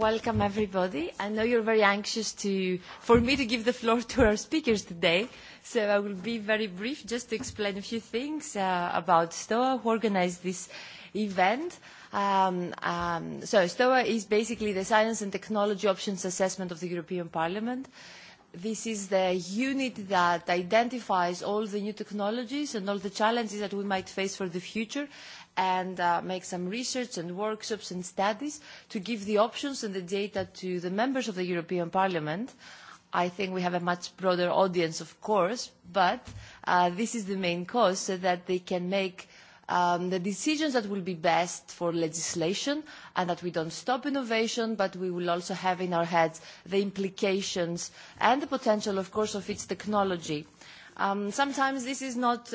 Welcome everybody. I know you're very anxious to, for me to give the floor to our speakers today, so I will be very brief just to explain a few things about STOA, who organized this event. So STOA is basically the Science and Technology Options Assessment of the European Parliament. This is the unit that identifies all the new technologies and all the challenges that we might face for the future and makes some research and workshops and studies to give the options and the data to the members of the European Parliament. I think we have a much broader audience, of course, but this is the main cause so that they can make the decisions that will be best for legislation and that we don't stop innovation but we will also have in our heads the implications and the potential of course of its technology. Sometimes this is not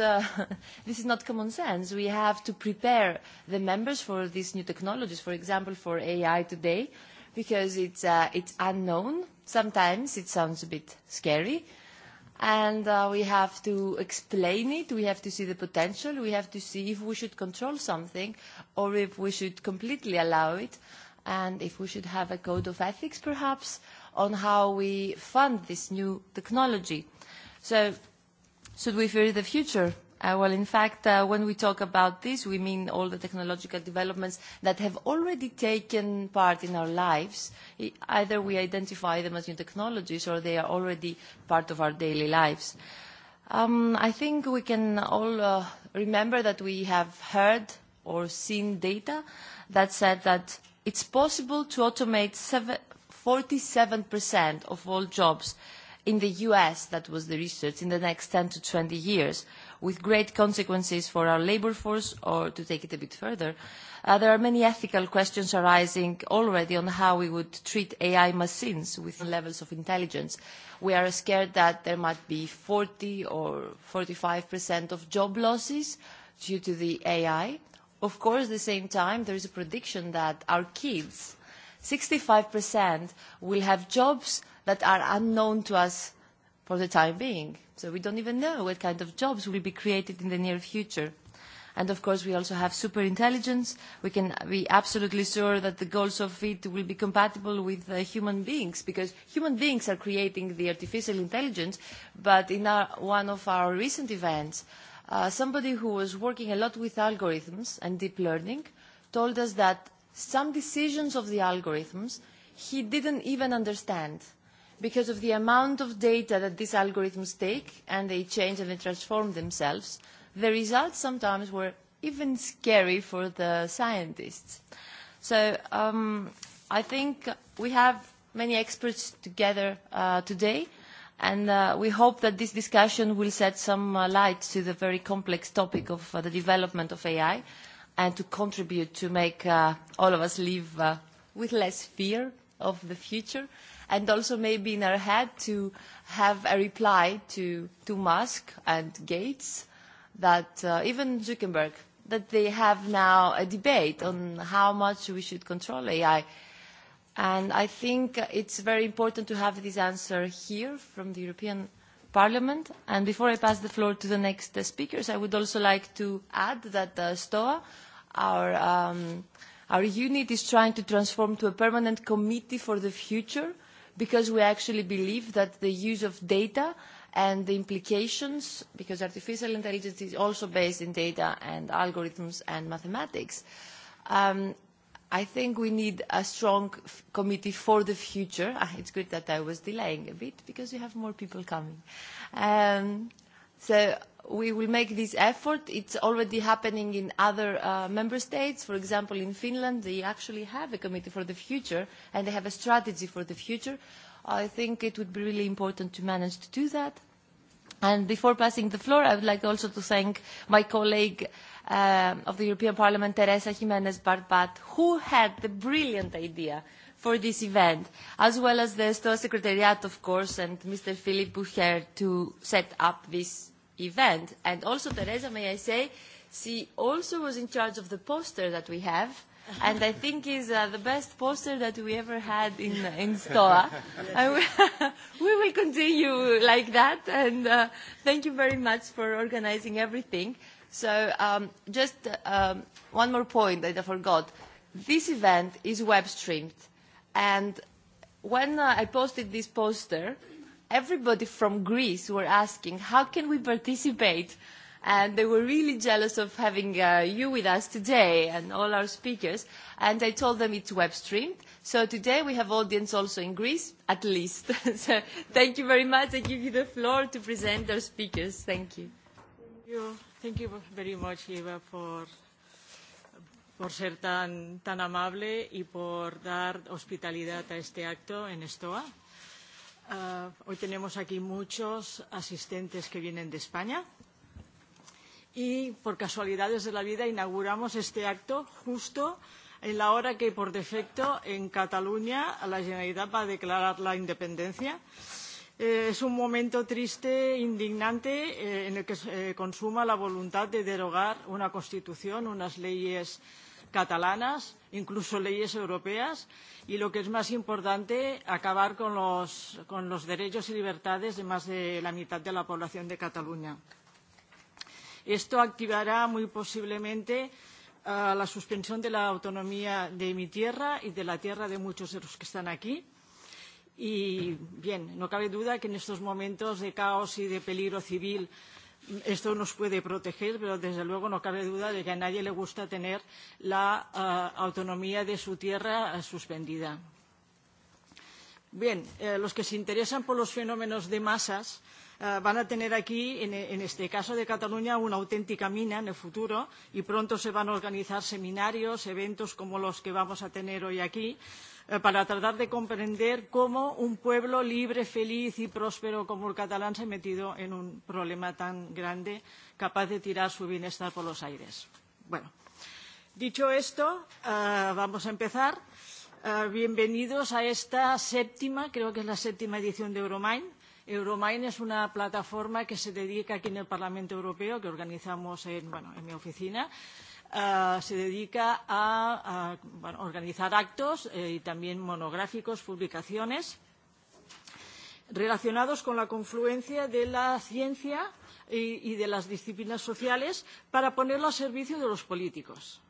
common sense. We have to prepare the members for these new technologies, for example for AI today because it's unknown. Sometimes it sounds a bit scary and we have to explain it, we have to see the potential, we have to see if we should control something or if we should completely allow it, and if we should have a code of ethics perhaps on how we fund this new technology. So should we fear the future? Well, in fact, when we talk about this, we mean all the technological developments that have already taken part in our lives. Either we identify them as new technologies or they are already part of our daily lives. I think we can all remember that we have heard or seen data that said that it's possible to automate 47% of all jobs in the U.S., that was the research, in the next 10 to 20 years with great consequences for our labour force, or to take it a bit further, there are many ethical questions arising already on how we would treat AI machines with levels of intelligence. We are scared that there might be 40 or 45% of job losses due to the AI. Of course, at the same time, there is a prediction that our kids, 65%, will have jobs that are unknown to us for the time being. So we don't even know what kind of jobs will be created in the near future. And of course, we also have super intelligence. We can be absolutely sure that the goals of it will be compatible with human beings, because human beings are creating the artificial intelligence. But in one of our recent events, somebody who was working a lot with algorithms and deep learning told us that some decisions of the algorithms he didn't even understand because of the amount of data that these algorithms take and they change and they transform themselves, the results sometimes were even scary for the scientists. So I think we have many experts together today, and we hope that this discussion will set some light to the very complex topic of the development of AI and to contribute to make all of us live with less fear of the future and also maybe in our head to have a reply to Musk and Gates, that even Zuckerberg, that they have now a debate on how much we should control AI. And I think it's very important to have this answer here from the European Parliament. And before I pass the floor to the next speakers, I would also like to add that STOA, our unit, is trying to transform to a permanent committee for the future because we actually believe that the use of data and the implications, because artificial intelligence is also based in data and algorithms and mathematics, I think we need a strong committee for the future. It's good that I was delaying a bit because you have more people coming. So we will make this effort. It's already happening in other member states. For example, in Finland, they actually have a committee for the future, and they have a strategy for the future. I think it would be really important to manage to do that. And before passing the floor, I would like also to thank my colleague of the European Parliament, Teresa Jimenez Barbat, who had the brilliant idea for this event, as well as the STOA Secretariat, of course, and Mr. Philippe Boucher to set up this event. And also, Teresa, may I say, she also was in charge of the poster that we have, and I think is the best poster that we ever had in in Stoa. We will continue like that, and thank you very much for organizing everything. So just one more point that I forgot. This event is web-streamed, and when I posted this poster, everybody from Greece were asking how can we participate and they were really jealous of having you with us today and all our speakers and I told them it's web streamed so today we have audience also in Greece at least so thank you very much I give you the floor to present our speakers thank you thank you very much Eva for por ser tan tan amable y por dar hospitalidad a este acto en Estoa hoy tenemos aquí muchos asistentes que vienen de España y por casualidades de la vida inauguramos este acto justo en la hora que por defecto en Cataluña la Generalitat va a declarar la independencia. Es un momento triste, indignante, en el que se consuma la voluntad de derogar una constitución, unas leyes catalanas incluso leyes europeas y lo que es más importante acabar con los con los derechos y libertades de más de la mitad de la población de Cataluña esto activará muy posiblemente la suspensión de la autonomía de mi tierra y de la tierra de muchos de los que están aquí y bien no cabe duda que en estos momentos de caos y de peligro civil esto nos puede proteger, pero desde luego no cabe duda de que a nadie le gusta tener la autonomía de su tierra suspendida. Bien, los que se interesan por los fenómenos de masas van a tener aquí, en este caso de Cataluña, una auténtica mina en el futuro y pronto se van a organizar seminarios, eventos como los que vamos a tener hoy aquí para tratar de comprender cómo un pueblo libre, feliz y próspero como el catalán se ha metido en un problema tan grande, capaz de tirar su bienestar por los aires. Bueno, dicho esto, vamos a empezar. Bienvenidos a esta séptima, creo que es la séptima edición de Euromain. Euromain es una plataforma que se dedica aquí en el Parlamento Europeo, que organizamos en, bueno, en mi oficina, se dedica a organizar actos y también monográficos, publicaciones relacionados con la confluencia de la ciencia y de las disciplinas sociales para ponerlo al servicio de los políticos.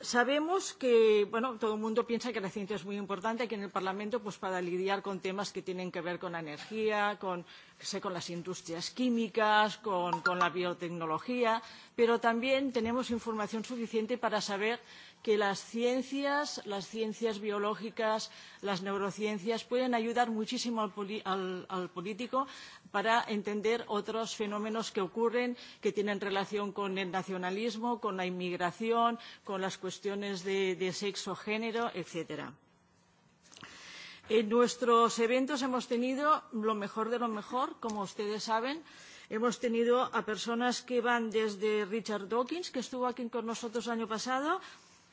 Sabemos que, bueno, todo el mundo piensa que la ciencia es muy importante aquí en el Parlamento pues para lidiar con temas que tienen que ver con la energía, con, sé, con las industrias químicas, con, con la biotecnología, pero también tenemos información suficiente para saber que las ciencias, las ciencias biológicas, las neurociencias pueden ayudar muchísimo al, al, al político para entender otros fenómenos que ocurren que tienen relación con el nacionalismo con la inmigración con las cuestiones de sexo género etcétera. En nuestros eventos hemos tenido lo mejor de lo mejor, como ustedes saben. Hemos tenido a personas que van desde Richard Dawkins, que estuvo aquí con nosotros el año pasado,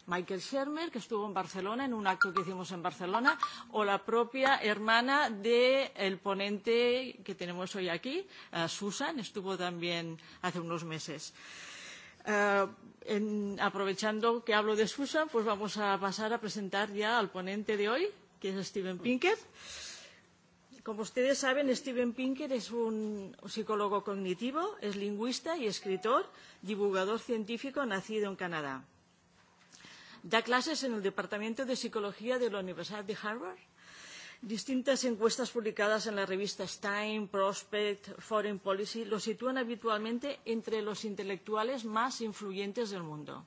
Michael Shermer, que estuvo en Barcelona, en un acto que hicimos en Barcelona, o la propia hermana del ponente que tenemos hoy aquí, Susan, estuvo también hace unos meses. Aprovechando que hablo de Susan, pues vamos a pasar a presentar ya al ponente de hoy, que es Steven Pinker. Como ustedes saben, Steven Pinker es un psicólogo cognitivo, es lingüista y escritor, divulgador científico nacido en Canadá. Da clases en el Departamento de Psicología de la Universidad de Harvard. Distintas encuestas publicadas en las revistas Time, Prospect, Foreign Policy lo sitúan habitualmente entre los intelectuales más influyentes del mundo.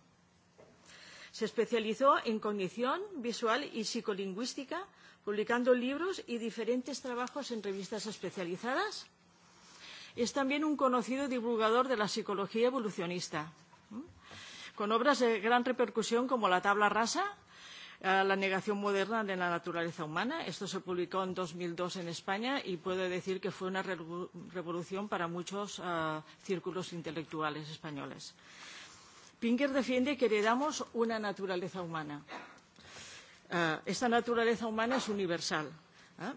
Se especializó en cognición visual y psicolingüística, publicando libros y diferentes trabajos en revistas especializadas. Es también un conocido divulgador de la psicología evolucionista con obras de gran repercusión como la tabla rasa, la negación moderna de la naturaleza humana. Esto se publicó en 2002 en España y puedo decir que fue una revolución para muchos círculos intelectuales españoles. Pinker defiende que heredamos una naturaleza humana. Esta naturaleza humana es universal.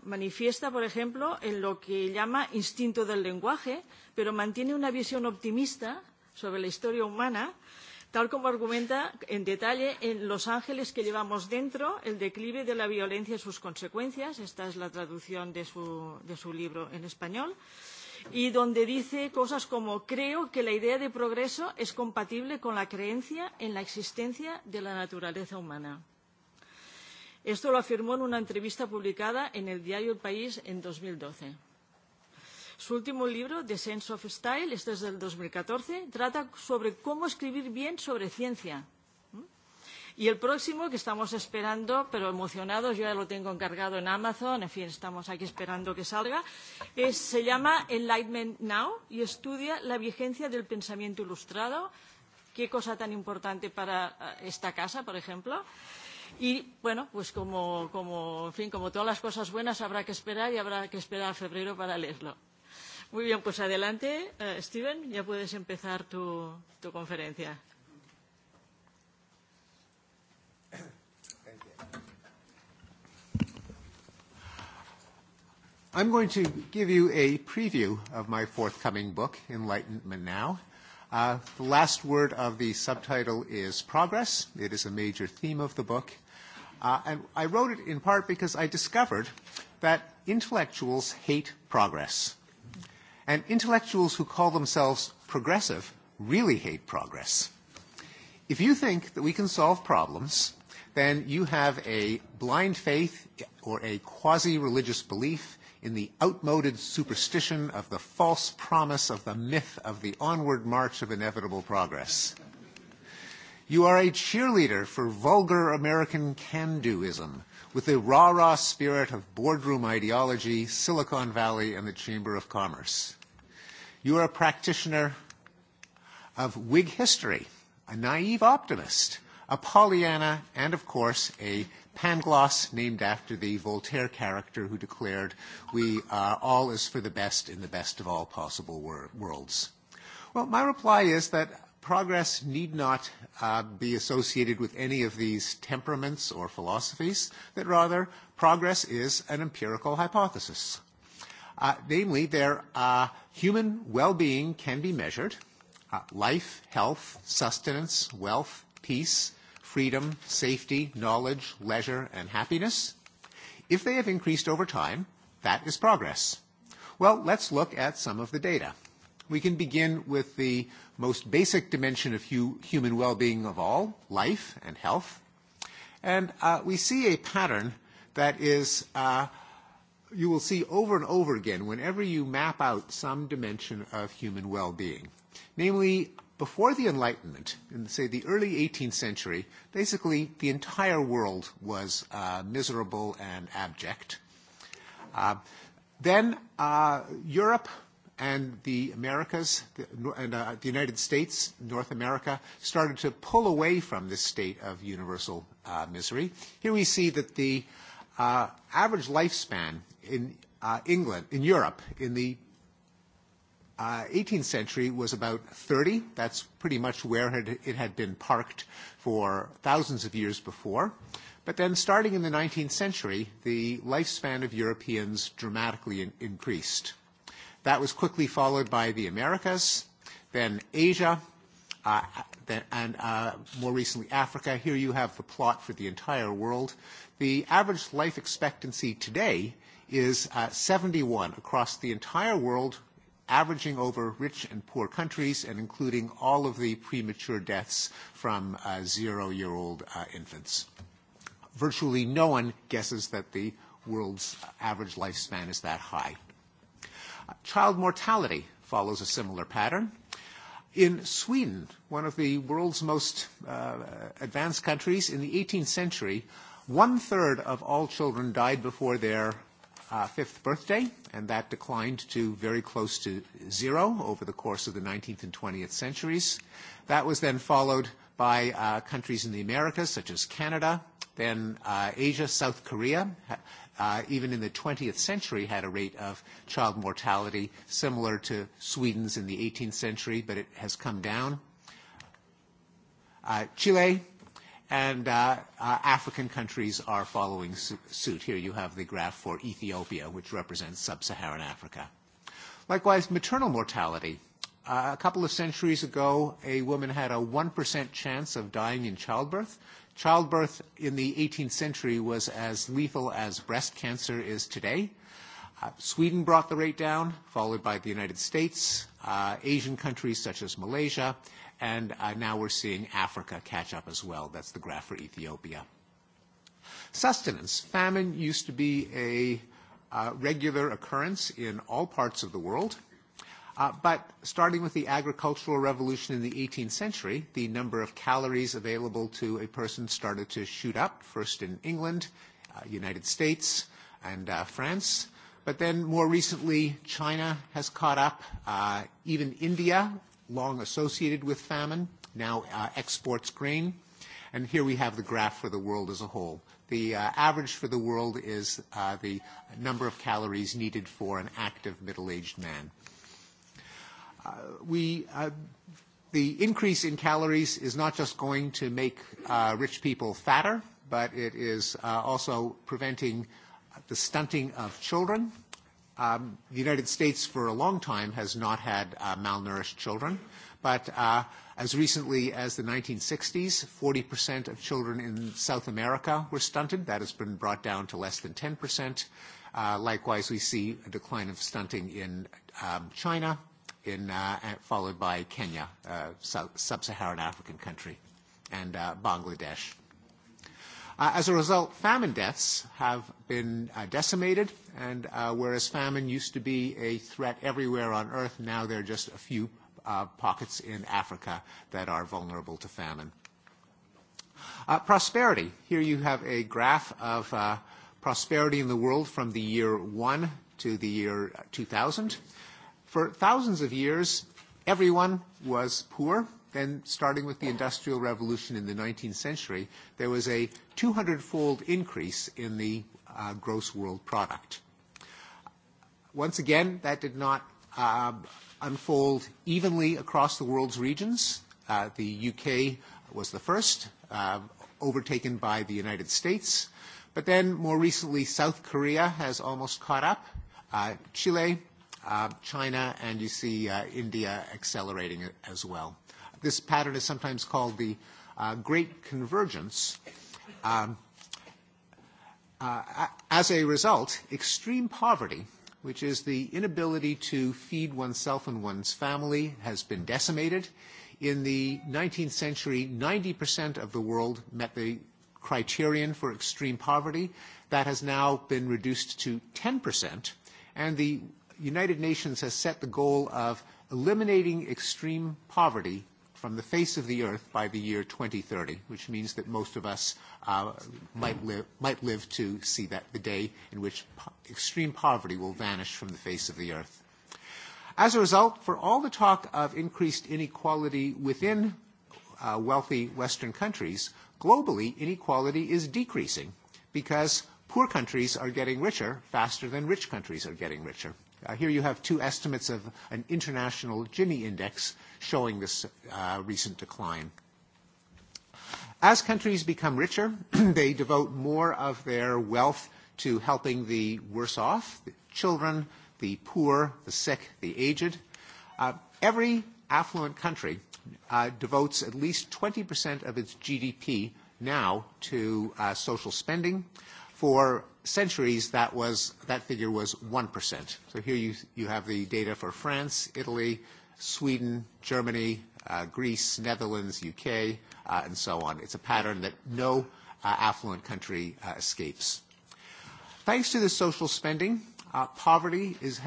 Manifiesta, por ejemplo, en lo que llama instinto del lenguaje, pero mantiene una visión optimista sobre la historia humana tal como argumenta en detalle en Los Ángeles que llevamos dentro, el declive de la violencia y sus consecuencias. Esta es la traducción de su, de su libro en español. Y donde dice cosas como creo que la idea de progreso es compatible con la creencia en la existencia de la naturaleza humana. Esto lo afirmó en una entrevista publicada en el diario El País en 2012. Su último libro, The Sense of Style, este es del 2014, trata sobre cómo escribir bien sobre ciencia. Y el próximo que estamos esperando, pero emocionados, yo ya lo tengo encargado en Amazon, en fin, estamos aquí esperando que salga, es, se llama Enlightenment Now y estudia la vigencia del pensamiento ilustrado. Qué cosa tan importante para esta casa, por ejemplo. Y bueno, pues como, como, en fin, como todas las cosas buenas habrá que esperar y habrá que esperar a febrero para leerlo. Muy bien, pues adelante, Steven, ya puedes empezar tu, tu conferencia. I'm going to give you a preview of my forthcoming book, Enlightenment Now. The last word of the subtitle is progress. It is a major theme of the book. And I wrote it in part because I discovered that intellectuals hate progress and intellectuals who call themselves progressive really hate progress. If you think that we can solve problems, then you have a blind faith or a quasi-religious belief in the outmoded superstition of the false promise of the myth of the onward march of inevitable progress. You are a cheerleader for vulgar American can-doism with the rah-rah spirit of boardroom ideology, Silicon Valley, and the Chamber of Commerce. You are a practitioner of Whig history, a naive optimist, a Pollyanna, and of course a Pangloss named after the Voltaire character who declared, we all is for the best in the best of all possible worlds. Well, my reply is that progress need not be associated with any of these temperaments or philosophies, that rather progress is an empirical hypothesis. Namely, their human well-being can be measured. Life, health, sustenance, wealth, peace, freedom, safety, knowledge, leisure, and happiness. If they have increased over time, that is progress. Well, let's look at some of the data. We can begin with the most basic dimension of human well-being of all, life and health. And we see a pattern that is you will see over and over again whenever you map out some dimension of human well-being. Namely, before the Enlightenment, in, say, the early 18th century, basically the entire world was miserable and abject. Then Europe and the Americas and the United States, North America, started to pull away from this state of universal misery. Here we see that the average lifespan in England, in Europe, in the 18th century was about 30. That's pretty much where it had been parked for thousands of years before. But then starting in the 19th century, the lifespan of Europeans dramatically increased. That was quickly followed by the Americas, then Asia, and more recently Africa. Here you have the plot for the entire world. The average life expectancy today is 71 across the entire world, averaging over rich and poor countries and including all of the premature deaths from zero-year-old infants. Virtually no one guesses that the world's average lifespan is that high. Child mortality follows a similar pattern. In Sweden, one of the world's most advanced countries, in the 18th century, one-third of all children died before their fifth birthday, and that declined to very close to zero over the course of the 19th and 20th centuries. That was then followed by countries in the Americas, such as Canada, then Asia, South Korea, even in the 20th century, had a rate of child mortality similar to Sweden's in the 18th century, but it has come down. Chile and African countries are following suit. Here you have the graph for Ethiopia, which represents sub-Saharan Africa. Likewise, maternal mortality. A couple of centuries ago, a woman had a 1% chance of dying in childbirth. Childbirth in the 18th century was as lethal as breast cancer is today. Sweden brought the rate down, followed by the United States, Asian countries such as Malaysia, and now we're seeing Africa catch up as well. That's the graph for Ethiopia. Sustenance. Famine used to be a regular occurrence in all parts of the world, but starting with the agricultural revolution in the 18th century, the number of calories available to a person started to shoot up, first in England, United States, and France. But then more recently, China has caught up. Even India long associated with famine, now exports grain. And here we have the graph for the world as a whole. The average for the world is the number of calories needed for an active middle-aged man. We The increase in calories is not just going to make rich people fatter, but it is also preventing the stunting of children The United States for a long time has not had malnourished children, but as recently as the 1960s, 40% of children in South America were stunted. That has been brought down to less than 10%. Likewise, we see a decline of stunting in China, followed by Kenya, sub-Saharan African country, and Bangladesh. As a result, famine deaths have been decimated, and whereas famine used to be a threat everywhere on Earth, now there are just a few pockets in Africa that are vulnerable to famine. Prosperity. Here you have a graph of prosperity in the world from the year 1 to the year 2000. For thousands of years, everyone was poor then starting with the Industrial Revolution in the 19th century, there was a 200-fold increase in the gross world product. Once again, that did not unfold evenly across the world's regions. The UK was the first, overtaken by the United States. But then more recently, South Korea has almost caught up, Chile, China, and you see India accelerating as well. This pattern is sometimes called the Great Convergence. As a result, extreme poverty, which is the inability to feed oneself and one's family, has been decimated. In the 19th century, 90% of the world met the criterion for extreme poverty. That has now been reduced to 10%, and the United Nations has set the goal of eliminating extreme poverty from the face of the earth by the year 2030, which means that most of us might live to see that the day in which extreme poverty will vanish from the face of the earth. As a result, for all the talk of increased inequality within wealthy Western countries, globally inequality is decreasing because poor countries are getting richer faster than rich countries are getting richer. Here you have two estimates of an international Gini index showing this recent decline. As countries become richer, they devote more of their wealth to helping the worse off, the children, the poor, the sick, the aged. Every affluent country devotes at least 20% of its GDP now to social spending. For centuries, that figure was 1%. So here you have the data for France, Italy, Sweden, Germany, Greece, Netherlands, UK, and so on. It's a pattern that no affluent country escapes. Thanks to the social spending, poverty is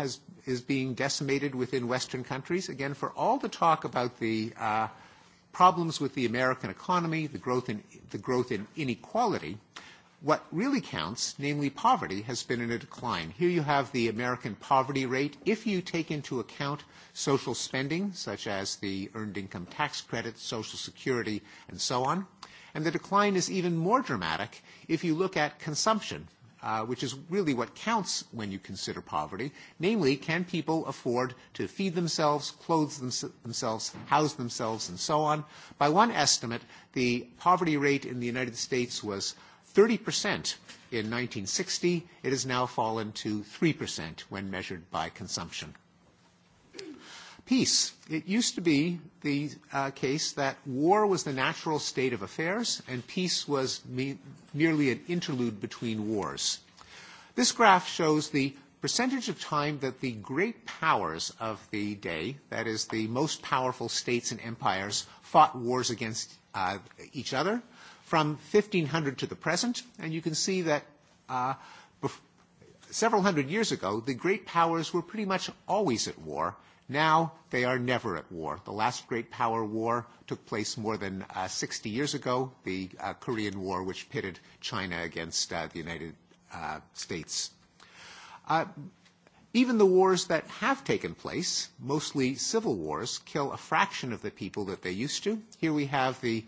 is being decimated within Western countries. Again, for all the talk about the problems with the American economy, the growth in the growth in inequality, what really counts, namely poverty, has been in a decline. Here you have the American poverty rate. If you take into account social spending, such as the earned income tax credit, Social Security, and so on, and the decline is even more dramatic if you look at consumption, which is really what counts when you consider poverty. Namely, can people afford to feed themselves, clothe themselves, house themselves, and so on? By one estimate, the poverty rate in the United States was 30% in 1960. It has now fallen to 3% when measured by consumption. Peace. It used to be the case that war was the natural state of affairs and peace was merely an interlude between wars. This graph shows the percentage of time that the great powers of the day, that is, the most powerful states and empires, fought wars against each other from 1500 to the present, and you can see that several hundred years ago, the great powers were pretty much always at war. Now they are never at war. The last great power war took place more than 60 years ago, the Korean War, which pitted China against the United States. Even the wars that have taken place, mostly civil wars, kill a fraction of the people that they used to. Here we have the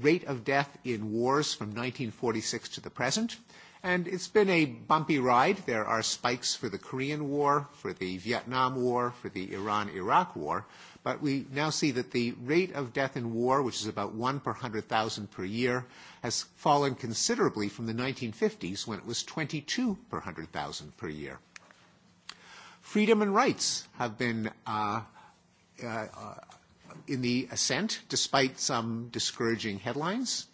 rate of death in wars from 1946 to the present. And it's been a bumpy ride. There are spikes for the Korean War, for the Vietnam War, for the Iran-Iraq War. But we now see that the rate of death in war, which is about one per 100,000 per year, has fallen considerably from the 1950s when it was 22 per 100,000 per year. Freedom and rights have been in the ascent, despite some discouraging headlines.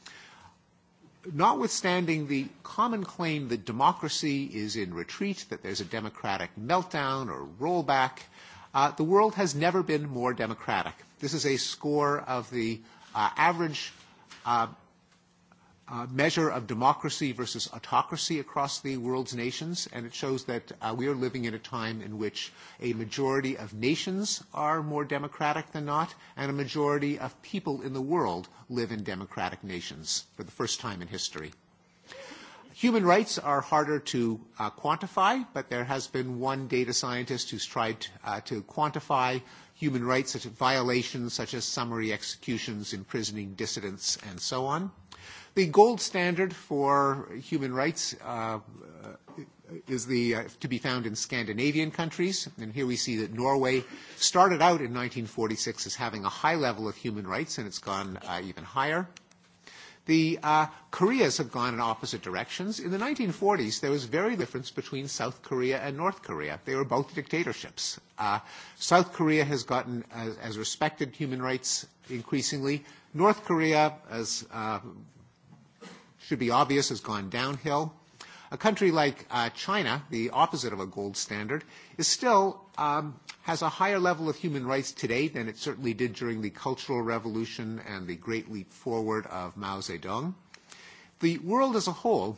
Notwithstanding the common claim that democracy is in retreat, that there's a democratic meltdown or rollback, the world has never been more democratic. This is a score of the average measure of democracy versus autocracy across the world's nations, and it shows that we are living in a time in which a majority of nations are more democratic than not, and a majority of people in the world live in democratic nations for the first time in history. Human rights are harder to quantify, but there has been one data scientist who's tried to quantify human rights violations such as summary executions, imprisoning dissidents, and so on the gold standard for human rights is to be found in Scandinavian countries. And here we see that Norway started out in 1946 as having a high level of human rights, and it's gone even higher. The Koreas have gone in opposite directions. In the 1940s, there was very difference between South Korea and North Korea. They were both dictatorships. South Korea has gotten as respected human rights increasingly. North Korea, as should be obvious, has gone downhill. A country like China, the opposite of a gold standard, is still has a higher level of human rights today than it certainly did during the Cultural Revolution and the Great Leap Forward of Mao Zedong. The world as a whole,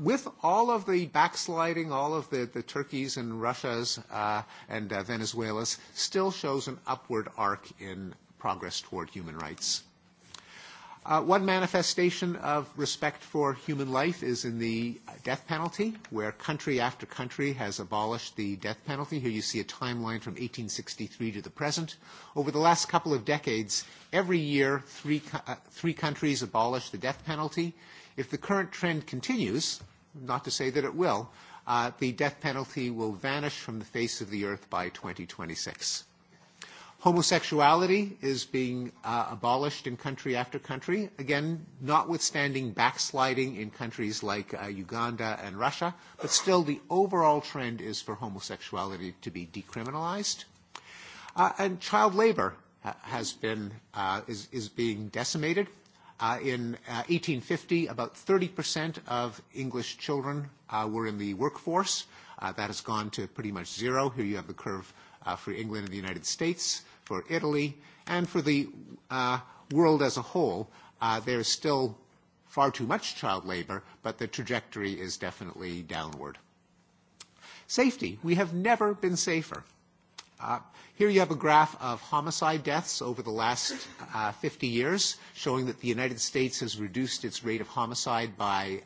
with all of the backsliding, all of the Turkeys and Russias and Venezuelas, still shows an upward arc in progress toward human rights. One manifestation of respect for human life is in the death penalty, where country after country has abolished the death penalty. Here you see a timeline from 1863 to the present. Over the last couple of decades, every year, three countries abolish the death penalty. If the current trend continues, not to say that it will, the death penalty will vanish from the face of the earth by 2026. Homosexuality is being abolished in country after country, again, notwithstanding backsliding in countries like Uganda and Russia, but still the overall trend is for homosexuality to be decriminalized. And child labor has been, is being decimated. In 1850, about 30% of English children were in the workforce. That has gone to pretty much zero. Here you have the curve for England and the United States, for Italy, and for the world as a whole. There is still far too much child labor, but the trajectory is definitely downward. Safety. We have never been safer. Here you have a graph of homicide deaths over the last 50 years, showing that the United States has reduced its rate of homicide by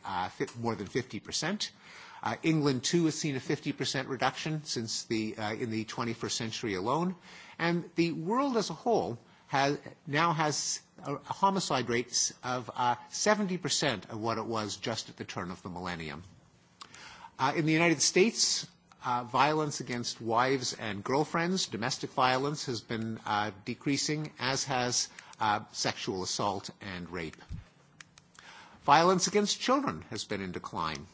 more than 50%. England, too, has seen a 50% reduction since the in the 21st century alone. And the world as a whole now has homicide rates of 70% of what it was just at the turn of the millennium. In the United States, violence against wives and girlfriends, domestic violence, has been decreasing, as has sexual assault and rape. Violence against children has been in decline.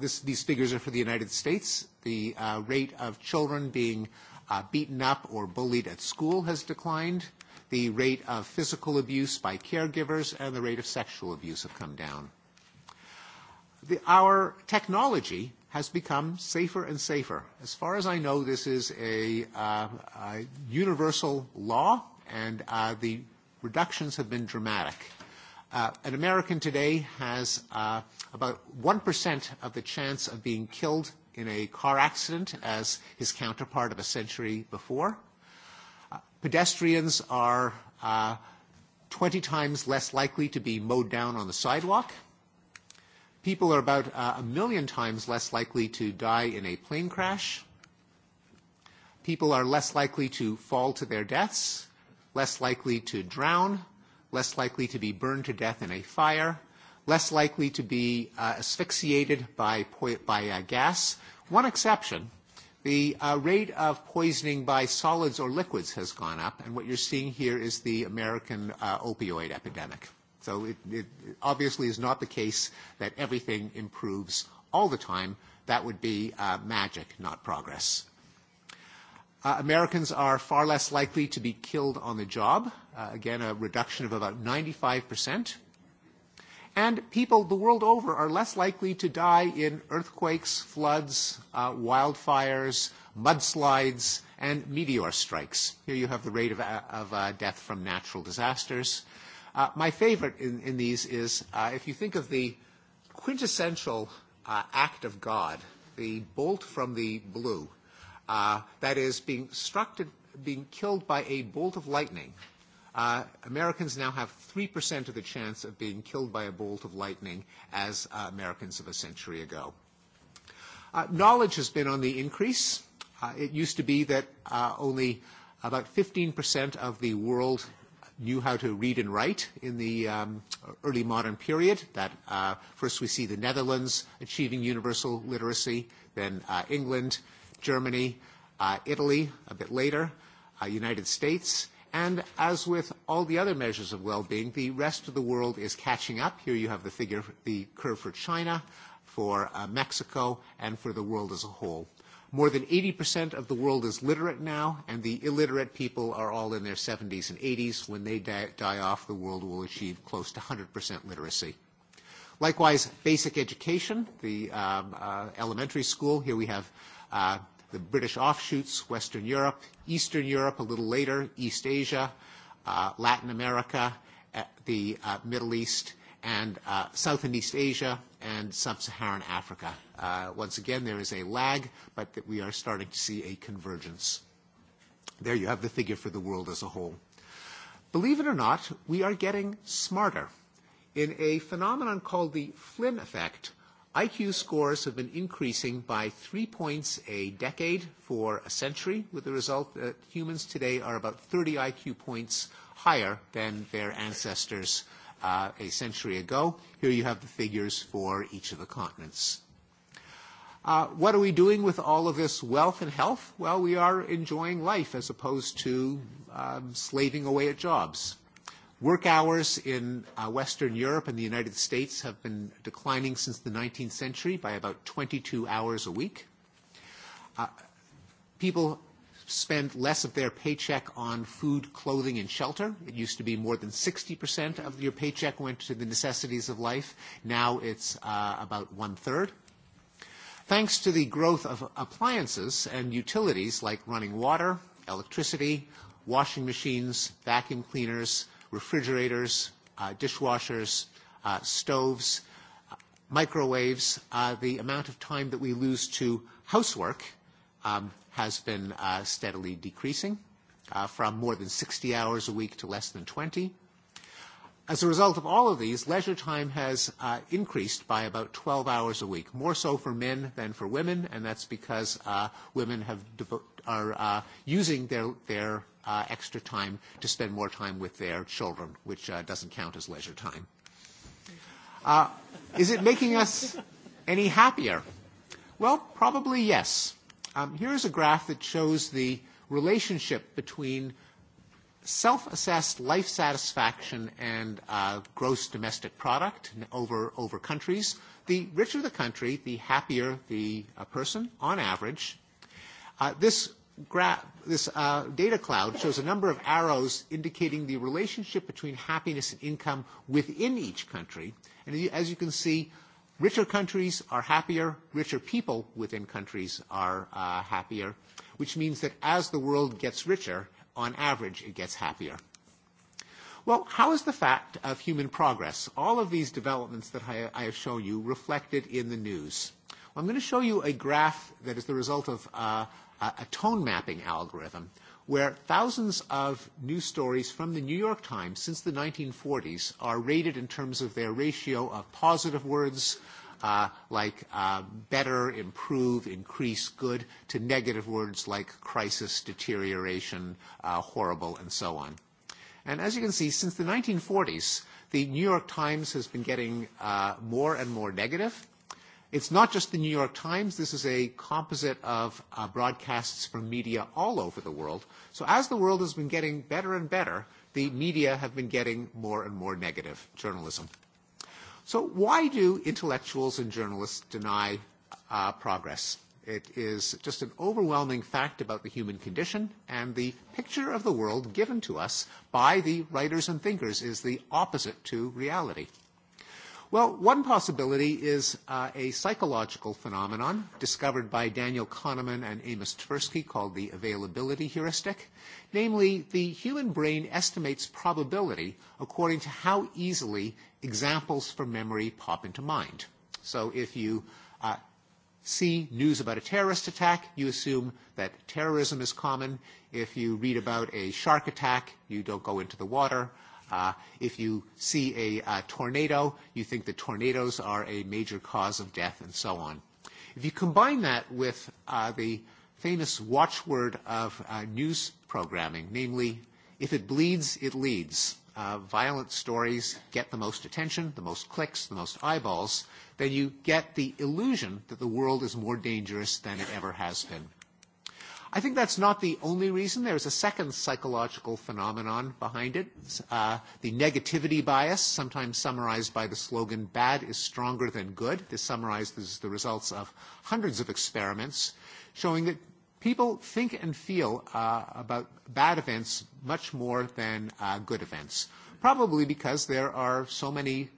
These figures are for the United States. The rate of children being beaten up or bullied at school has declined. The rate of physical abuse by caregivers and the rate of sexual abuse have come down. Our technology has become safer and safer. As far as I know, this is a universal law, and the reductions have been dramatic. An American today has about 1% of the chance of being killed in a car accident as his counterpart of a century before. Pedestrians are 20 times less likely to be mowed down on the sidewalk. People are about a million times less likely to die in a plane crash. People are less likely to fall to their deaths, less likely to drown, less likely to be burned to death in a fire, less likely to be asphyxiated by gas. One exception, the rate of poisoning by solids or liquids has gone up, and what you're seeing here is the American opioid epidemic. So it obviously is not the case that everything improves all the time. That would be magic, not progress. Americans are far less likely to be killed on the job, again, a reduction of about 95%. And people the world over are less likely to die in earthquakes, floods, wildfires, mudslides, and meteor strikes. Here you have the rate of death from natural disasters. My favorite in these is if you think of the quintessential act of God, the bolt from the blue that is being struck, being killed by a bolt of lightning. Americans now have 3% of the chance of being killed by a bolt of lightning as Americans of a century ago. Knowledge has been on the increase. It used to be that only about 15% of the world knew how to read and write in the early modern period. That First we see the Netherlands achieving universal literacy, then England, Germany, Italy a bit later, United States, and as with all the other measures of well-being, the rest of the world is catching up. Here you have the figure, the curve for China, for Mexico, and for the world as a whole. More than 80% of the world is literate now, and the illiterate people are all in their 70s and 80s. When they die off, the world will achieve close to 100% literacy. Likewise, basic education, the elementary school. Here we have the British offshoots, Western Europe, Eastern Europe a little later, East Asia, Latin America, the Middle East, and South and East Asia, and Sub-Saharan Africa. Once again, there is a lag, but we are starting to see a convergence. There you have the figure for the world as a whole. Believe it or not, we are getting smarter. In a phenomenon called the Flynn effect, IQ scores have been increasing by three points a decade for a century, with the result that humans today are about 30 IQ points higher than their ancestors a century ago. Here you have the figures for each of the continents. What are we doing with all of this wealth and health? Well, we are enjoying life as opposed to slaving away at jobs. Work hours in Western Europe and the United States have been declining since the 19th century by about 22 hours a week. People spend less of their paycheck on food, clothing, and shelter. It used to be more than 60% of your paycheck went to the necessities of life. Now it's about one-third. Thanks to the growth of appliances and utilities like running water, electricity, washing machines, vacuum cleaners, refrigerators, dishwashers, stoves, microwaves, the amount of time that we lose to housework has been steadily decreasing from more than 60 hours a week to less than 20. As a result of all of these, leisure time has increased by about 12 hours a week, more so for men than for women, and that's because women have are using their their extra time to spend more time with their children, which doesn't count as leisure time. Is it making us any happier? Well, probably yes. Here is a graph that shows the relationship between self-assessed life satisfaction and gross domestic product over over countries. The richer the country, the happier the person on average. This this data cloud shows a number of arrows indicating the relationship between happiness and income within each country. And as you can see, richer countries are happier, richer people within countries are happier, which means that as the world gets richer, on average, it gets happier. Well, how is the fact of human progress, all of these developments that I have shown you, reflected in the news? I'm going to show you a graph that is the result of a tone mapping algorithm where thousands of news stories from the New York Times since the 1940s are rated in terms of their ratio of positive words like better, improve, increase, good, to negative words like crisis, deterioration, horrible, and so on. And as you can see, since the 1940s, the New York Times has been getting more and more negative. It's not just the New York Times. This is a composite of broadcasts from media all over the world. So as the world has been getting better and better, the media have been getting more and more negative journalism. So why do intellectuals and journalists deny progress? It is just an overwhelming fact about the human condition, and the picture of the world given to us by the writers and thinkers is the opposite to reality. Well, one possibility is a psychological phenomenon discovered by Daniel Kahneman and Amos Tversky called the availability heuristic. Namely, the human brain estimates probability according to how easily examples from memory pop into mind. So if you see news about a terrorist attack, you assume that terrorism is common. If you read about a shark attack, you don't go into the water. If you see a tornado, you think that tornadoes are a major cause of death and so on. If you combine that with the famous watchword of news programming, namely, if it bleeds, it leads, violent stories get the most attention, the most clicks, the most eyeballs, then you get the illusion that the world is more dangerous than it ever has been. I think that's not the only reason. There's a second psychological phenomenon behind it, the negativity bias, sometimes summarized by the slogan, bad is stronger than good. This summarizes the results of hundreds of experiments showing that people think and feel about bad events much more than good events, probably because there are so many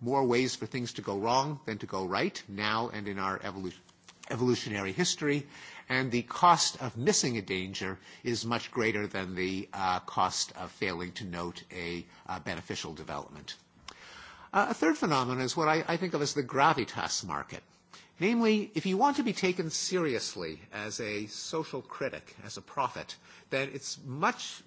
more ways for things to go wrong than to go right now and in our evolutionary history and the cost of missing a danger is much greater than the cost of failing to note a beneficial development. A third phenomenon is what I think of as the gravitas market. Namely, if you want to be taken seriously as a social critic, as a prophet, then it's much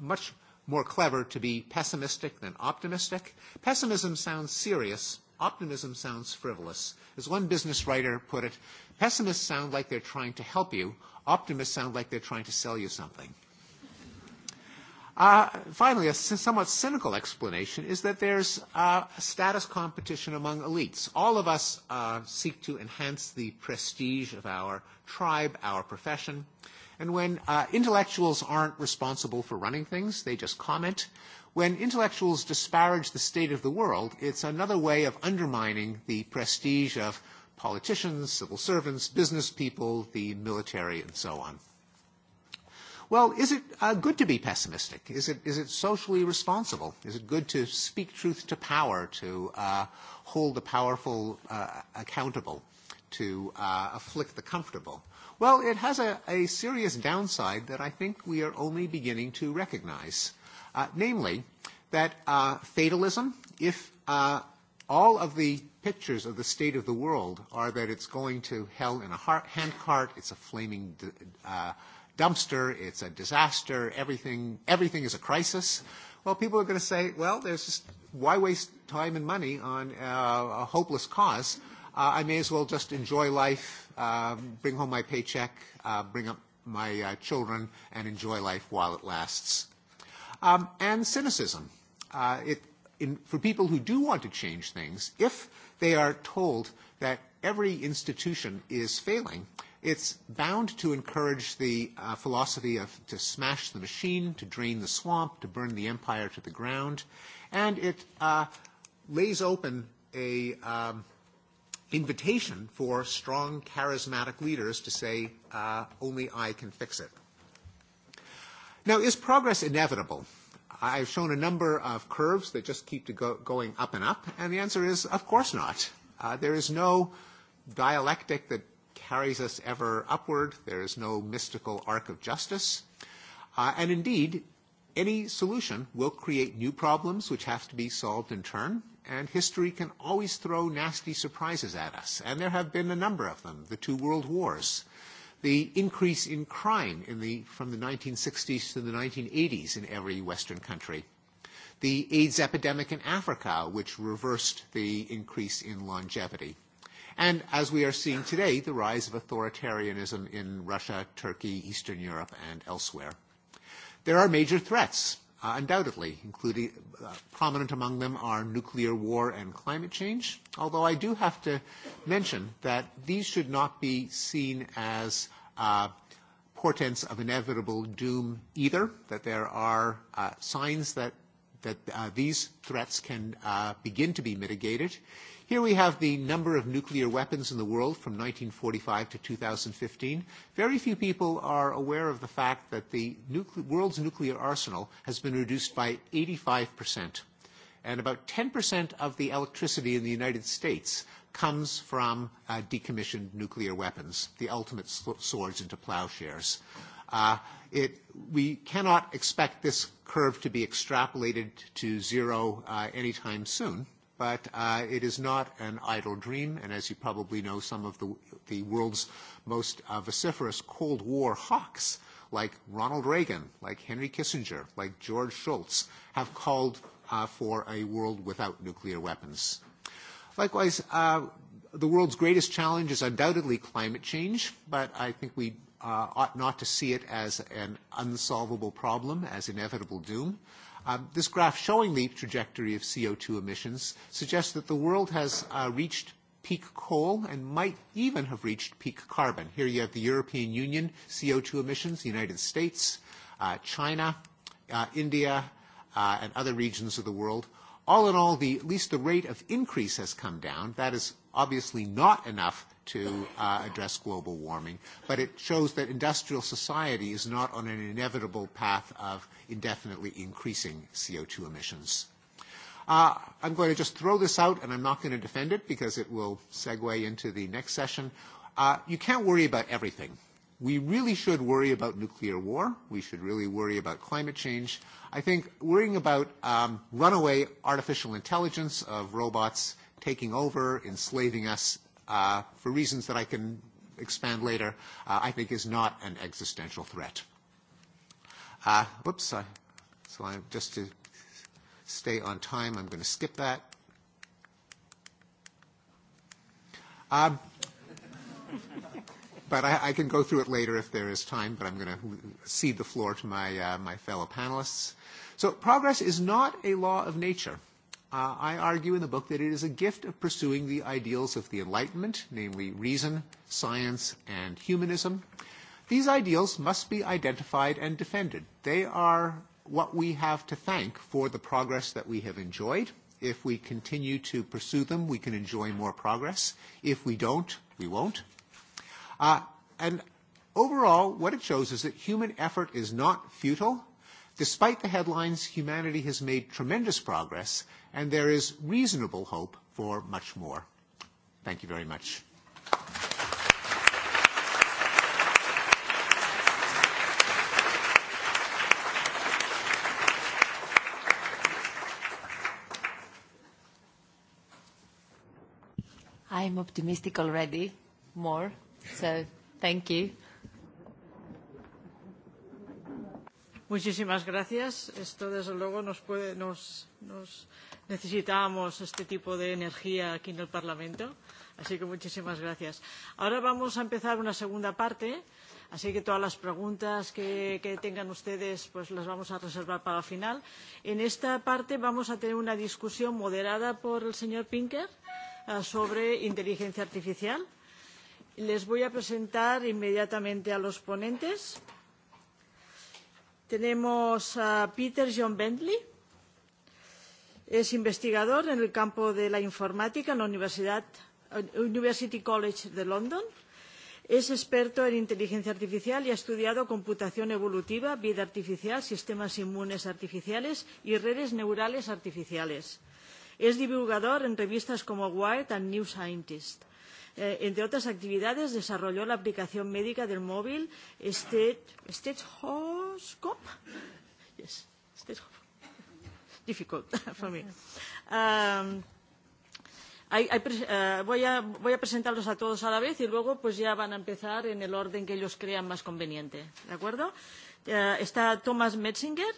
much more clever to be pessimistic than optimistic. Pessimism sounds serious Optimism sounds frivolous. As one business writer put it, pessimists sound like they're trying to help you. Optimists sound like they're trying to sell you something. Finally, a somewhat cynical explanation is that there's status competition among elites. All of us seek to enhance the prestige of our tribe, our profession, and when intellectuals aren't responsible for running things, they just comment. When intellectuals disparage the state of the world, it's another way of undermining the prestige of politicians, civil servants, business people, the military, and so on. Well, is it good to be pessimistic? Is it is it socially responsible? Is it good to speak truth to power, to hold the powerful accountable, to afflict the comfortable? Well, it has a a serious downside that I think we are only beginning to recognize, namely that fatalism, if all of the pictures of the state of the world are that it's going to hell in a handcart, it's a flaming dumpster, it's a disaster, everything, everything is a crisis, well, people are going to say, well, there's just, why waste time and money on a hopeless cause? I may as well just enjoy life, bring home my paycheck, bring up my children, and enjoy life while it lasts. And cynicism. For people who do want to change things, if they are told that every institution is failing, It's bound to encourage the philosophy of to smash the machine, to drain the swamp, to burn the empire to the ground, and it lays open a invitation for strong, charismatic leaders to say, only I can fix it. Now, is progress inevitable? I've shown a number of curves that just keep going up and up, and the answer is, of course not. There is no dialectic that carries us ever upward. There is no mystical arc of justice. And indeed, any solution will create new problems which have to be solved in turn. And history can always throw nasty surprises at us. And there have been a number of them. The two world wars, the increase in crime in the from the 1960s to the 1980s in every Western country, the AIDS epidemic in Africa, which reversed the increase in longevity and as we are seeing today, the rise of authoritarianism in Russia, Turkey, Eastern Europe, and elsewhere. There are major threats, undoubtedly, including prominent among them are nuclear war and climate change, although I do have to mention that these should not be seen as portents of inevitable doom either, that there are signs that these threats can begin to be mitigated Here we have the number of nuclear weapons in the world from 1945 to 2015. Very few people are aware of the fact that the world's nuclear arsenal has been reduced by 85%. And about 10% of the electricity in the United States comes from decommissioned nuclear weapons, the ultimate swords into plowshares. We cannot expect this curve to be extrapolated to zero anytime soon but it is not an idle dream. And as you probably know, some of the world's most vociferous Cold War hawks, like Ronald Reagan, like Henry Kissinger, like George Shultz, have called for a world without nuclear weapons. Likewise, the world's greatest challenge is undoubtedly climate change, but I think we ought not to see it as an unsolvable problem, as inevitable doom. This graph showing the trajectory of CO2 emissions suggests that the world has reached peak coal and might even have reached peak carbon. Here you have the European Union CO2 emissions, the United States, China, India, and other regions of the world. All in all, at least the rate of increase has come down. That is obviously not enough to address global warming. But it shows that industrial society is not on an inevitable path of indefinitely increasing CO2 emissions. I'm going to just throw this out, and I'm not going to defend it because it will segue into the next session. You can't worry about everything. We really should worry about nuclear war. We should really worry about climate change. I think worrying about runaway artificial intelligence of robots taking over, enslaving us, for reasons that I can expand later, I think is not an existential threat. Whoops. So I just to stay on time, I'm going to skip that. But I can go through it later if there is time, but I'm going to cede the floor to my my fellow panelists. So progress is not a law of nature. I argue in the book that it is a gift of pursuing the ideals of the Enlightenment, namely reason, science, and humanism. These ideals must be identified and defended. They are what we have to thank for the progress that we have enjoyed. If we continue to pursue them, we can enjoy more progress. If we don't, we won't. And overall, what it shows is that human effort is not futile. Despite the headlines, humanity has made tremendous progress, and there is reasonable hope for much more. Thank you very much. I'm optimistic already, more, so thank you. Muchísimas gracias. Esto, desde luego, nos, puede, nos, nos necesitamos este tipo de energía aquí en el Parlamento. Así que muchísimas gracias. Ahora vamos a empezar una segunda parte. Así que todas las preguntas que, que tengan ustedes pues las vamos a reservar para el final. En esta parte vamos a tener una discusión moderada por el señor Pinker sobre inteligencia artificial. Les voy a presentar inmediatamente a los ponentes. Tenemos a Peter John Bentley. Es investigador en el campo de la informática en la Universidad, University College de London. Es experto en inteligencia artificial y ha estudiado computación evolutiva, vida artificial, sistemas inmunes artificiales y redes neurales artificiales. Es divulgador en revistas como Wired and New Scientist entre otras actividades, desarrolló la aplicación médica del móvil Stethoscope. Yes, Difficult for me. Voy a presentarlos a todos a la vez y luego pues ya van a empezar en el orden que ellos crean más conveniente. ¿De acuerdo? Está Thomas Metzinger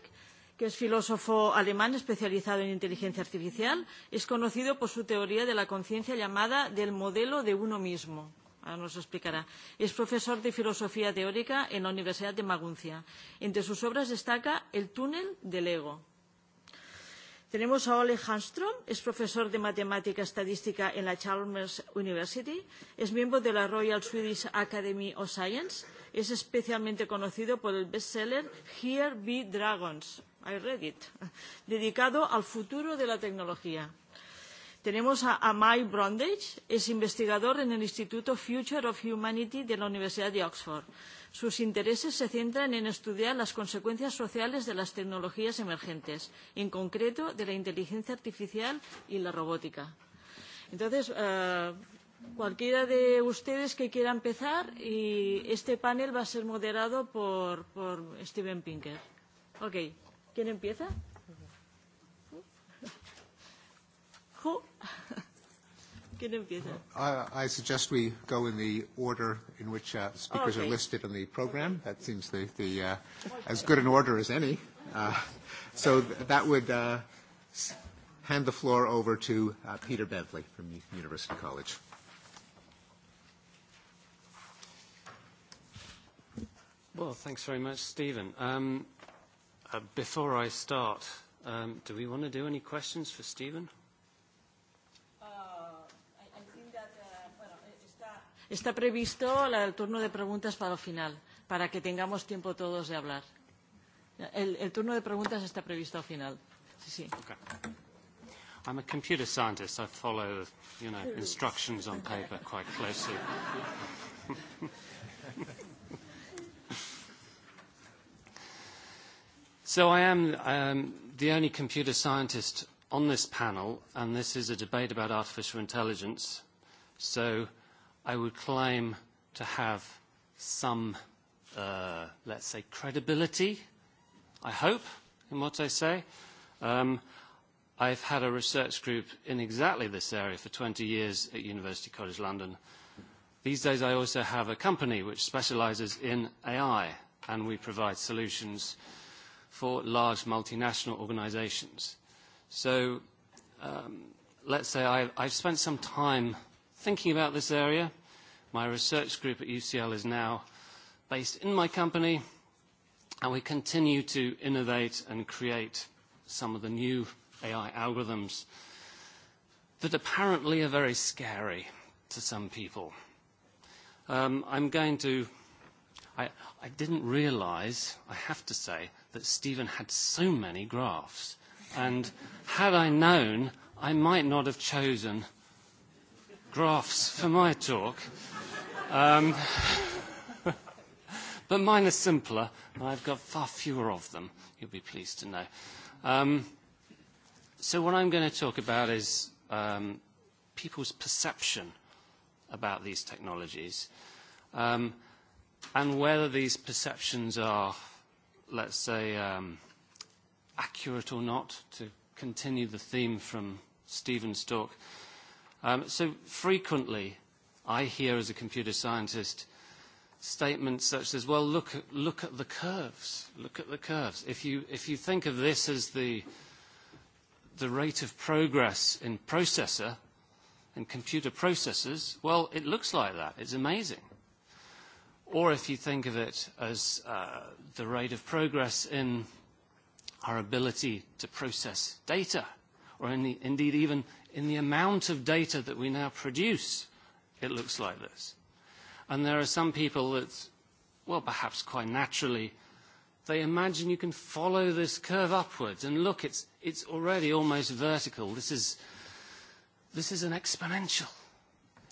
que es filósofo alemán especializado en inteligencia artificial, es conocido por su teoría de la conciencia llamada del modelo de uno mismo. Ahora nos lo explicará. Es profesor de filosofía teórica en la Universidad de Maguncia. Entre sus obras destaca El túnel del ego. Tenemos a Ole Hanstrom, es profesor de matemática estadística en la Chalmers University, es miembro de la Royal Swedish Academy of Science, es especialmente conocido por el bestseller Here Be Dragons, I read it, dedicado al futuro de la tecnología. Tenemos a Mike Brondage, es investigador en el Instituto Future of Humanity de la Universidad de Oxford. Sus intereses se centran en estudiar las consecuencias sociales de las tecnologías emergentes, en concreto de la inteligencia artificial y la robótica. Entonces, cualquiera de ustedes que quiera empezar, y este panel va a ser moderado por Steven Pinker. Okay. ¿Quién empieza? ¿Quién empieza? I, I suggest we go in the order in which uh, speakers are listed in the program. That seems the, the as good an order as any. so that would uh, hand the floor over to Peter Bentley from University College. Well, thanks very much, Stephen. Um, Before I start, do we want to do any questions for Stephen? Está previsto el turno de preguntas para el final, para que tengamos tiempo todos de hablar. El turno de preguntas está previsto al final. Sí, sí. Okay. I'm a computer scientist. I follow, you know, instructions on paper quite closely. So I am the only computer scientist on this panel, and this is a debate about artificial intelligence. So I would claim to have some, let's say, credibility, I hope, in what I say. I've had a research group in exactly this area for 20 years at University College London. These days I also have a company which specialises in AI, and we provide solutions for large multinational organizations. So let's say I've spent some time thinking about this area. My research group at UCL is now based in my company, and we continue to innovate and create some of the new AI algorithms that apparently are very scary to some people. I'm going to. I didn't realize, I have to say, that Stephen had so many graphs. And had I known, I might not have chosen graphs for my talk. Um, but mine are simpler, and I've got far fewer of them, you'll be pleased to know. Um, so what I'm going to talk about is um, people's perception about these technologies um, and whether these perceptions are let's say, accurate or not, to continue the theme from Stephen's talk. So frequently, I hear as a computer scientist statements such as, well, look at the curves. Look at the curves. If you think of this as the rate of progress in processor, in computer processors, well, it looks like that. It's amazing or if you think of it as the rate of progress in our ability to process data, or indeed even in the amount of data that we now produce, it looks like this. And there are some people that, well, perhaps quite naturally, they imagine you can follow this curve upwards. And look, it's it's already almost vertical. This is this is an exponential.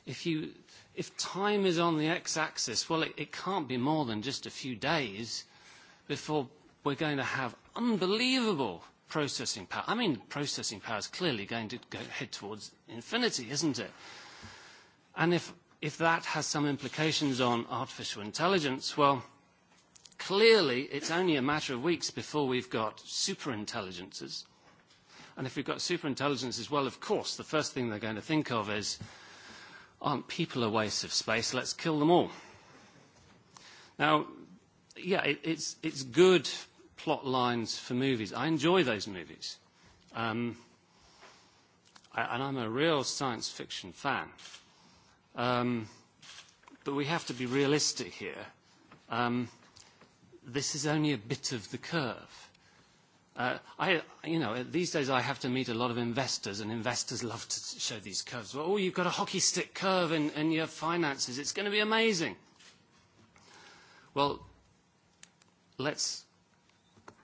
If you if time is on the x-axis, well, it can't be more than just a few days before we're going to have unbelievable processing power. I mean, processing power is clearly going to go head towards infinity, isn't it? And if if that has some implications on artificial intelligence, well, clearly it's only a matter of weeks before we've got intelligences. And if we've got superintelligences, well, of course, the first thing they're going to think of is aren't people a waste of space? Let's kill them all. Now, yeah, it's it's good plot lines for movies. I enjoy those movies, Um and I'm a real science fiction fan. Um But we have to be realistic here. Um This is only a bit of the curve I, you know, these days I have to meet a lot of investors, and investors love to show these curves. Oh, you've got a hockey stick curve in, in your finances. It's going to be amazing. Well, let's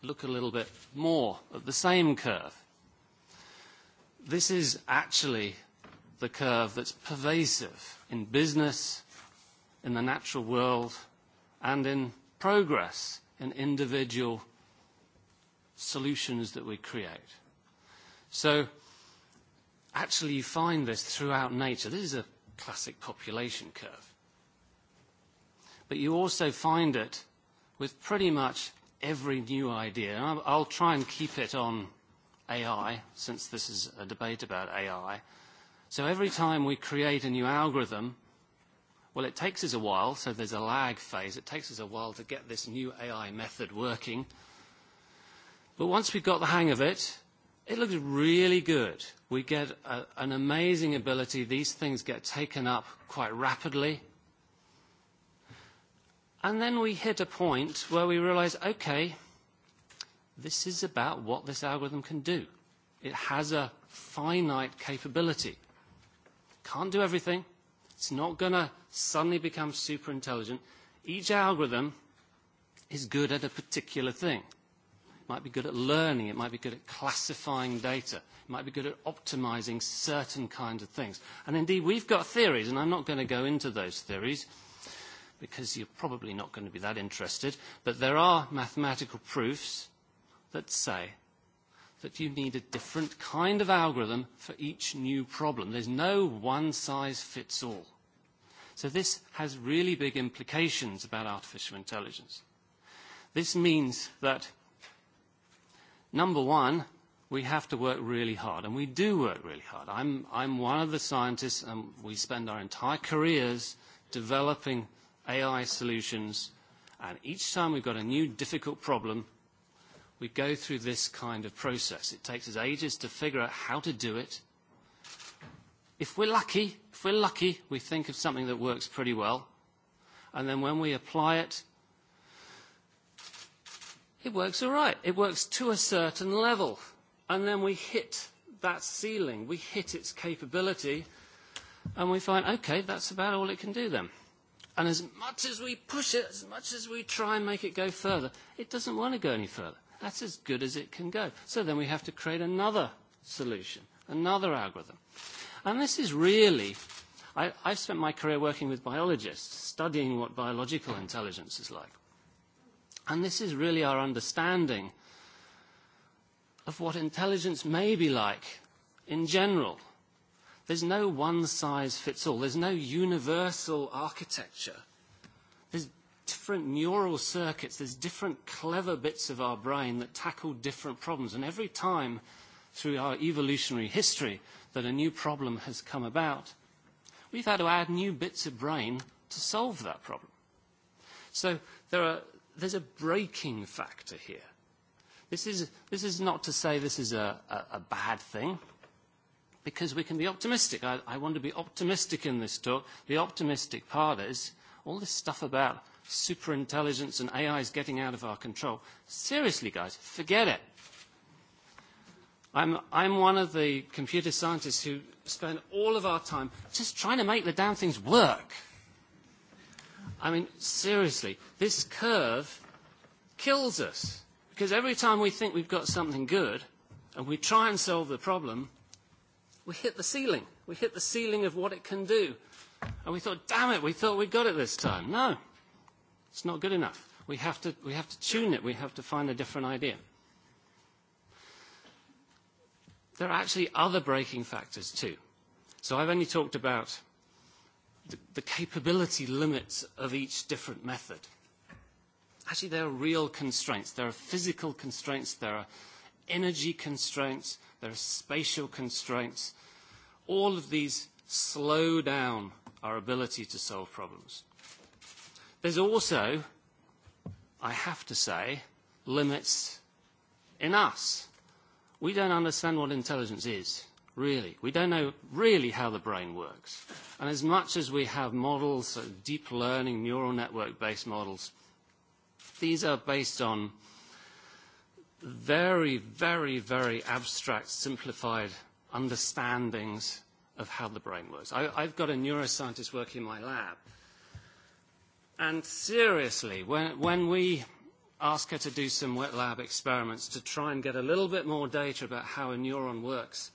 look a little bit more at the same curve. This is actually the curve that's pervasive in business, in the natural world, and in progress in individual solutions that we create. So actually you find this throughout nature. This is a classic population curve. But you also find it with pretty much every new idea. And I'll try and keep it on AI, since this is a debate about AI. So every time we create a new algorithm, well, it takes us a while, so there's a lag phase. It takes us a while to get this new AI method working. But once we got the hang of it, it looks really good. We get an amazing ability. These things get taken up quite rapidly. And then we hit a point where we realize, okay, this is about what this algorithm can do. It has a finite capability. Can't do everything. It's not going to suddenly become super intelligent. Each algorithm is good at a particular thing might be good at learning, it might be good at classifying data, it might be good at optimizing certain kinds of things. And indeed, we've got theories, and I'm not going to go into those theories because you're probably not going to be that interested, but there are mathematical proofs that say that you need a different kind of algorithm for each new problem. There's no one-size-fits-all. So this has really big implications about artificial intelligence. This means that Number one, we have to work really hard, and we do work really hard. I'm, I'm one of the scientists, and we spend our entire careers developing AI solutions, and each time we've got a new difficult problem, we go through this kind of process. It takes us ages to figure out how to do it. If we're lucky, if we're lucky, we think of something that works pretty well, and then when we apply it it works all right. It works to a certain level. And then we hit that ceiling. We hit its capability. And we find, okay, that's about all it can do then. And as much as we push it, as much as we try and make it go further, it doesn't want to go any further. That's as good as it can go. So then we have to create another solution, another algorithm. And this is really, I I've spent my career working with biologists, studying what biological intelligence is like. And this is really our understanding of what intelligence may be like in general. There's no one-size-fits-all. There's no universal architecture. There's different neural circuits. There's different clever bits of our brain that tackle different problems. And every time through our evolutionary history that a new problem has come about, we've had to add new bits of brain to solve that problem. So there are there's a breaking factor here. This is, this is not to say this is a, a, a bad thing, because we can be optimistic. I, I want to be optimistic in this talk. The optimistic part is all this stuff about superintelligence and AI is getting out of our control. Seriously, guys, forget it. I'm, I'm one of the computer scientists who spend all of our time just trying to make the damn things work. I mean, seriously, this curve kills us. Because every time we think we've got something good and we try and solve the problem, we hit the ceiling. We hit the ceiling of what it can do. And we thought, damn it, we thought we got it this time. No, it's not good enough. We have to, we have to tune it. We have to find a different idea. There are actually other breaking factors too. So I've only talked about the capability limits of each different method. Actually, there are real constraints. There are physical constraints. There are energy constraints. There are spatial constraints. All of these slow down our ability to solve problems. There's also, I have to say, limits in us. We don't understand what intelligence is really. We don't know really how the brain works. And as much as we have models, deep learning, neural network-based models, these are based on very, very, very abstract, simplified understandings of how the brain works. I've got a neuroscientist working in my lab. And seriously, when we ask her to do some wet lab experiments to try and get a little bit more data about how a neuron works,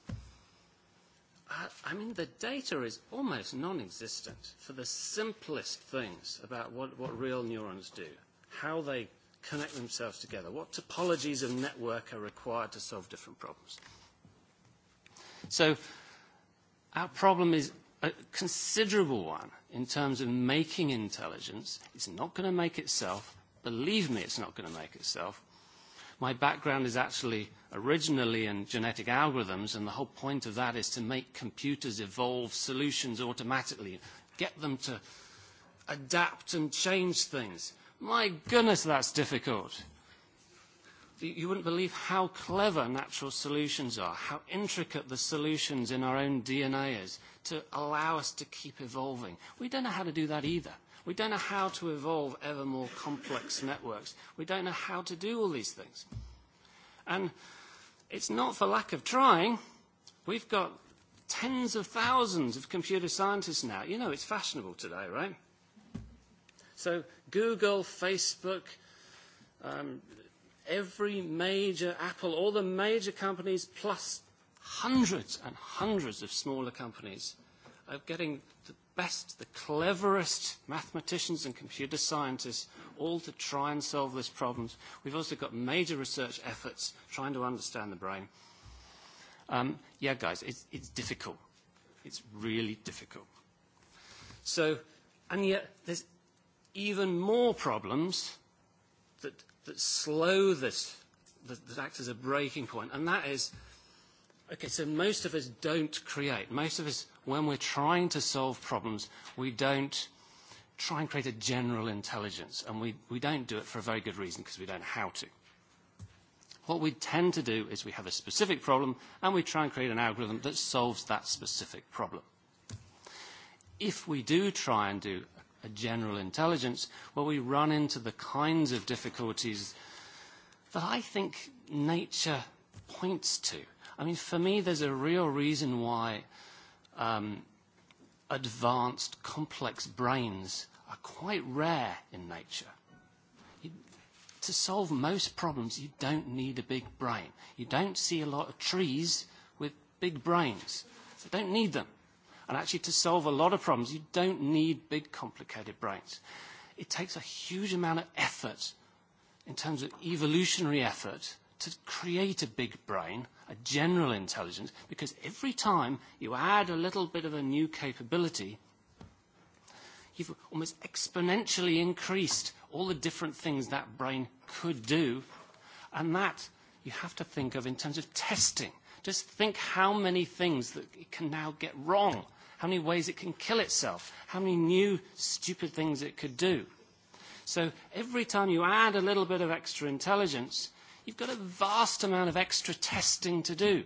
I mean, the data is almost non-existent for the simplest things about what what real neurons do, how they connect themselves together, what topologies of network are required to solve different problems. So our problem is a considerable one in terms of making intelligence. It's not going to make itself. Believe me, it's not going to make itself. My background is actually originally in genetic algorithms, and the whole point of that is to make computers evolve solutions automatically, get them to adapt and change things. My goodness, that's difficult you wouldn't believe how clever natural solutions are, how intricate the solutions in our own DNA is to allow us to keep evolving. We don't know how to do that either. We don't know how to evolve ever more complex networks. We don't know how to do all these things. And it's not for lack of trying. We've got tens of thousands of computer scientists now. You know, it's fashionable today, right? So Google, Facebook, every major Apple, all the major companies, plus hundreds and hundreds of smaller companies, are getting the best, the cleverest mathematicians and computer scientists, all to try and solve this problem. We've also got major research efforts trying to understand the brain. Yeah, guys, it's difficult. It's really difficult. So, and yet there's even more problems that that slow this, that acts as a breaking point, and that is, okay, so most of us don't create. Most of us, when we're trying to solve problems, we don't try and create a general intelligence, and we, we don't do it for a very good reason, because we don't know how to. What we tend to do is we have a specific problem, and we try and create an algorithm that solves that specific problem. If we do try and do a general intelligence, where we run into the kinds of difficulties that I think nature points to. I mean, for me, there's a real reason why advanced, complex brains are quite rare in nature. To solve most problems, you don't need a big brain. You don't see a lot of trees with big brains. They don't need them. And actually, to solve a lot of problems, you don't need big, complicated brains. It takes a huge amount of effort, in terms of evolutionary effort, to create a big brain, a general intelligence, because every time you add a little bit of a new capability, you've almost exponentially increased all the different things that brain could do. And that you have to think of in terms of testing. Just think how many things that it can now get wrong how many ways it can kill itself, how many new stupid things it could do. So every time you add a little bit of extra intelligence, you've got a vast amount of extra testing to do.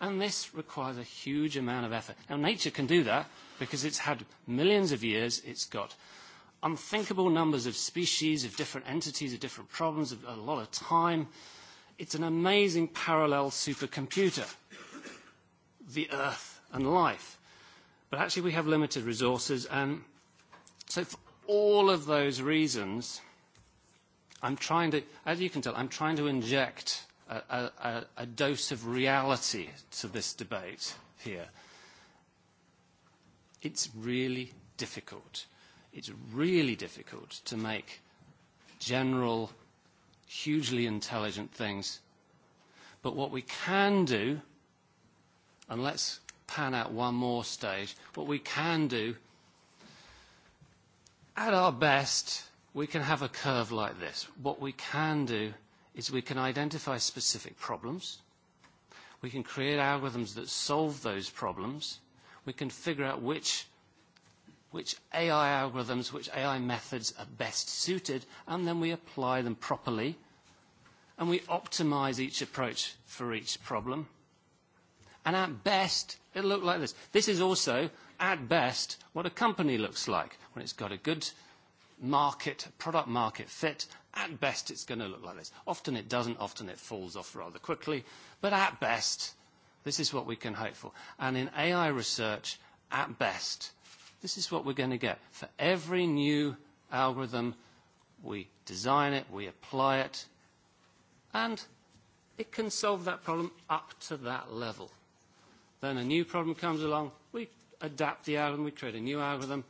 And this requires a huge amount of effort. Now, nature can do that because it's had millions of years. It's got unthinkable numbers of species, of different entities, of different problems, of a lot of time. It's an amazing parallel supercomputer, the Earth and life. But actually we have limited resources and so for all of those reasons I'm trying to, as you can tell, I'm trying to inject a dose of reality to this debate here. It's really difficult. It's really difficult to make general, hugely intelligent things. But what we can do, and let's pan out one more stage. What we can do, at our best, we can have a curve like this. What we can do is we can identify specific problems. We can create algorithms that solve those problems. We can figure out which which AI algorithms, which AI methods are best suited, and then we apply them properly, and we optimize each approach for each problem. And at best, it'll look like this. This is also, at best, what a company looks like. When it's got a good market, product market fit, at best it's going to look like this. Often it doesn't, often it falls off rather quickly, but at best, this is what we can hope for. And in AI research, at best, this is what we're going to get. For every new algorithm, we design it, we apply it, and it can solve that problem up to that level. Then a new problem comes along, we adapt the algorithm, we create a new algorithm.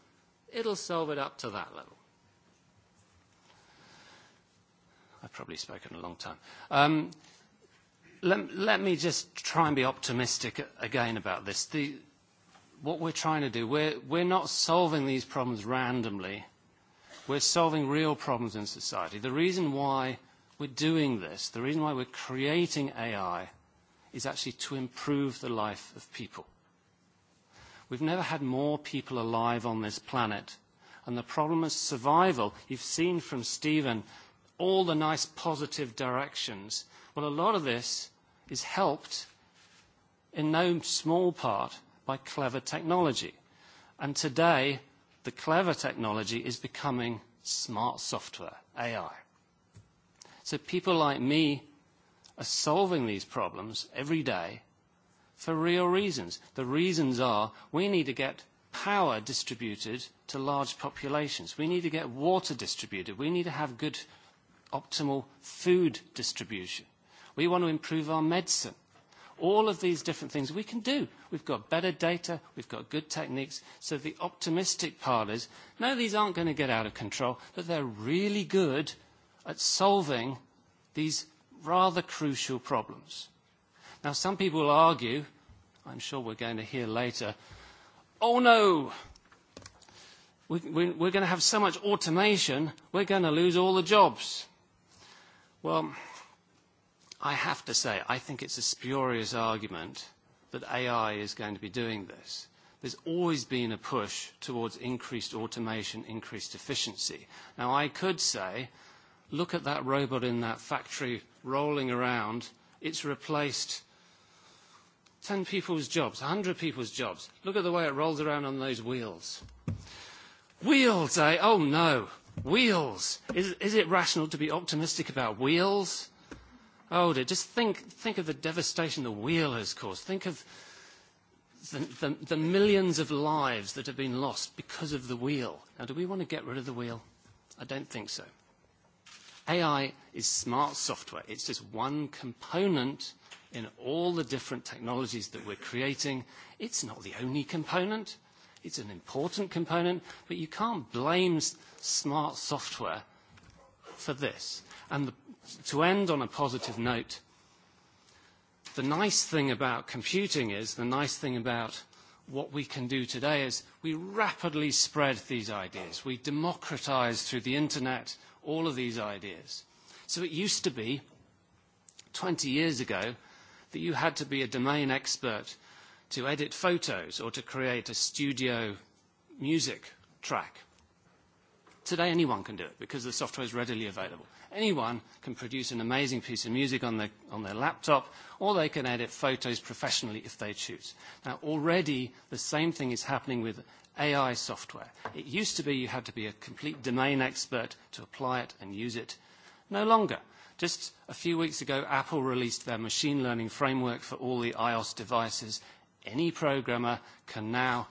It'll solve it up to that level. I've probably spoken a long time. Let me just try and be optimistic again about this. What we're trying to do, we're not solving these problems randomly. We're solving real problems in society. The reason why we're doing this, the reason why we're creating AI, is actually to improve the life of people. We've never had more people alive on this planet, and the problem is survival, you've seen from Stephen, all the nice positive directions. Well, a lot of this is helped in no small part by clever technology. And today, the clever technology is becoming smart software, AI. So people like me are solving these problems every day for real reasons. The reasons are we need to get power distributed to large populations. We need to get water distributed. We need to have good, optimal food distribution. We want to improve our medicine. All of these different things we can do. We've got better data. We've got good techniques. So the optimistic part is, no, these aren't going to get out of control, but they're really good at solving these rather crucial problems. Now, some people will argue, I'm sure we're going to hear later, oh no, we're going to have so much automation, we're going to lose all the jobs. Well, I have to say, I think it's a spurious argument that AI is going to be doing this. There's always been a push towards increased automation, increased efficiency. Now, I could say Look at that robot in that factory rolling around. It's replaced 10 people's jobs, 100 people's jobs. Look at the way it rolls around on those wheels. Wheels, eh? Oh, no. Wheels. Is, is it rational to be optimistic about wheels? Oh, dear. Just think, think of the devastation the wheel has caused. Think of the millions of lives that have been lost because of the wheel. Now, do we want to get rid of the wheel? I don't think so. AI is smart software. It's just one component in all the different technologies that we're creating. It's not the only component. It's an important component, but you can't blame smart software for this. And to end on a positive note, the nice thing about computing is, the nice thing about what we can do today is we rapidly spread these ideas. We democratize through the internet all of these ideas. So it used to be, 20 years ago, that you had to be a domain expert to edit photos or to create a studio music track. Today anyone can do it because the software is readily available. Anyone can produce an amazing piece of music on their on their laptop or they can edit photos professionally if they choose. Now already the same thing is happening with AI software. It used to be you had to be a complete domain expert to apply it and use it. No longer. Just a few weeks ago Apple released their machine learning framework for all the iOS devices. Any programmer can now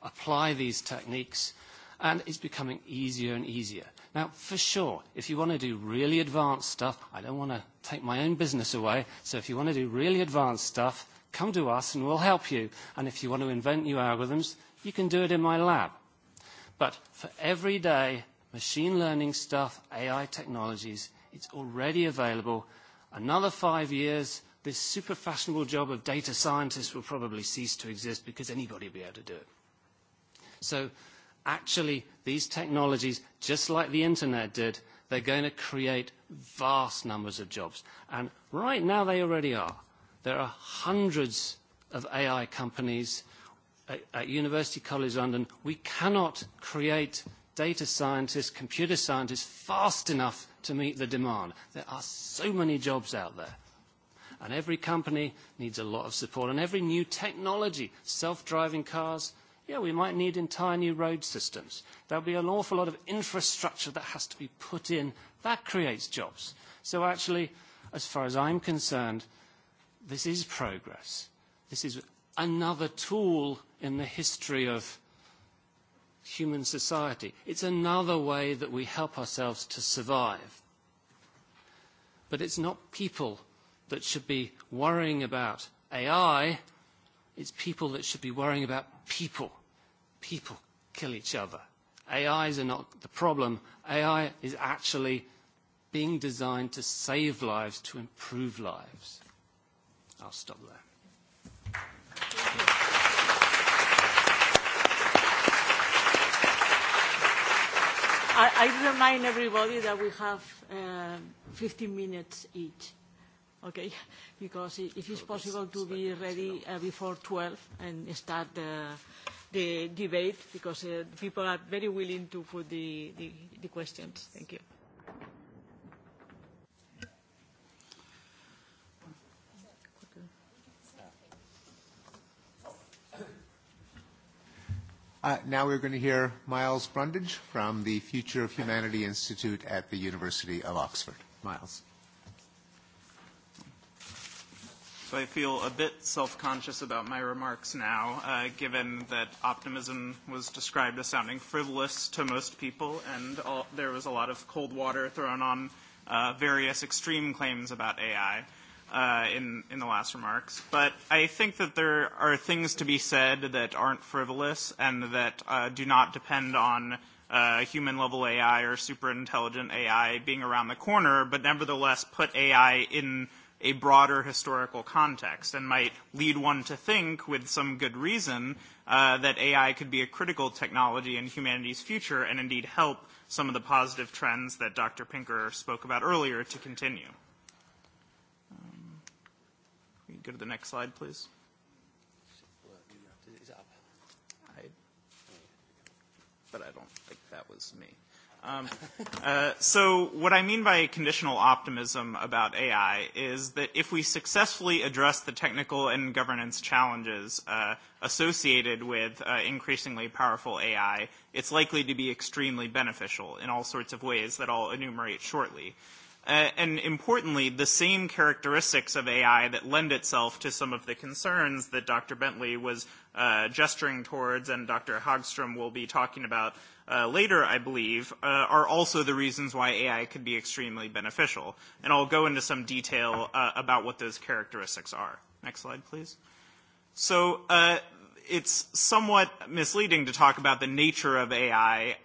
apply these techniques and it's becoming easier and easier. Now, for sure, if you want to do really advanced stuff, I don't want to take my own business away, so if you want to do really advanced stuff, come to us and we'll help you. And if you want to invent new algorithms, you can do it in my lab. But for everyday machine learning stuff, AI technologies, it's already available. Another five years, this super fashionable job of data scientists will probably cease to exist because anybody will be able to do it. So actually these technologies, just like the Internet did, they're going to create vast numbers of jobs. And right now they already are. There are hundreds of AI companies at University College London. We cannot create data scientists, computer scientists fast enough to meet the demand. There are so many jobs out there. And every company needs a lot of support. And every new technology, self-driving cars, yeah, we might need entire new road systems. There'll be an awful lot of infrastructure that has to be put in. That creates jobs. So actually, as far as I'm concerned, this is progress. This is another tool in the history of human society. It's another way that we help ourselves to survive. But it's not people that should be worrying about AI. It's people that should be worrying about people people kill each other. AIs are not the problem. AI is actually being designed to save lives, to improve lives. I'll stop there. I remind everybody that we have 15 minutes each, okay? Because if it's possible to be ready before 12 and start the the debate because people are very willing to put the the questions. Thank you. Now we're going to hear Miles Brundage from the Future of Humanity Institute at the University of Oxford. Miles. I feel a bit self-conscious about my remarks now, given that optimism was described as sounding frivolous to most people, and there was a lot of cold water thrown on various extreme claims about AI in in the last remarks. But I think that there are things to be said that aren't frivolous and that do not depend on human level AI or super intelligent AI being around the corner, but nevertheless put AI in a broader historical context and might lead one to think, with some good reason, that AI could be a critical technology in humanity's future and indeed help some of the positive trends that Dr. Pinker spoke about earlier to continue. Can you go to the next slide, please? But I don't think that was me. So what I mean by conditional optimism about AI is that if we successfully address the technical and governance challenges associated with increasingly powerful AI, it's likely to be extremely beneficial in all sorts of ways that I'll enumerate shortly and importantly, the same characteristics of AI that lend itself to some of the concerns that Dr. Bentley was gesturing towards and Dr. Hogstrom will be talking about later, I believe, are also the reasons why AI could be extremely beneficial. And I'll go into some detail about what those characteristics are. Next slide, please. So it's somewhat misleading to talk about the nature of AI,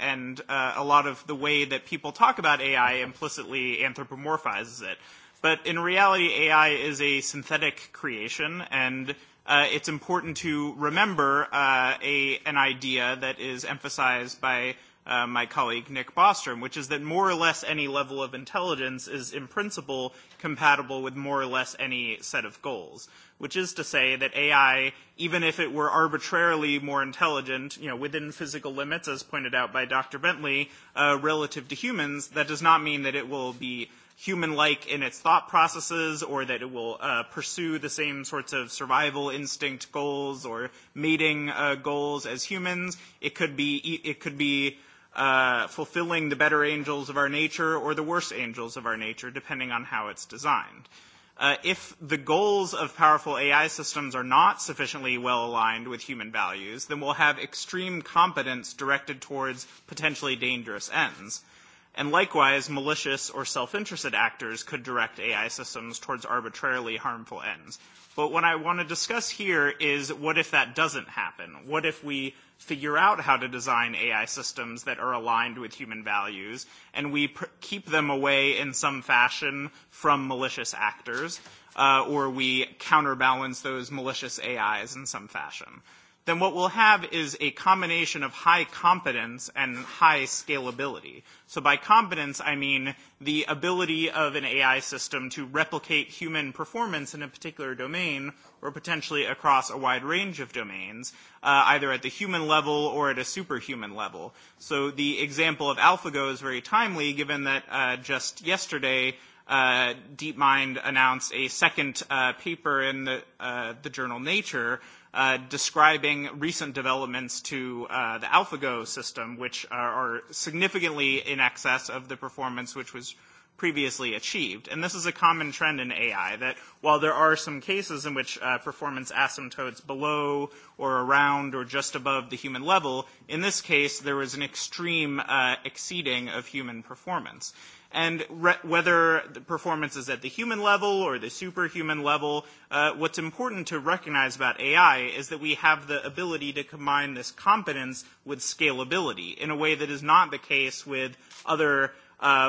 and a lot of the way that people talk about AI implicitly anthropomorphizes it. But in reality, AI is a synthetic creation, and it's important to remember an idea that is emphasized by my colleague Nick Bostrom, which is that more or less any level of intelligence is in principle compatible with more or less any set of goals, which is to say that AI, even if it were arbitrarily more intelligent, you know, within physical limits, as pointed out by Dr. Bentley, relative to humans, that does not mean that it will be human-like in its thought processes or that it will pursue the same sorts of survival instinct goals or mating goals as humans. It could be, it could be fulfilling the better angels of our nature or the worse angels of our nature, depending on how it's designed. Uh If the goals of powerful AI systems are not sufficiently well aligned with human values, then we'll have extreme competence directed towards potentially dangerous ends. And likewise, malicious or self-interested actors could direct AI systems towards arbitrarily harmful ends. But what I want to discuss here is what if that doesn't happen? What if we figure out how to design AI systems that are aligned with human values, and we keep them away in some fashion from malicious actors, or we counterbalance those malicious AIs in some fashion then what we'll have is a combination of high competence and high scalability. So by competence, I mean the ability of an AI system to replicate human performance in a particular domain or potentially across a wide range of domains, either at the human level or at a superhuman level. So the example of AlphaGo is very timely given that just yesterday, DeepMind announced a second paper in the journal Nature describing recent developments to uh the AlphaGo system, which are significantly in excess of the performance which was previously achieved. And this is a common trend in AI, that while there are some cases in which performance asymptotes below or around or just above the human level, in this case there was an extreme uh exceeding of human performance and whether the performance is at the human level or the superhuman level, what's important to recognize about AI is that we have the ability to combine this competence with scalability in a way that is not the case with other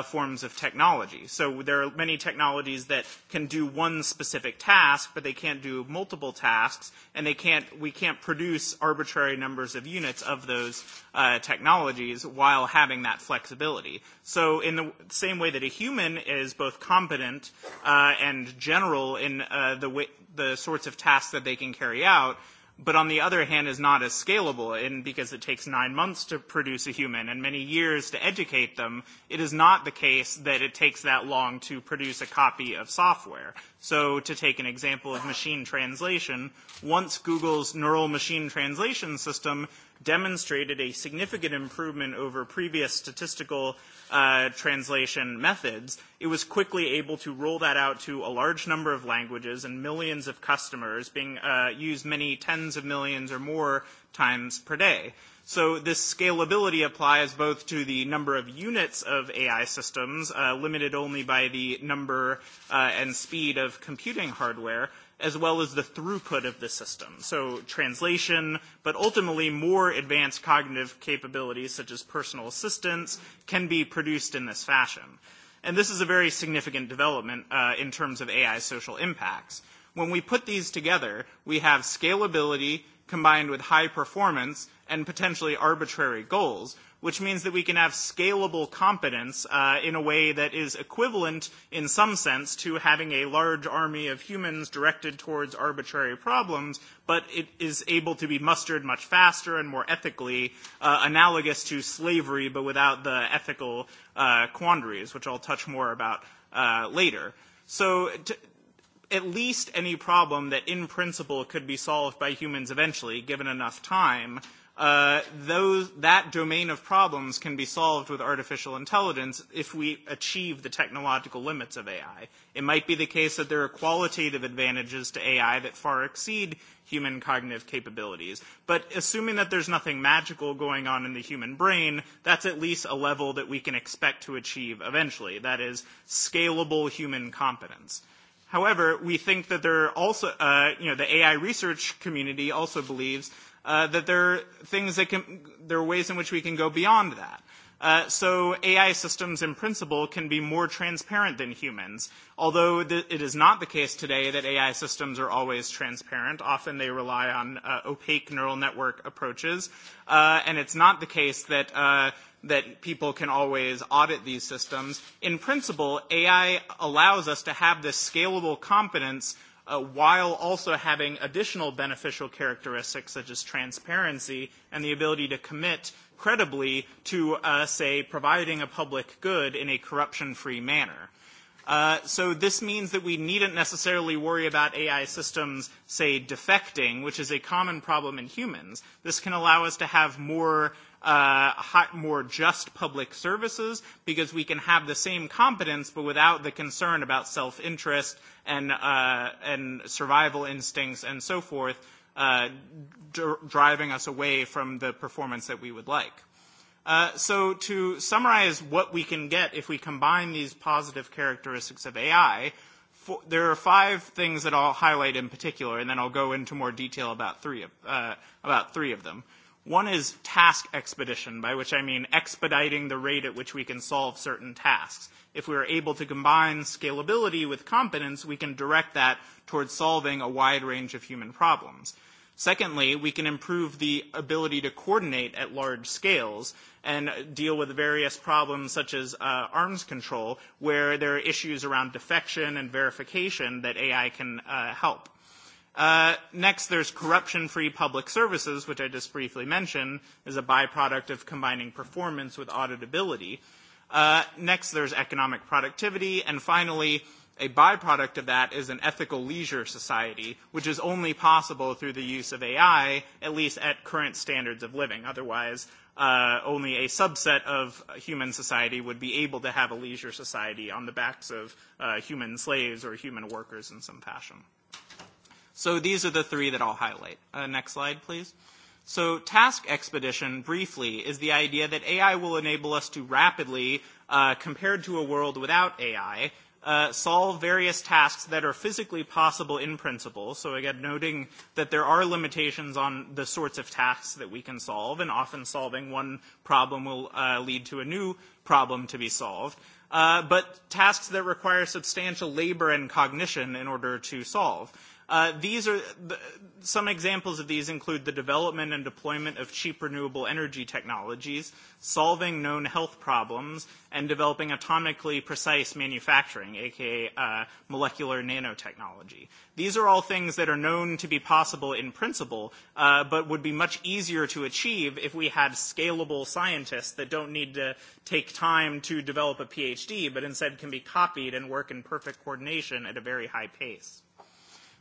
forms of technology. So there are many technologies that can do one specific task, but they can't do multiple tasks, and they can't, we can't produce arbitrary numbers of units of those technologies while having that flexibility. So in the same way that a human is both competent and general in the sorts of tasks that they can carry out, but on the other hand is not as scalable and because it takes nine months to produce a human and many years to educate them, it is not the case that it takes that long to produce a copy of software. So to take an example of machine translation, once Google's neural machine translation system demonstrated a significant improvement over previous statistical uh translation methods, it was quickly able to roll that out to a large number of languages and millions of customers being uh used many tens of millions or more times per day. So this scalability applies both to the number of units of AI systems, uh limited only by the number uh and speed of computing hardware, as well as the throughput of the system. So translation, but ultimately more advanced cognitive capabilities such as personal assistance can be produced in this fashion. And this is a very significant development in terms of AI social impacts. When we put these together, we have scalability combined with high performance and potentially arbitrary goals, which means that we can have scalable competence in a way that is equivalent in some sense to having a large army of humans directed towards arbitrary problems, but it is able to be mustered much faster and more ethically, analogous to slavery but without the ethical quandaries, which I'll touch more about later. So at least any problem that in principle could be solved by humans eventually, given enough time, those that domain of problems can be solved with artificial intelligence if we achieve the technological limits of AI. It might be the case that there are qualitative advantages to AI that far exceed human cognitive capabilities. But assuming that there's nothing magical going on in the human brain, that's at least a level that we can expect to achieve eventually. That is scalable human competence. However, we think that there are also, you know, the AI research community also believes that there are things that can there are ways in which we can go beyond that. So AI systems in principle can be more transparent than humans, although it is not the case today that AI systems are always transparent. Often they rely on opaque neural network approaches, and it's not the case that that people can always audit these systems. In principle, AI allows us to have this scalable competence while also having additional beneficial characteristics such as transparency and the ability to commit credibly to, say, providing a public good in a corruption-free manner. So this means that we needn't necessarily worry about AI systems, say, defecting, which is a common problem in humans. This can allow us to have more more just public services because we can have the same competence but without the concern about self-interest and and survival instincts and so forth driving us away from the performance that we would like. So to summarize what we can get if we combine these positive characteristics of AI, there are five things that I'll highlight in particular, and then I'll go into more detail about three of them. One is task expedition, by which I mean expediting the rate at which we can solve certain tasks. If we are able to combine scalability with competence, we can direct that towards solving a wide range of human problems. Secondly, we can improve the ability to coordinate at large scales and deal with various problems such as arms control, where there are issues around defection and verification that AI can help. Next, there's corruption-free public services, which I just briefly mentioned, is a byproduct of combining performance with auditability. Next, there's economic productivity. And finally, a byproduct of that is an ethical leisure society, which is only possible through the use of AI, at least at current standards of living. Otherwise, only a subset of human society would be able to have a leisure society on the backs of human slaves or human workers in some fashion. So these are the three that I'll highlight. Next slide, please. So task expedition, briefly, is the idea that AI will enable us to rapidly, compared to a world without AI, solve various tasks that are physically possible in principle. So again, noting that there are limitations on the sorts of tasks that we can solve, and often solving one problem will lead to a new problem to be solved. But tasks that require substantial labor and cognition in order to solve. These are some examples of these include the development and deployment of cheap renewable energy technologies, solving known health problems, and developing atomically precise manufacturing, aka molecular nanotechnology. These are all things that are known to be possible in principle, but would be much easier to achieve if we had scalable scientists that don't need to take time to develop a PhD, but instead can be copied and work in perfect coordination at a very high pace.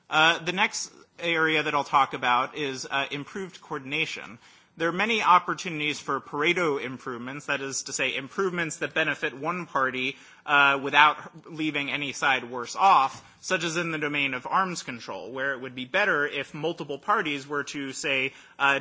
The next area that I'll talk about is improved coordination. There are many opportunities for Pareto improvements, that is to say improvements that benefit one party without leaving any side worse off, such as in the domain of arms control, where it would be better if multiple parties were to, say,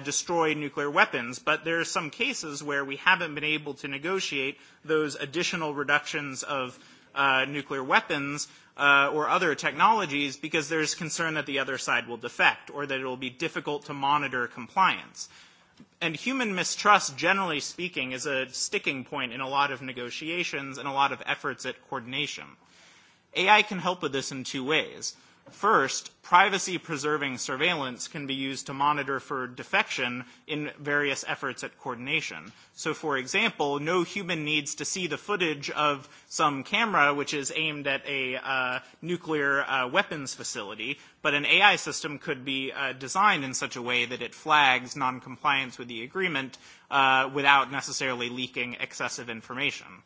destroy nuclear weapons. But there are some cases where we haven't been able to negotiate those additional reductions of nuclear weapons or other technologies because there's concern that the other side will defect or that it will be difficult to monitor compliance. And human mistrust, generally speaking, is a sticking point in a lot of negotiations and a lot of efforts at coordination. AI can help with this in two ways. First, privacy-preserving surveillance can be used to monitor for defection in various efforts at coordination. So, for example, no human needs to see the footage of some camera which is aimed at a nuclear weapons facility, but an AI system could be designed in such a way that it flags noncompliance with the agreement without necessarily leaking excessive information.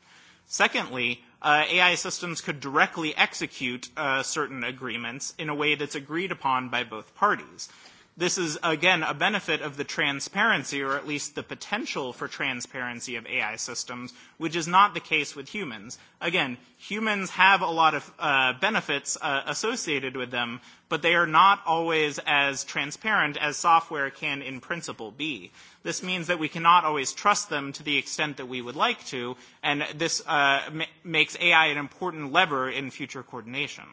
Secondly, AI systems could directly execute certain agreements in a way that's agreed upon by both parties. This is, again, a benefit of the transparency, or at least the potential for transparency of AI systems, which is not the case with humans. Again, humans have a lot of benefits associated with them, but they are not always as transparent as software can in principle be. This means that we cannot always trust them to the extent that we would like to, and this makes AI an important lever in future coordination.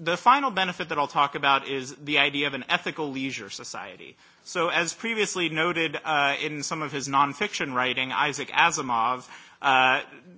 The final benefit that I'll talk about is the idea of an ethical leisure society. So as previously noted in some of his nonfiction writing, Isaac Asimov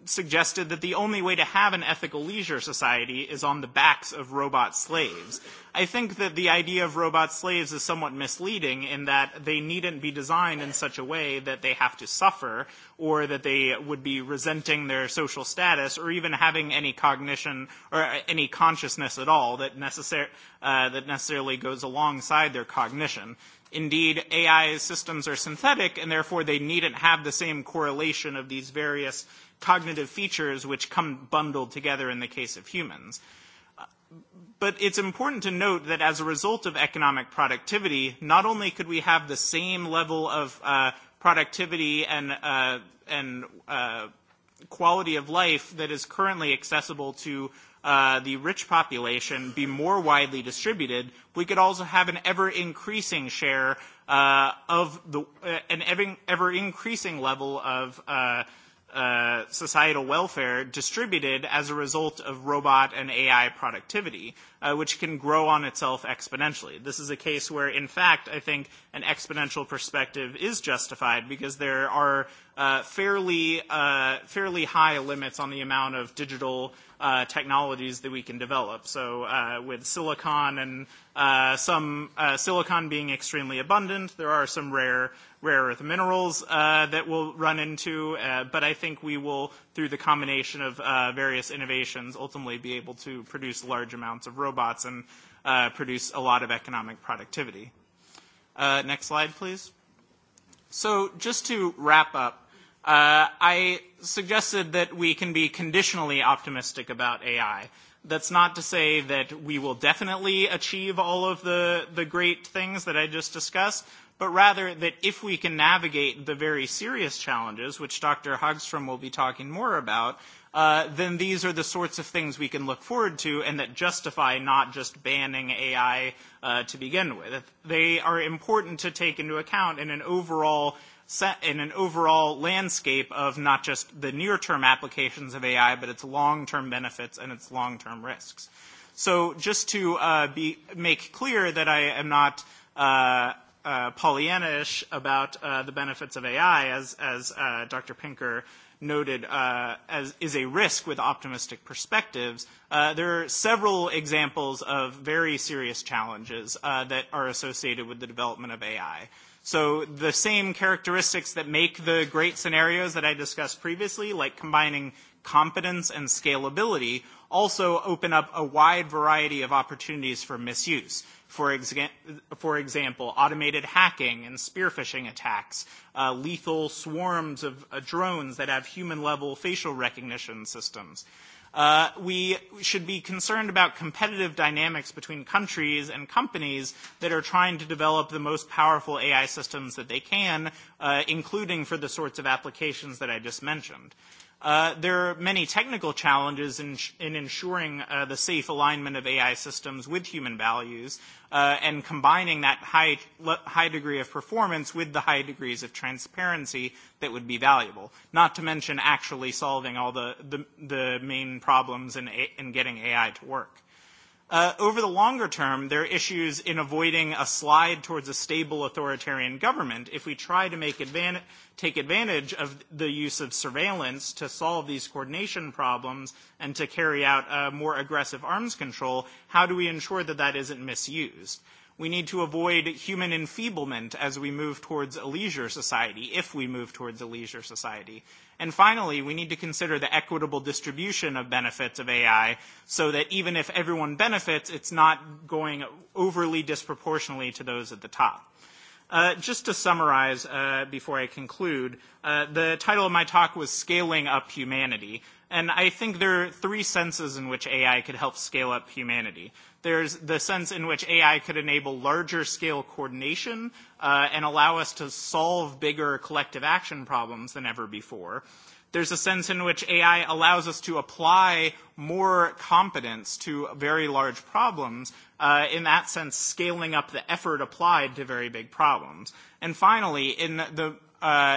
suggested that the only way to have an ethical leisure society is on the backs of robot slaves. I think that the idea of robot slaves is somewhat misleading in that they needn't be designed in such a way that they have to suffer or that they would be resenting their social status or even having any cognition or any consciousness at all that necessarily goes alongside their cognition. Indeed, AI systems are synthetic, and therefore they needn't have the same correlation of these various cognitive features which come bundled together in the case of humans. But it's important to note that as a result of economic productivity, not only could we have the same level of uh productivity and and uh uh quality of life that is currently accessible to the rich population be more widely distributed, we could also have an ever-increasing share of the, an ever-increasing level of societal welfare distributed as a result of robot and AI productivity which can grow on itself exponentially. This is a case where, in fact, I think an exponential perspective is justified because there are fairly fairly high limits on the amount of digital technologies that we can develop. So with silicon and some silicon being extremely abundant, there are some rare rare earth minerals that we'll run into, but I think we will through the combination of various innovations, ultimately be able to produce large amounts of robots and produce a lot of economic productivity. Next slide, please. So just to wrap up, I suggested that we can be conditionally optimistic about AI. That's not to say that we will definitely achieve all of the great things that I just discussed, but rather that if we can navigate the very serious challenges, which Dr. Hogstrom will be talking more about, then these are the sorts of things we can look forward to and that justify not just banning AI to begin with. They are important to take into account in an overall in an overall landscape of not just the near-term applications of AI, but its long-term benefits and its long-term risks. So just to be make clear that I am not Pollyannish about the benefits of AI, as as Dr. Pinker noted, as is a risk with optimistic perspectives. There are several examples of very serious challenges that are associated with the development of AI. So the same characteristics that make the great scenarios that I discussed previously, like combining competence and scalability, also open up a wide variety of opportunities for misuse for example, automated hacking and spear phishing attacks, lethal swarms of drones that have human-level facial recognition systems. We should be concerned about competitive dynamics between countries and companies that are trying to develop the most powerful AI systems that they can, including for the sorts of applications that I just mentioned. There are many technical challenges in ensuring the safe alignment of AI systems with human values and combining that high degree of performance with the high degrees of transparency that would be valuable, not to mention actually solving all the main problems in getting AI to work. Over the longer term, there are issues in avoiding a slide towards a stable authoritarian government if we try to take advantage of the use of surveillance to solve these coordination problems and to carry out a more aggressive arms control. How do we ensure that that isn't misused? We need to avoid human enfeeblement as we move towards a leisure society, if we move towards a leisure society. And finally, we need to consider the equitable distribution of benefits of AI so that even if everyone benefits, it's not going overly disproportionately to those at the top. Just to summarize before I conclude, the title of my talk was Scaling Up Humanity. And I think there are three senses in which AI could help scale up humanity. There's the sense in which AI could enable larger scale coordination and allow us to solve bigger collective action problems than ever before. There's a sense in which AI allows us to apply more competence to very large problems, in that sense scaling up the effort applied to very big problems. And finally, in the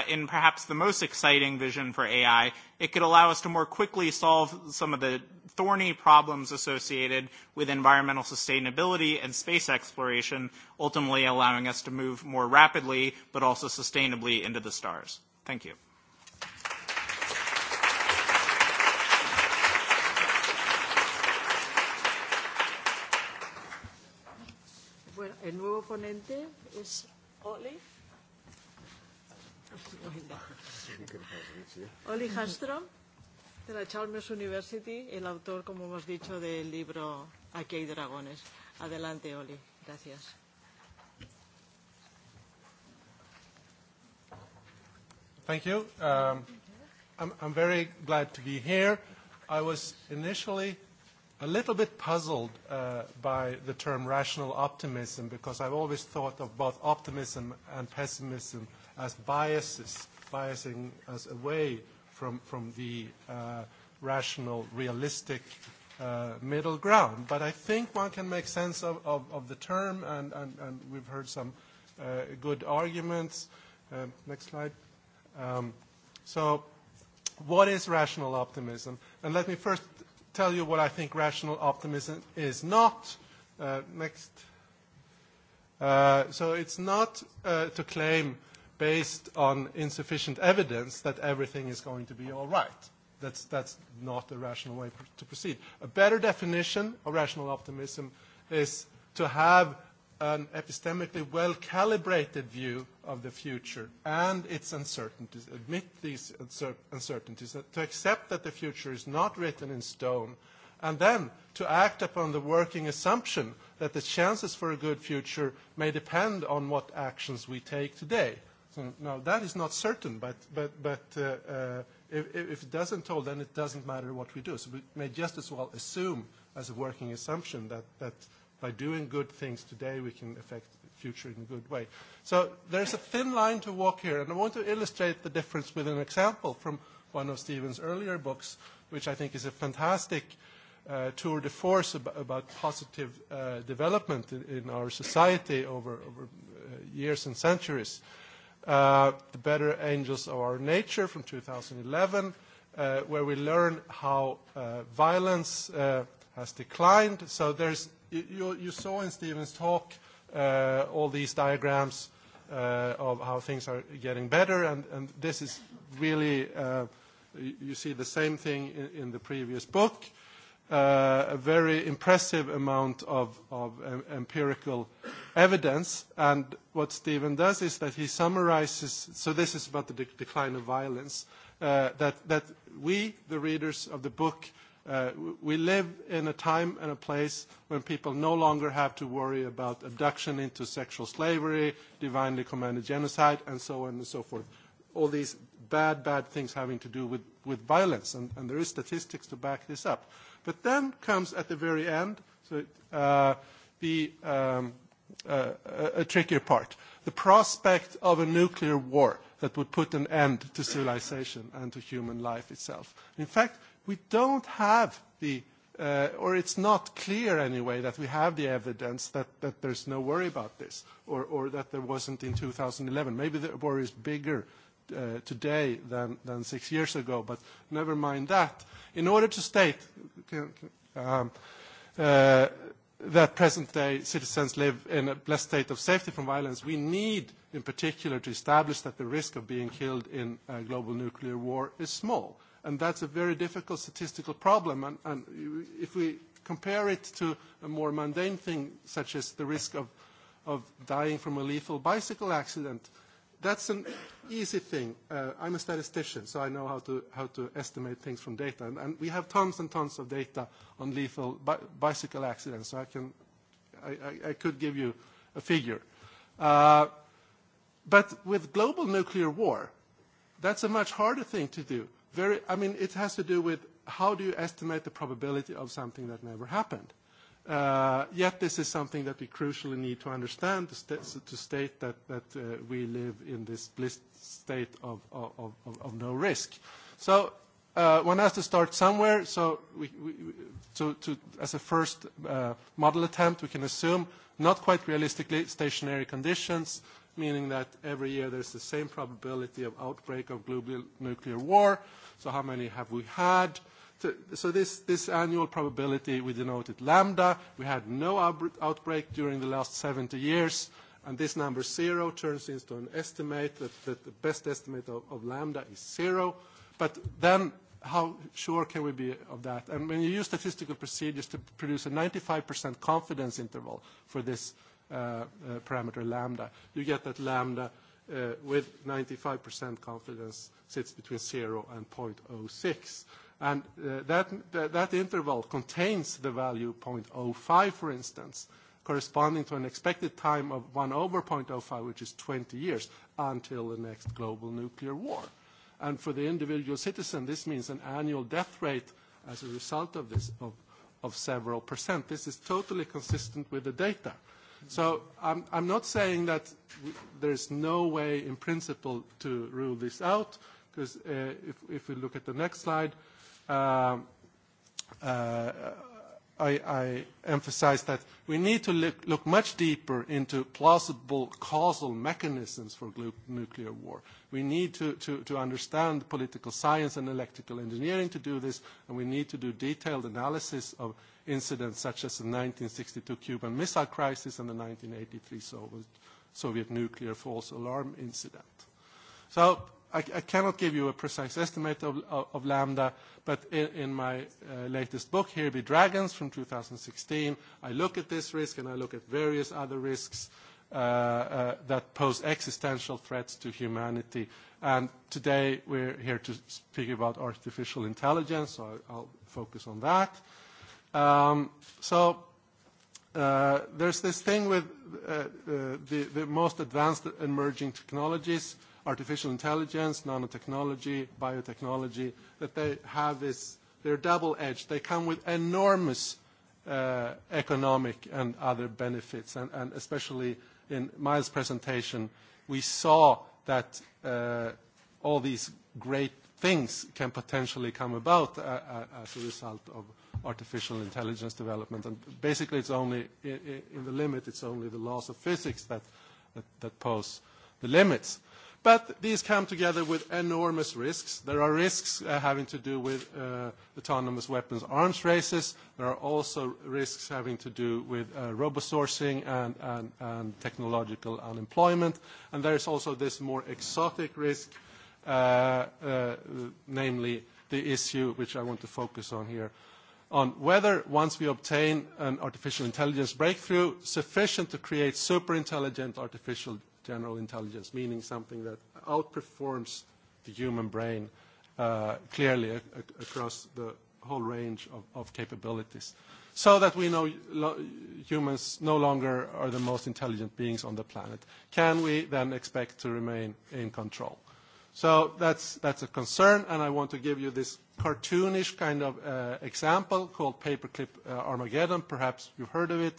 in perhaps the most exciting vision for AI it could allow us to more quickly solve some of the thorny problems associated with environmental sustainability and space exploration, ultimately allowing us to move more rapidly but also sustainably into the stars. Thank you. El nuevo ponente es Oli Hastrom, de la Chalmers University, el autor, como hemos dicho, del libro Aquí hay dragones. Adelante, Oli. Gracias. Thank you. Um, I'm, I'm very glad to be here. I was initially a little bit puzzled uh, by the term rational optimism because I've always thought of both optimism and pessimism as biases, biasing us away from, from the rational, realistic middle ground. But I think one can make sense of, of, of the term, and, and, and we've heard some good arguments. next slide. Um, so what is rational optimism? And let me first tell you what I think rational optimism is not. Next. So it's not to claim based on insufficient evidence that everything is going to be all right. That's, that's not a rational way to proceed. A better definition of rational optimism is to have an epistemically well-calibrated view of the future and its uncertainties, admit these uncertainties, to accept that the future is not written in stone, and then to act upon the working assumption that the chances for a good future may depend on what actions we take today. Now, that is not certain, but if it doesn't hold, then it doesn't matter what we do. So we may just as well assume as a working assumption that by doing good things today, we can affect the future in a good way. So there's a thin line to walk here, and I want to illustrate the difference with an example from one of Stephen's earlier books, which I think is a fantastic tour de force about positive development in our society over years and centuries. The Better Angels of Our Nature from 2011, where we learn how violence has declined. So there's, you saw in Stephen's talk all these diagrams of how things are getting better, and this is really, you see the same thing in the previous book. A very impressive amount of empirical evidence, and what Stephen does is that he summarizes, so this is about the decline of violence, that we, the readers of the book, we live in a time and a place when people no longer have to worry about abduction into sexual slavery, divinely commanded genocide, and so on and so forth. All these bad, bad things having to do with violence, and there is statistics to back this up. But then comes at the very end, so the a trickier part. The prospect of a nuclear war that would put an end to civilization and to human life itself. In fact, we don't have the, or it's not clear anyway, that we have the evidence that there's no worry about this, or that there wasn't in 2011. Maybe the war is bigger today than six years ago, but never mind that. In order to state that present-day citizens live in a blessed state of safety from violence, we need, in particular, to establish that the risk of being killed in a global nuclear war is small. And that's a very difficult statistical problem. And if we compare it to a more mundane thing, such as the risk of dying from a lethal bicycle accident, that's an easy thing. I'm a statistician, so I know how to how to estimate things from data. And we have tons and tons of data on lethal bicycle accidents, so I can I could give you a figure. But with global nuclear war, that's a much harder thing to do. Very, I mean, it has to do with how do you estimate the probability of something that never happened. Yet this is something that we crucially need to understand to state that we live in this bliss state of no risk. So one has to start somewhere. So as a first model attempt, we can assume, not quite realistically, stationary conditions, meaning that every year there's the same probability of outbreak of global nuclear war. So how many have we had? so this this annual probability we denoted lambda. We had no outbreak during the last 70 years, and this number zero turns into an estimate that the best estimate of lambda is zero. But then how sure can we be of that? And when you use statistical procedures to produce a 95% confidence interval for this parameter lambda, you get that lambda with 95% confidence sits between zero and 0.06. And that interval contains the value 0.05, for instance, corresponding to an expected time of 1 over 0.05, which is 20 years, until the next global nuclear war. And for the individual citizen, this means an annual death rate as a result of this of several percent. This is totally consistent with the data. So I'm not saying that there's no way in principle to rule this out, because if we look at the next slide, I emphasize that we need to look much deeper into plausible causal mechanisms for nuclear war. We need to understand political science and electrical engineering to do this, and we need to do detailed analysis of incidents such as the 1962 Cuban Missile Crisis and the 1983 Soviet nuclear false alarm incident. So I cannot give you a precise estimate of lambda, but in my latest book, here be dragons from 2016, I look at this risk and I look at various other risks that pose existential threats to humanity. And today we're here to speak about artificial intelligence, so I'll focus on that. So there's this thing with the most advanced emerging technologies artificial intelligence, nanotechnology, biotechnology, that they have this, they're double-edged. They come with enormous economic and other benefits, and especially in Miles' presentation, we saw that all these great things can potentially come about as a result of artificial intelligence development. And basically, it's only in the limit, it's only the laws of physics that pose the limits. But these come together with enormous risks. There are risks having to do with autonomous weapons arms races. There are also risks having to do with robo-sourcing and technological unemployment. And there is also this more exotic risk, namely the issue which I want to focus on here, on whether once we obtain an artificial intelligence breakthrough sufficient to create super-intelligent artificial general intelligence, meaning something that outperforms the human brain clearly across the whole range of capabilities, so that we know humans no longer are the most intelligent beings on the planet. Can we then expect to remain in control? So that's a concern, and I want to give you this cartoonish kind of example called Paperclip Armageddon. Perhaps you've heard of it.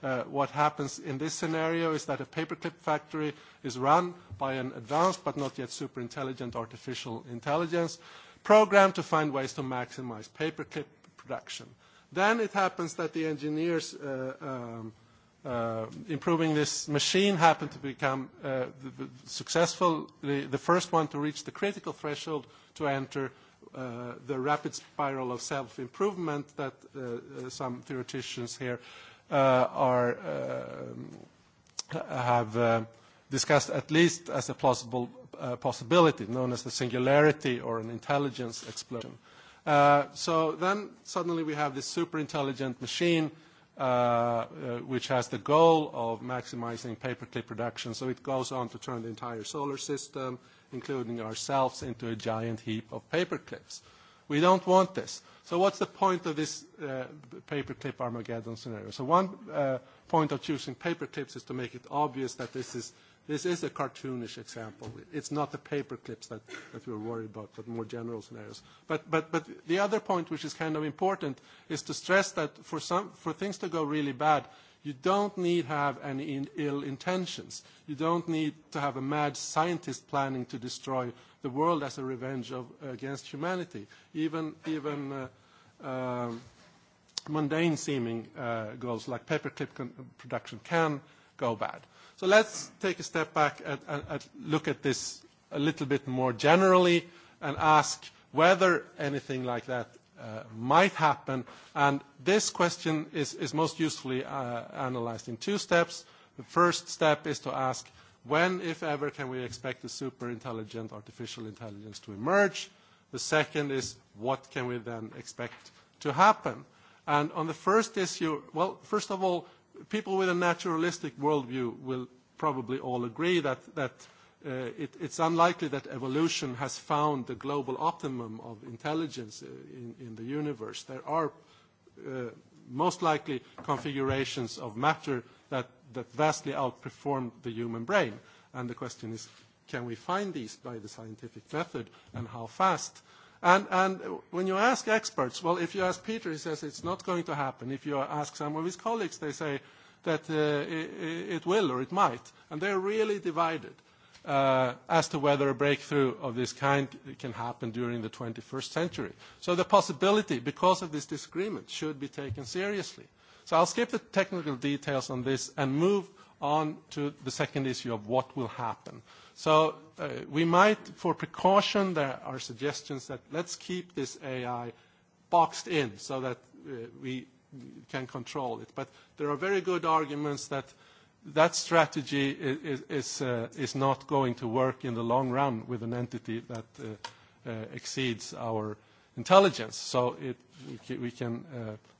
What happens in this scenario is that a paperclip factory is run by an advanced but not yet super intelligent artificial intelligence program to find ways to maximize paperclip production. Then it happens that the engineers improving this machine happen to become successful, the first one to reach the critical threshold to enter the rapid spiral of self-improvement that some theoreticians here are have discussed at least as a plausible possibility, known as the singularity or an intelligence explosion. So then suddenly we have this super intelligent machine which has the goal of maximizing paperclip production. So it goes on to turn the entire solar system, including ourselves, into a giant heap of paperclips. We don't want this. So what's the point of this paperclip Armageddon scenario? So one point of choosing paperclips is to make it obvious that this is this is a cartoonish example. It's not the paperclips that we're worried about, but more general scenarios. But but the other point, which is kind of important, is to stress that for some for things to go really bad, You don't need to have any ill intentions. You don't need to have a mad scientist planning to destroy the world as a revenge against humanity. Even even mundane-seeming goals like paperclip production can go bad. So let's take a step back and look at this a little bit more generally and ask whether anything like that might happen. And this question is most usefully analyzed in two steps. The first step is to ask when, if ever, can we expect a super intelligent artificial intelligence to emerge? The second is what can we then expect to happen? And on the first issue, well, first of all, people with a naturalistic worldview will probably all agree that it's unlikely that evolution has found the global optimum of intelligence in the universe. There are most likely configurations of matter that vastly outperform the human brain. And the question is, can we find these by the scientific method and how fast? And when you ask experts, well, if you ask Peter, he says it's not going to happen. If you ask some of his colleagues, they say that it will or it might. And they're really divided as to whether a breakthrough of this kind can happen during the 21st century. So the possibility, because of this disagreement, should be taken seriously. So I'll skip the technical details on this and move on to the second issue of what will happen. So we might, for precaution, there are suggestions that let's keep this AI boxed in so that we can control it. But there are very good arguments that that strategy is not going to work in the long run with an entity that exceeds our intelligence. So we can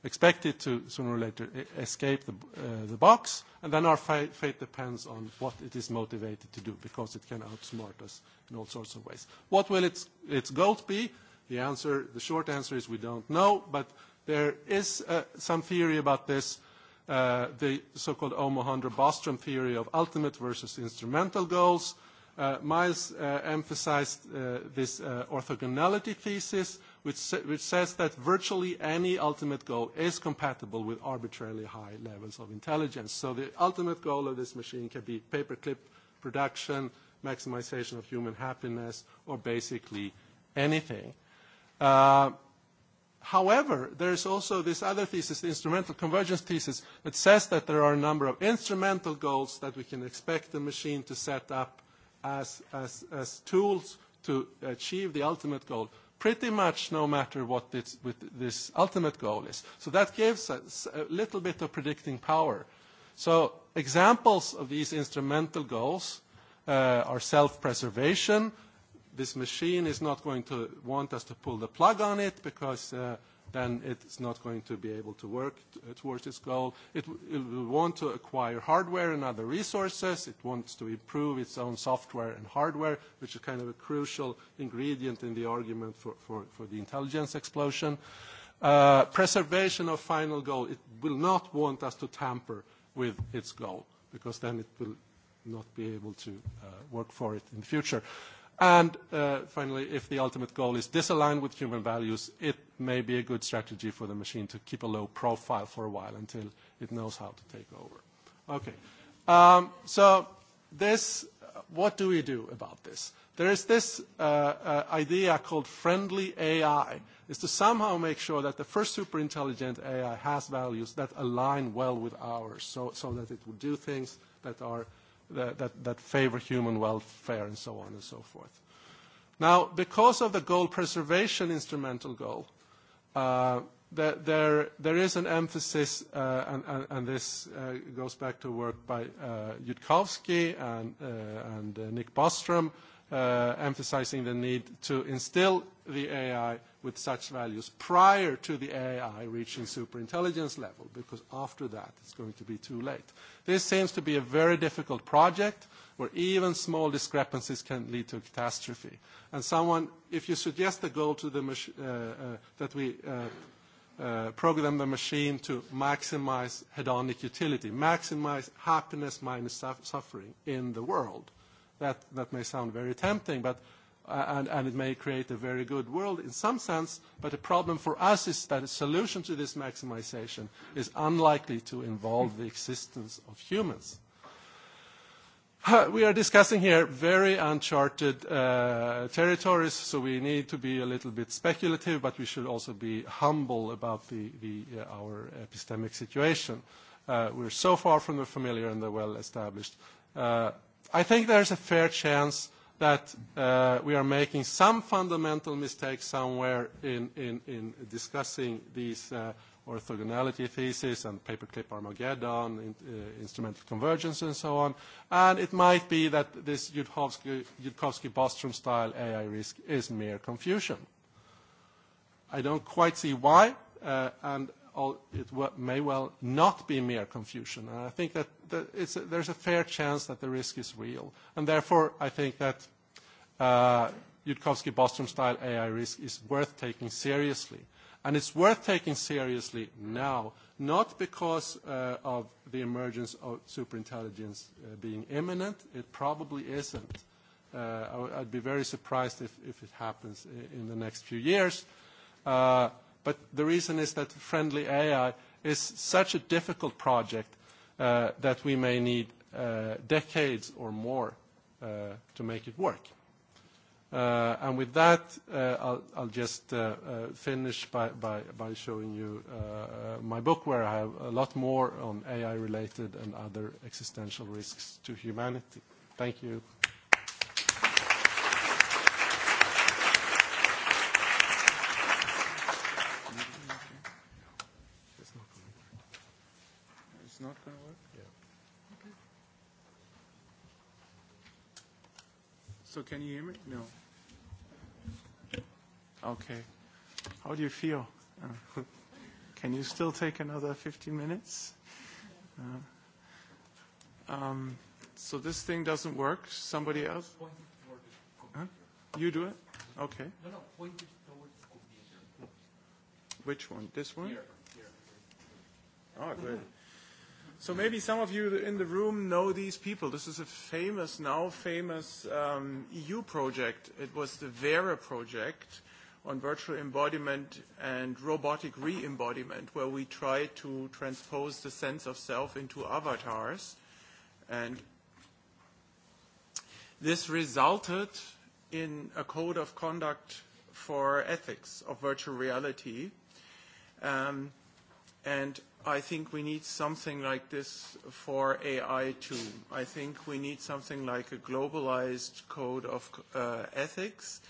expect it to, sooner or later, escape the box, and then our fate depends on what it is motivated to do, because it can outsmart us in all sorts of ways. What will its goals be? The short answer is we don't know, but there is some theory about this the so-called bostrom theory of ultimate versus instrumental goals. Miles emphasized this orthogonality thesis, which says that virtually any ultimate goal is compatible with arbitrarily high levels of intelligence. So the ultimate goal of this machine can be paperclip production, maximization of human happiness, or basically anything. However, there is also this other thesis, the instrumental convergence thesis, that says that there are a number of instrumental goals that we can expect the machine to set up as tools to achieve the ultimate goal, pretty much no matter what this ultimate goal is. So that gives us a little bit of predicting power. So examples of these instrumental goals are self-preservation, this machine is not going to want us to pull the plug on it because then it's not going to be able to work towards its goal. It will want to acquire hardware and other resources. It wants to improve its own software and hardware, which is kind of a crucial ingredient in the argument for the intelligence explosion. Preservation of final goal. It will not want us to tamper with its goal because then it will not be able to work for it in the future. And finally, if the ultimate goal is disaligned with human values, it may be a good strategy for the machine to keep a low profile for a while until it knows how to take over. Okay. So this, what do we do about this? There is this idea called friendly AI, is to somehow make sure that the first intelligent AI has values that align well with ours, so that it will do things that are that favor human welfare and so on and so forth. Now, because of the goal preservation instrumental goal, there is an emphasis, and this goes back to work by Yudkowsky and Nick Bostrom, emphasizing the need to instill the AI with such values prior to the AI reaching superintelligence level, because after that it's going to be too late. This seems to be a very difficult project where even small discrepancies can lead to a catastrophe. And someone, if you suggest the goal to the that we program the machine to maximize hedonic utility, maximize happiness minus suffering in the world, that that may sound very tempting, but and it may create a very good world in some sense, but the problem for us is that a solution to this maximization is unlikely to involve the existence of humans. We are discussing here very uncharted territories, so we need to be a little bit speculative, but we should also be humble about our epistemic situation. We're so far from the familiar and the well-established. I think there's a fair chance that we are making some fundamental mistakes somewhere in discussing these orthogonality thesis and paperclip Armageddon, instrumental convergence, and so on. And it might be that this Yudkowsky-Bostrom-style AI risk is mere confusion. I don't quite see why, and it may well not be mere confusion. I think that there's a fair chance that the risk is real. And therefore, I think that Yudkowsky-Bostrom-style AI risk is worth taking seriously. And it's worth taking seriously now, not because of the emergence of superintelligence being imminent. It probably isn't. I'd be very surprised if it happens in the next few years. But the reason is that friendly AI is such a difficult project that we may need decades or more to make it work. And with that, I'll just finish by showing you my book, where I have a lot more on AI-related and other existential risks to humanity. Thank you. can you hear me? No. Okay. How do you feel? Can you still take another 15 minutes? so this thing doesn't work. Somebody else? You do it? Okay. No, no. towards Which one? This one? Oh, good. So maybe some of you in the room know these people. This is a famous, now famous EU project. It was the Vera project on virtual embodiment and robotic re-embodiment, where we try to transpose the sense of self into avatars. And this resulted in a code of conduct for ethics of virtual reality. And I think we need something like this for AI too. I think we need something like a globalized code of ethics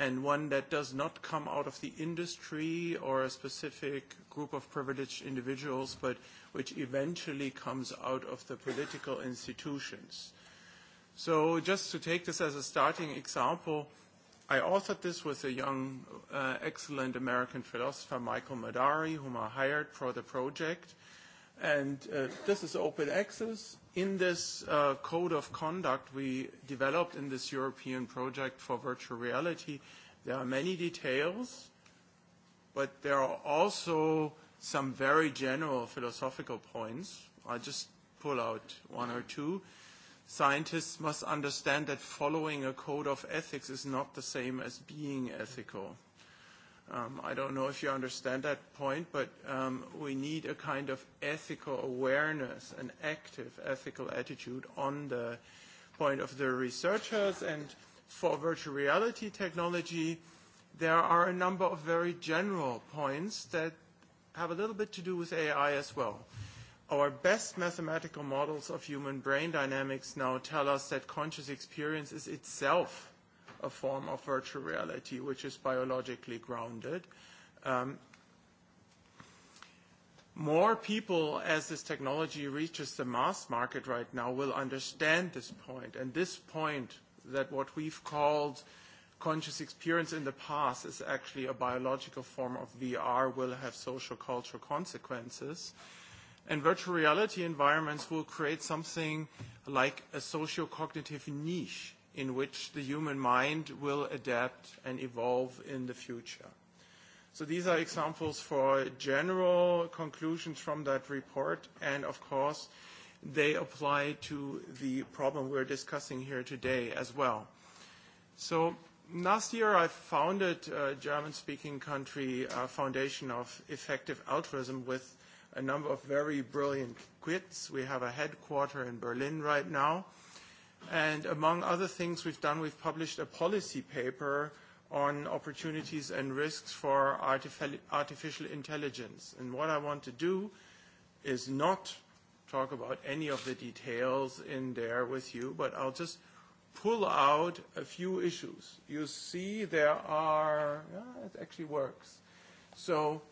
and one that does not come out of the industry or a specific group of privileged individuals, but which eventually comes out of the political institutions. So just to take this as a starting example, I authored this with a young, excellent American philosopher, Michael Madari, whom I hired for the project. And this is open access. In this code of conduct we developed in this European project for virtual reality, there are many details, but there are also some very general philosophical points. I'll just pull out one or two scientists must understand that following a code of ethics is not the same as being ethical. I don't know if you understand that point, but we need a kind of ethical awareness, an active ethical attitude on the point of the researchers. And for virtual reality technology, there are a number of very general points that have a little bit to do with AI as well. Our best mathematical models of human brain dynamics now tell us that conscious experience is itself a form of virtual reality, which is biologically grounded. More people, as this technology reaches the mass market right now, will understand this point. And this point that what we've called conscious experience in the past is actually a biological form of VR will have social cultural consequences. And virtual reality environments will create something like a socio-cognitive niche in which the human mind will adapt and evolve in the future. So these are examples for general conclusions from that report, and of course, they apply to the problem we're discussing here today as well. So last year I founded a German-speaking country foundation of effective altruism with a number of very brilliant quits. We have a headquarter in Berlin right now. And among other things we've done, we've published a policy paper on opportunities and risks for artificial intelligence. And what I want to do is not talk about any of the details in there with you, but I'll just pull out a few issues. You see there are, it actually works. So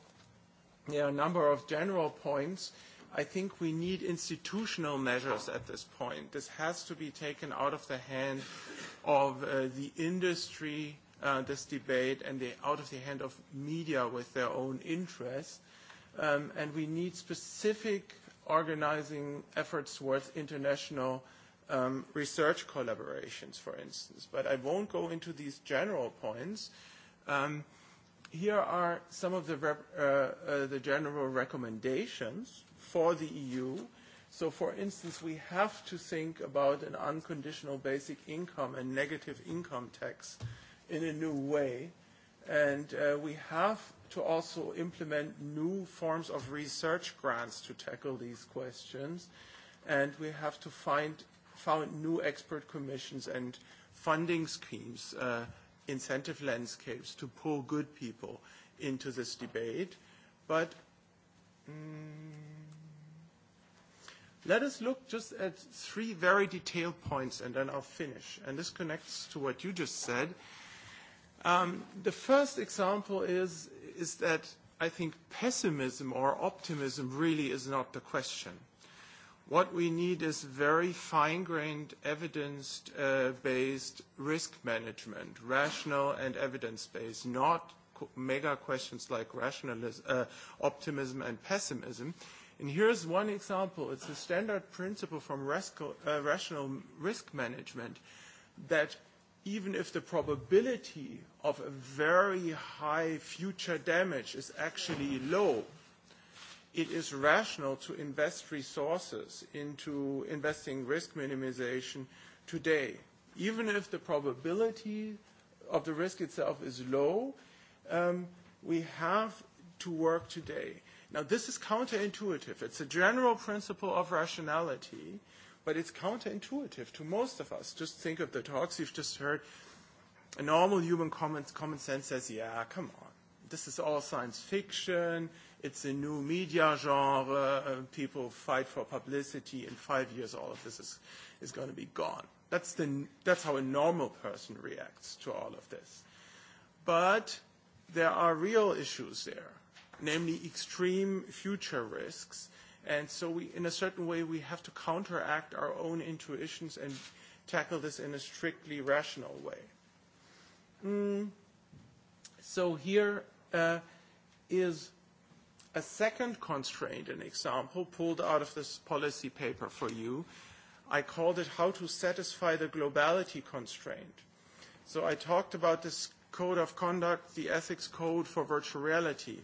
a number of general points. I think we need institutional measures at this point. This has to be taken out of the hand of the industry, this debate, and out of the hand of media with their own interests. And we need specific organizing efforts towards international research collaborations, for instance. But I won't go into these general points. Here are some of the general recommendations for the EU. So, for instance, we have to think about an unconditional basic income and negative income tax in a new way. And we have to also implement new forms of research grants to tackle these questions. And we have to find new expert commissions and funding schemes incentive landscapes to pull good people into this debate. But let us look just at three very detailed points, and then I'll finish. And this connects to what you just said. The first example is that I think pessimism or optimism really is not the question. What we need is very fine-grained, evidence-based risk management, rational and evidence-based, not mega questions like optimism and pessimism. And here's one example. It's a standard principle from rational risk management that even if the probability of a very high future damage is actually low, it is rational to invest resources into investing risk minimization today. Even if the probability of the risk itself is low, we have to work today. Now, this is counterintuitive. It's a general principle of rationality, but it's counterintuitive to most of us. Just think of the talks you've just heard. A normal human common sense says, yeah, come on. This is all science fiction. It's a new media genre. People fight for publicity. In five years, all of this is is going to be gone. That's the that's how a normal person reacts to all of this. But there are real issues there, namely extreme future risks. And so we, in a certain way, we have to counteract our own intuitions and tackle this in a strictly rational way. So here is a second constraint, an example pulled out of this policy paper for you. I called it How to Satisfy the Globality Constraint. So I talked about this code of conduct, the ethics code for virtual reality.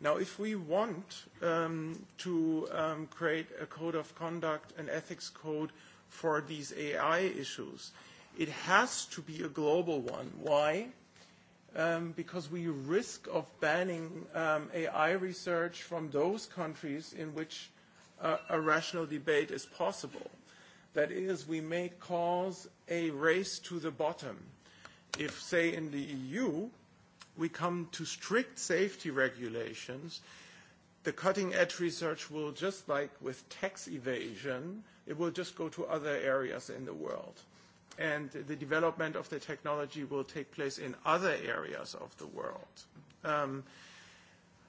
Now, if we want to create a code of conduct, an ethics code for these AI issues, it has to be a global one. Why? because we risk of banning AI research from those countries in which a rational debate is possible. That is, we may cause a race to the bottom. If, say, in the EU, we come to strict safety regulations, the cutting-edge research will, just like with tax evasion, it will just go to other areas in the world and the development of the technology will take place in other areas of the world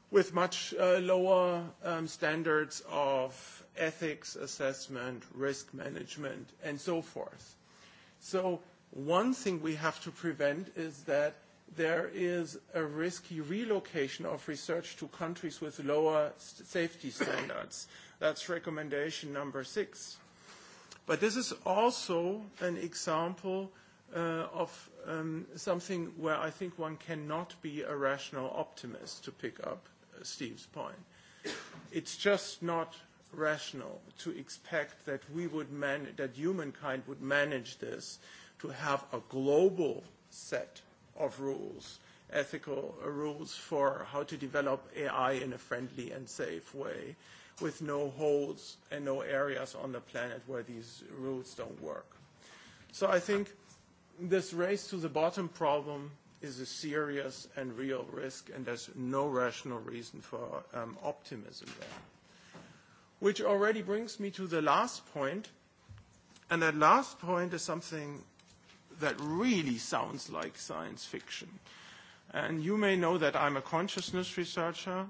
with much lower standards of ethics assessment, risk management, and so forth. So one thing we have to prevent is that there is a risky relocation of research to countries with lower safety standards. That's recommendation number six. But this is also an example of something where I think one cannot be a rational optimist, to pick up Steve's point. It's just not rational to expect that we would that humankind would manage this to have a global set of rules, ethical rules for how to develop AI in a friendly and safe way with no holes and no areas on the planet where these rules don't work. So I think this race to the bottom problem is a serious and real risk, and there's no rational reason for optimism there. Which already brings me to the last point, and that last point is something that really sounds like science fiction. And you may know that I'm a consciousness researcher,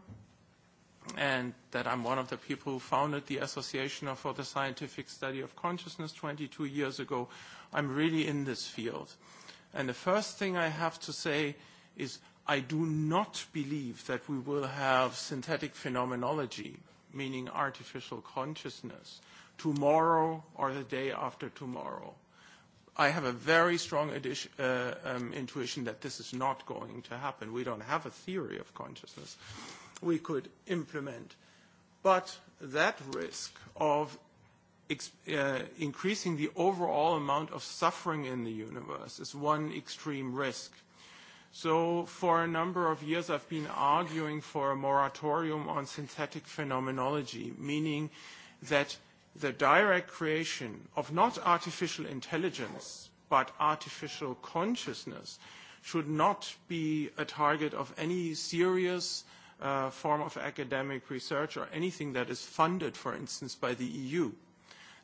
and that I'm one of the people who founded the Association for the Scientific Study of Consciousness 22 years ago. I'm really in this field. And the first thing I have to say is I do not believe that we will have synthetic phenomenology, meaning artificial consciousness, tomorrow or the day after tomorrow. I have a very strong intuition that this is not going to happen. We don't have a theory of consciousness we could implement. But that risk of increasing the overall amount of suffering in the universe is one extreme risk. So for a number of years, I've been arguing for a moratorium on synthetic phenomenology, meaning that the direct creation of not artificial intelligence, but artificial consciousness should not be a target of any serious form of academic research or anything that is funded, for instance, by the EU.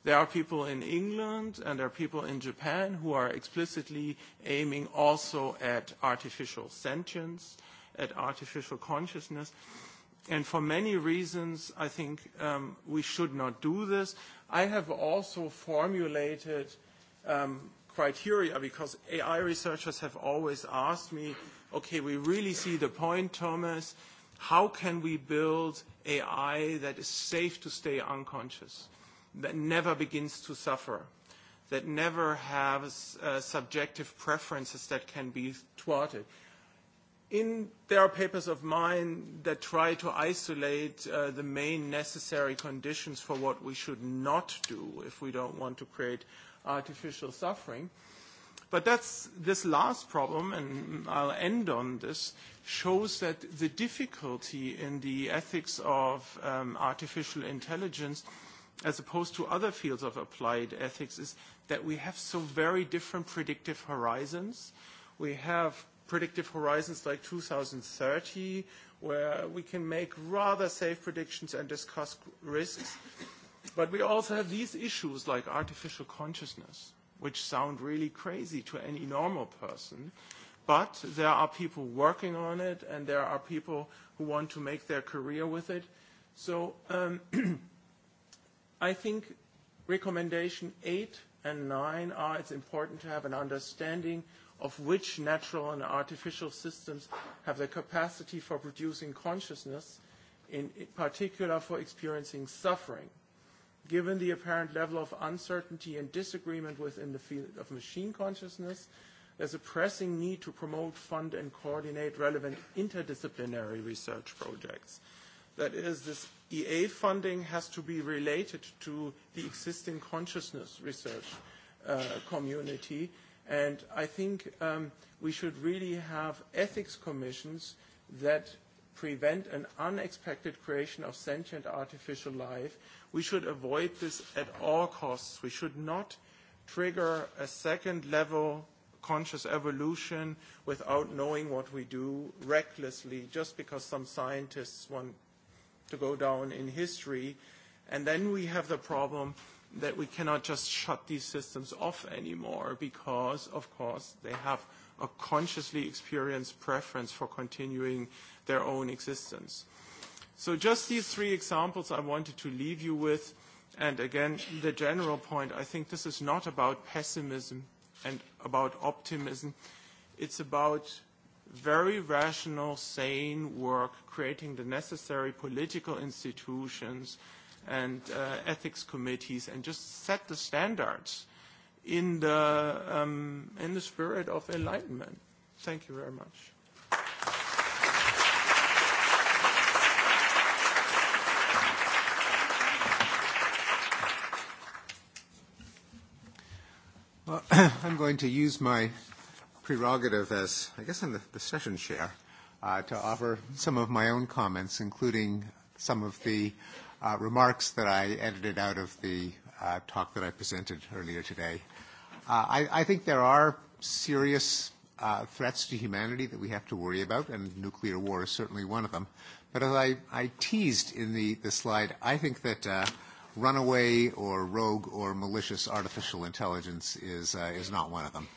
There are people in England and there are people in Japan who are explicitly aiming also at artificial sentience, at artificial consciousness. And for many reasons, I think we should not do this. I have also formulated criteria because AI researchers have always asked me, okay, we really see the point, Thomas, How can we build AI that is safe to stay unconscious, that never begins to suffer, that never has subjective preferences that can be thwarted? In there are papers of mine that try to isolate the main necessary conditions for what we should not do if we don't want to create artificial suffering. But that's this last problem, and I'll end on this, shows that the difficulty in the ethics of artificial intelligence, as opposed to other fields of applied ethics, is that we have so very different predictive horizons. We have predictive horizons like 2030, where we can make rather safe predictions and discuss risks. But we also have these issues like artificial consciousness which sound really crazy to any normal person. But there are people working on it, and there are people who want to make their career with it. So I think recommendation eight and nine are it's important to have an understanding of which natural and artificial systems have the capacity for producing consciousness, in particular for experiencing suffering. Given the apparent level of uncertainty and disagreement within the field of machine consciousness, there's a pressing need to promote, fund, and coordinate relevant interdisciplinary research projects. That is, this EA funding has to be related to the existing consciousness research community, and I think we should really have ethics commissions that prevent an unexpected creation of sentient artificial life. We should avoid this at all costs. We should not trigger a second level conscious evolution without knowing what we do recklessly just because some scientists want to go down in history. And then we have the problem that we cannot just shut these systems off anymore because, of course, they have a consciously experienced preference for continuing their own existence. So just these three examples I wanted to leave you with. And again, the general point, I think this is not about pessimism and about optimism. It's about very rational, sane work, creating the necessary political institutions and ethics committees, and just set the standards in the spirit of enlightenment. Thank you very much. Well, I'm going to use my prerogative as, I guess, in the, the session chair, uh, to offer some of my own comments, including some of the uh, remarks that I edited out of the uh, talk that I presented earlier today. Uh, I, I think there are serious uh, threats to humanity that we have to worry about, and nuclear war is certainly one of them. But as I, I teased in the, the slide, I think that uh, runaway or rogue or malicious artificial intelligence is is not one of them.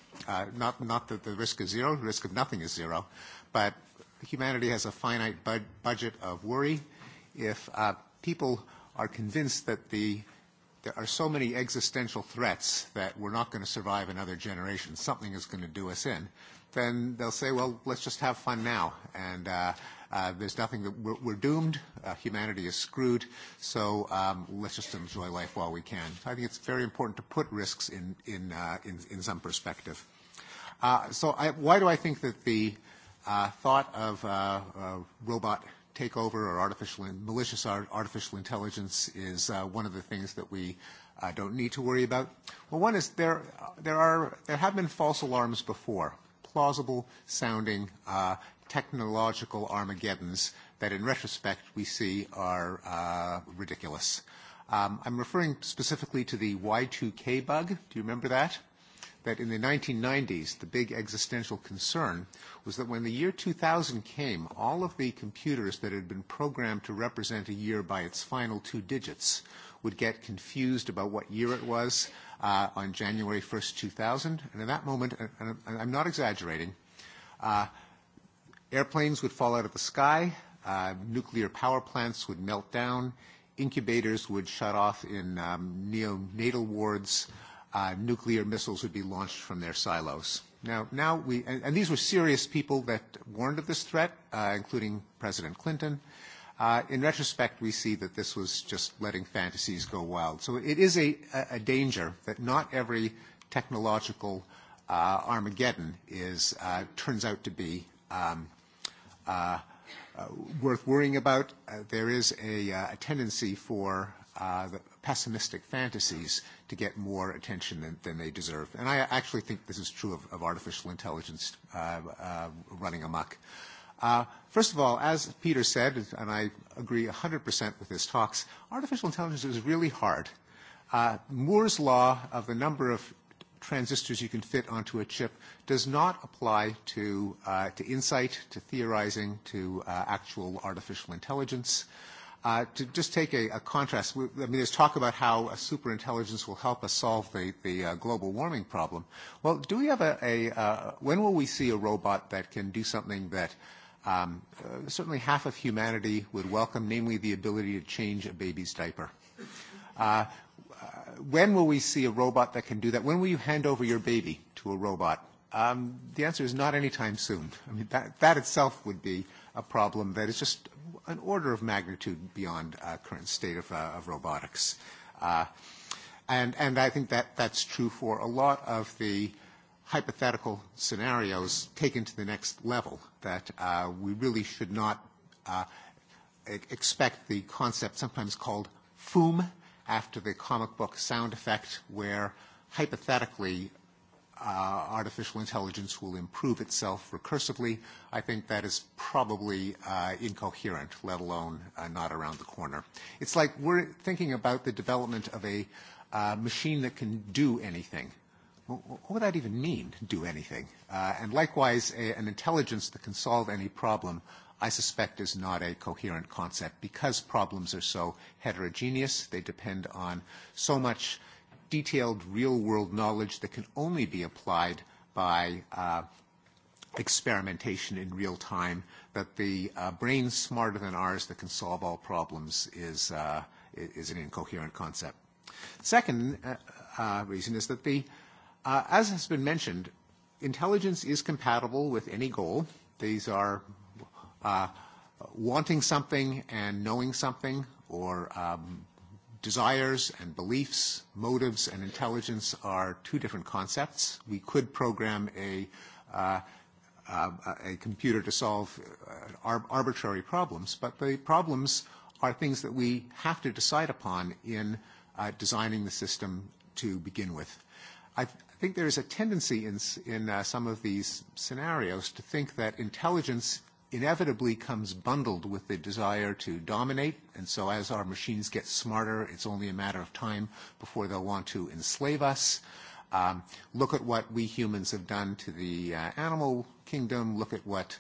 Not not that the risk is zero, the risk of nothing is zero, but humanity has a finite budget of worry. If people are convinced that the there are so many existential threats that we're not going to survive another generation, something is going to do us in, then they'll say, well, let's just have fun now and There's nothing that we're doomed. Humanity is screwed. So let's just enjoy life while we can. I think it's very important to put risks in in in some perspective. So why do I think that the thought of robot takeover or artificial malicious artificial intelligence is one of the things that we don't need to worry about? Well, one is there there are there have been false alarms before, plausible sounding technological Armageddons that in retrospect we see are ridiculous. I'm referring specifically to the Y2K bug. Do you remember that? That in the 1990s, the big existential concern was that when the year 2000 came, all of the computers that had been programmed to represent a year by its final two digits would get confused about what year it was on January 1st, 2000. And in that moment, and I'm not exaggerating, Airplanes would fall out of the sky, nuclear power plants would melt down, incubators would shut off in neonatal wards, nuclear missiles would be launched from their silos. Now, now we, and these were serious people that warned of this threat, including President Clinton. In retrospect, we see that this was just letting fantasies go wild. So it is a danger that not every technological Armageddon is turns out to be um worth worrying about. There is a tendency for the pessimistic fantasies to get more attention than they deserve. And I actually think this is true of artificial intelligence running amok. First of all, as Peter said, and I agree 100% with his talks, artificial intelligence is really hard. Moore's law of the number of transistors you can fit onto a chip does not apply to to insight, to theorizing, to actual artificial intelligence. To just take a contrast, I mean, there's talk about how a superintelligence will help us solve the global warming problem. Well, do we have a, when will we see a robot that can do something that certainly half of humanity would welcome, namely the ability to change a baby's diaper? when will we see a robot that can do that? When will you hand over your baby to a robot? Um, the answer is not anytime soon. I mean, that, that itself would be a problem that is just an order of magnitude beyond uh, current state of, of robotics. Uh, and, and I think that that's true for a lot of the hypothetical scenarios taken to the next level, that we really should not uh, expect the concept sometimes called FOOM, after the comic book sound effect where hypothetically artificial intelligence will improve itself recursively, I think that is probably incoherent, let alone not around the corner. It's like we're thinking about the development of a machine that can do anything. What would that even mean, do anything? And likewise, an intelligence that can solve any problem. I suspect is not a coherent concept because problems are so heterogeneous. They depend on so much detailed real-world knowledge that can only be applied by experimentation in real time that the brain smarter than ours that can solve all problems is is an incoherent concept. Second reason is that the as has been mentioned, intelligence is compatible with any goal. These are wanting something and knowing something, or desires and beliefs, motives and intelligence are two different concepts. We could program a a computer to solve arbitrary problems, but the problems are things that we have to decide upon in designing the system to begin with. I think there is a tendency in some of these scenarios to think that intelligence inevitably comes bundled with the desire to dominate, and so as our machines get smarter, it's only a matter of time before they'll want to enslave us. Look at what we humans have done to the animal kingdom. Look at what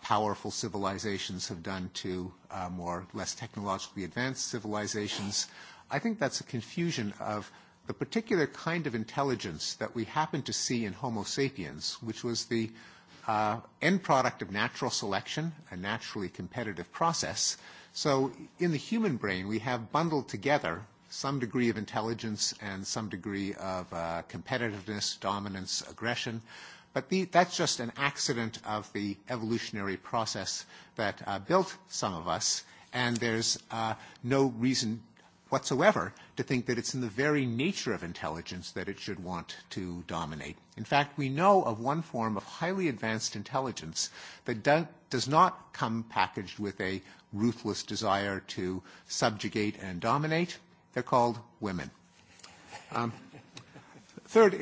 powerful civilizations have done to more less technologically advanced civilizations. I think that's a confusion of the particular kind of intelligence that we happen to see in Homo sapiens, which was the end product of natural selection, a naturally competitive process. So in the human brain, we have bundled together some degree of intelligence and some degree of competitiveness, dominance, aggression. But that's just an accident of the evolutionary process that built some of us, and there's no reason whatsoever to think that it's in the very nature of intelligence that it should want to dominate. In fact, we know of one form of highly advanced intelligence that does not come packaged with a ruthless desire to subjugate and dominate. They're called women. Third,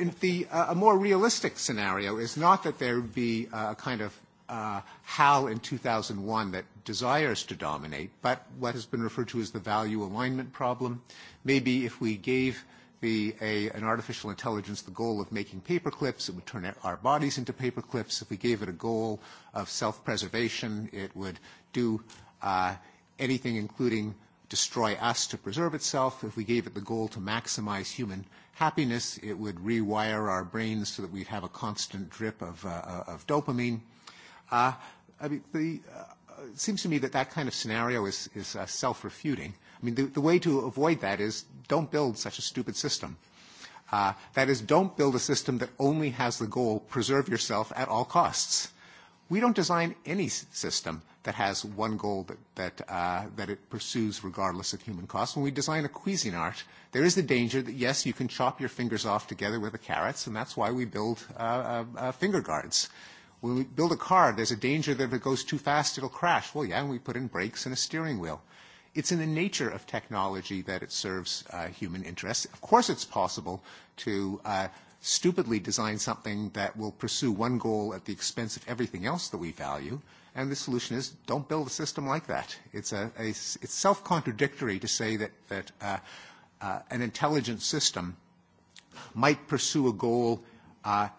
a more realistic scenario is not that there would be a kind of Hal in 2001 that desires to dominate, but what has been referred to as the value alignment problem. Maybe if we gave the an artificial intelligence the goal of making paper clips, it would turn our bodies into paper clips. If we gave it a goal of self-preservation, it would do anything including destroy us to preserve itself. If we gave it the goal to maximize human happiness, it would rewire our brains so that we'd have a constant drip of dopamine. I mean, it seems to me that that kind of scenario is self-refuting. I mean, the way to avoid that is don't build such a stupid system. That is, don't build a system that only has the goal, preserve yourself at all costs. We don't design any system that has one goal that it pursues regardless of human cost. When we design a art, there is the danger that, yes, you can chop your fingers off together with the carrots, and that's why we build finger guards. When we build a car, there's a danger that if it goes too fast, it'll crash. Well, yeah, and we put in brakes and a steering wheel. It's in the nature of technology that it serves human interests. Of course it's possible to stupidly design something that will pursue one goal at the expense of everything else that we value. And the solution is don't build a system like that. It's a it's self-contradictory to say that that an intelligent system might pursue a goal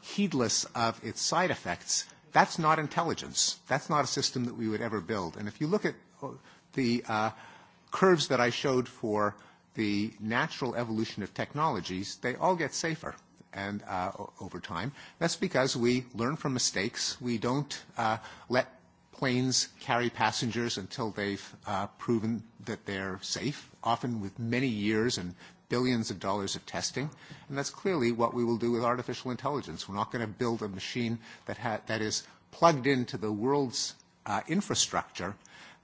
heedless of its side effects, that's not intelligence. That's not a system that we would ever build. And if you look at the curves that I showed for the natural evolution of technologies, they all get safer and over time. That's because we learn from mistakes. We don't let planes carry passengers until they've proven that they're safe, often with many years and billions of dollars of testing, and that's clearly what we will do with artificial intelligence. We're not going to build a machine that that is plugged into the world's infrastructure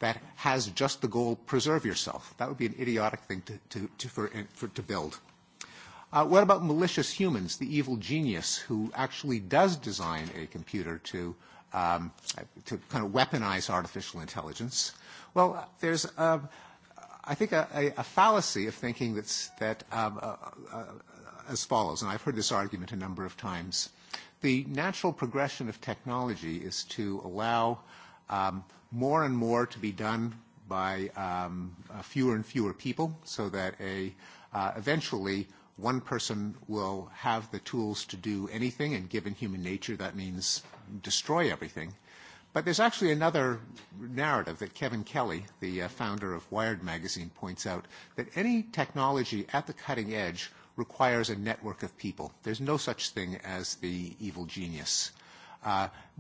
that has just the goal preserve yourself. That would be an idiotic thing to to for to build. What about malicious humans, the evil genius who actually does design a computer to to kind of weaponize artificial intelligence? Well, there's I think a, a, fallacy of thinking that's, that um, as follows, and I've heard this argument a number of times. The natural progression of technology is to allow um, more and more to be done by um, fewer and fewer people so that a, eventually one person will have the tools to do anything, and given human nature, that means destroy everything. But there's actually another narrative that Kevin Kelly, the founder of Wired magazine, points out, that any technology at the cutting edge requires a network of people. There's no such thing as the evil genius.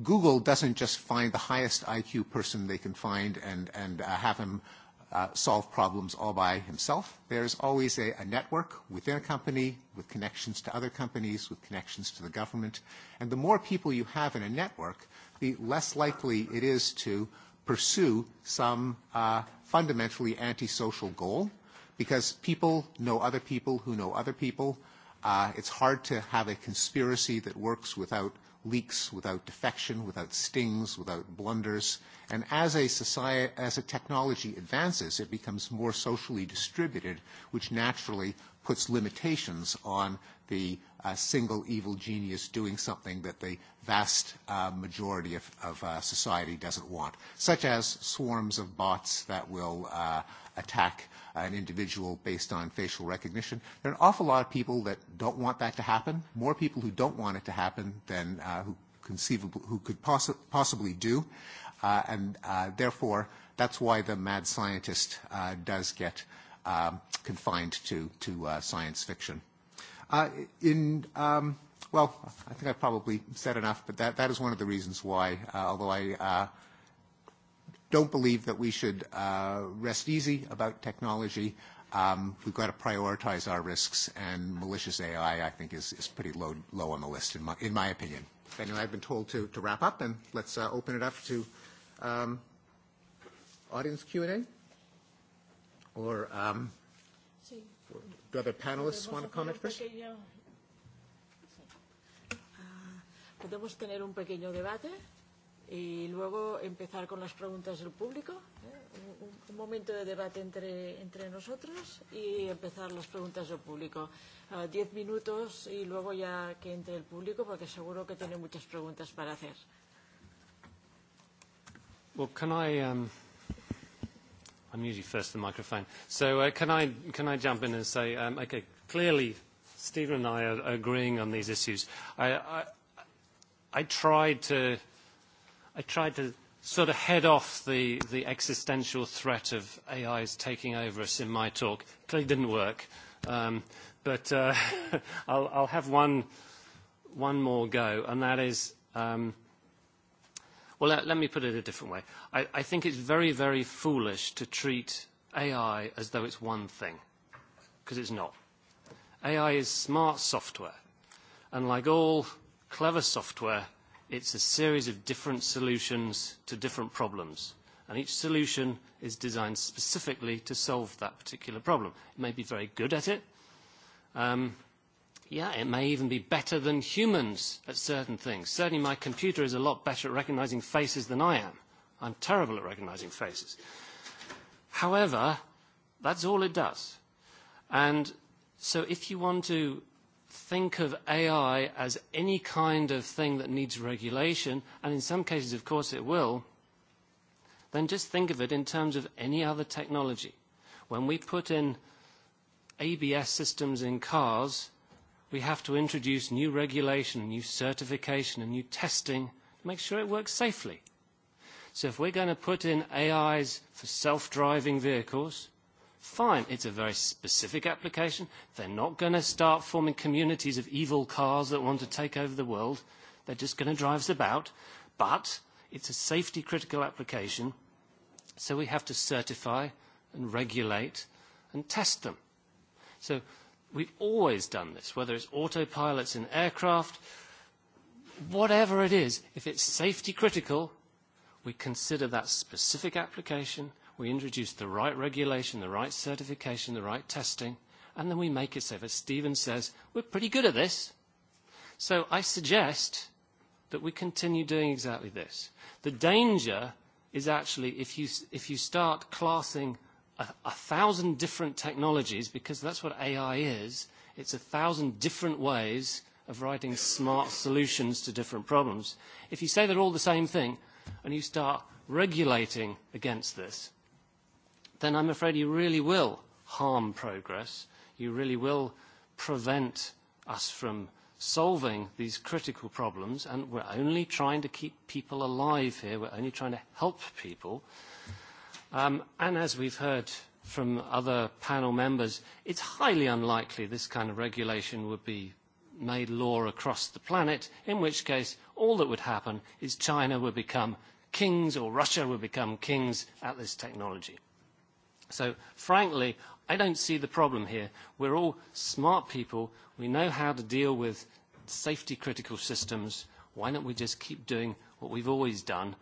Google doesn't just find the highest IQ person they can find and, and have him solve problems all by himself. There's always a, a network within a company with connections to other companies, with connections to the government. And the more people you have in a network, the less likely it is to pursue some fundamentally antisocial goal because people know other people who know other people. It's hard to have a conspiracy that works without leaks, without defection, without stings, without blunders. And as a as a technology advances, it becomes more socially distributed, which naturally puts limitations on the a single evil genius doing something that the vast majority of society doesn't want, such as swarms of bots that will attack an individual based on facial recognition. There are an awful lot of people that don't want that to happen, more people who don't want it to happen than who conceivable who could possibly do, and therefore that's why the mad scientist does get confined to to science fiction. In well, I think I've probably said enough, but that that is one of the reasons why, although I don't believe that we should rest easy about technology. We've got to prioritize our risks, and malicious AI, I think, is is pretty low on the list in my opinion. Anyway, I've been told to to wrap up, and let's open it up to audience Q&A or Do other panelists want to comment first? Podemos tener un pequeño debate y luego empezar con las preguntas del público. Un momento de debate entre, entre nosotros y empezar las preguntas del público. Diez minutos y luego ya que entre el público porque seguro que tiene muchas preguntas para hacer. Well, can I um, I'm usually first the microphone. So can I can I jump in and say, okay, clearly Stephen and I are agreeing on these issues. I I tried to I tried to sort of head off the the existential threat of AIs taking over us in my talk. Clearly didn't work, but I'll I'll have one one more go, and that is. Um, Well, let me put it a different way. I think it's very, very foolish to treat AI as though it's one thing, because it's not. AI is smart software, and like all clever software, it's a series of different solutions to different problems, and each solution is designed specifically to solve that particular problem. It may be very good at it, yeah, it may even be better than humans at certain things. Certainly my computer is a lot better at recognizing faces than I am. I'm terrible at recognizing faces. However, that's all it does. And so if you want to think of AI as any kind of thing that needs regulation, and in some cases, of course, it will, then just think of it in terms of any other technology. When we put in ABS systems in cars, we have to introduce new regulation, new certification and new testing to make sure it works safely. So if we're going to put in AIs for self-driving vehicles, fine, it's a very specific application. They're not going to start forming communities of evil cars that want to take over the world. They're just going to drive us about. But it's a safety critical application, so we have to certify and regulate and test them. So We've always done this, whether it's autopilots in aircraft, whatever it is, if it's safety critical, we consider that specific application, we introduce the right regulation, the right certification, the right testing, and then we make it safe. As Stephen says, we're pretty good at this. So I suggest that we continue doing exactly this. The danger is actually if you, if you start classing a thousand different technologies, because that's what AI is. It's a thousand different ways of writing smart solutions to different problems. If you say they're all the same thing and you start regulating against this, then I'm afraid you really will harm progress. You really will prevent us from solving these critical problems, and we're only trying to keep people alive here. We're only trying to help people. And as we've heard from other panel members, it's highly unlikely this kind of regulation would be made law across the planet, in which case all that would happen is China would become kings or Russia would become kings at this technology. So, frankly, I don't see the problem here. We're all smart people. We know how to deal with safety-critical systems. Why don't we just keep doing what we've always done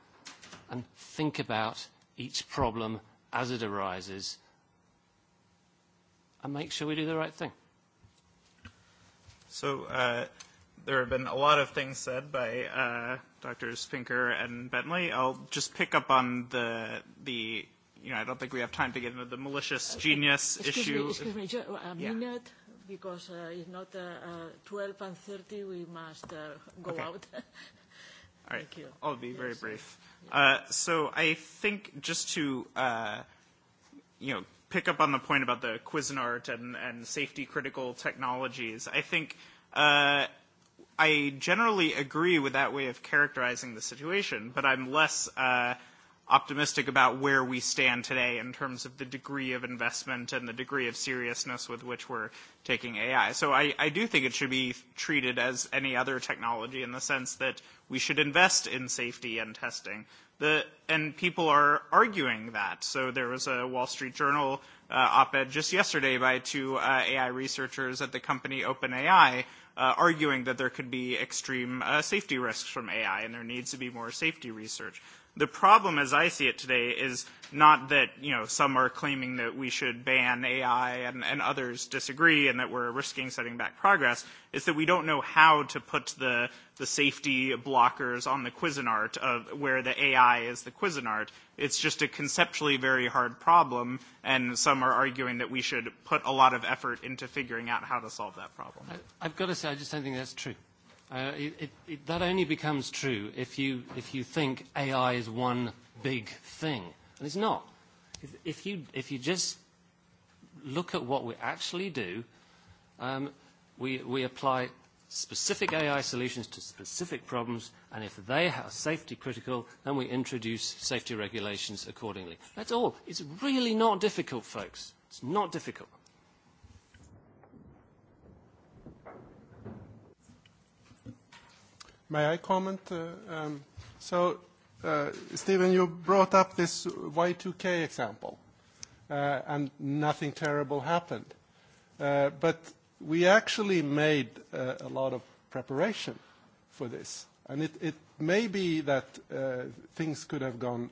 and think about each problem as it arises and make sure we do the right thing. So there have been a lot of things said by Drs. Pinker and Bentley. I'll just pick up on the the you know, I don't think we have time to get into the malicious genius issue. Excuse me, a minute, because it's not 12:30. We must go out. All right. I'll be very brief. So I think just to, you know, pick up on the point about the Cuisinart and and safety critical technologies, I think I generally agree with that way of characterizing the situation, but I'm less optimistic about where we stand today in terms of the degree of investment and the degree of seriousness with which we're taking AI. So I, I do think it should be treated as any other technology in the sense that we should invest in safety and testing. and people are arguing that. So there was a Wall Street Journal op-ed just yesterday by two AI researchers at the company OpenAI arguing that there could be extreme safety risks from AI and there needs to be more safety research. The problem, as I see it today, is not that, you know, some are claiming that we should ban AI and, and others disagree and that we're risking setting back progress. It's that we don't know how to put the, the safety blockers on the Cuisinart of where the AI is the Cuisinart. It's just a conceptually very hard problem, and some are arguing that we should put a lot of effort into figuring out how to solve that problem. I've got to say, I just don't think that's true. That only becomes true if you if you think AI is one big thing, and it's not. If you if you just look at what we actually do, we we apply specific AI solutions to specific problems, and if they are safety critical, then we introduce safety regulations accordingly. That's all. It's really not difficult, folks. It's not difficult. May I comment? So, Stephen, you brought up this Y2K example, and nothing terrible happened. But we actually made a lot of preparation for this, and it may be that things could have gone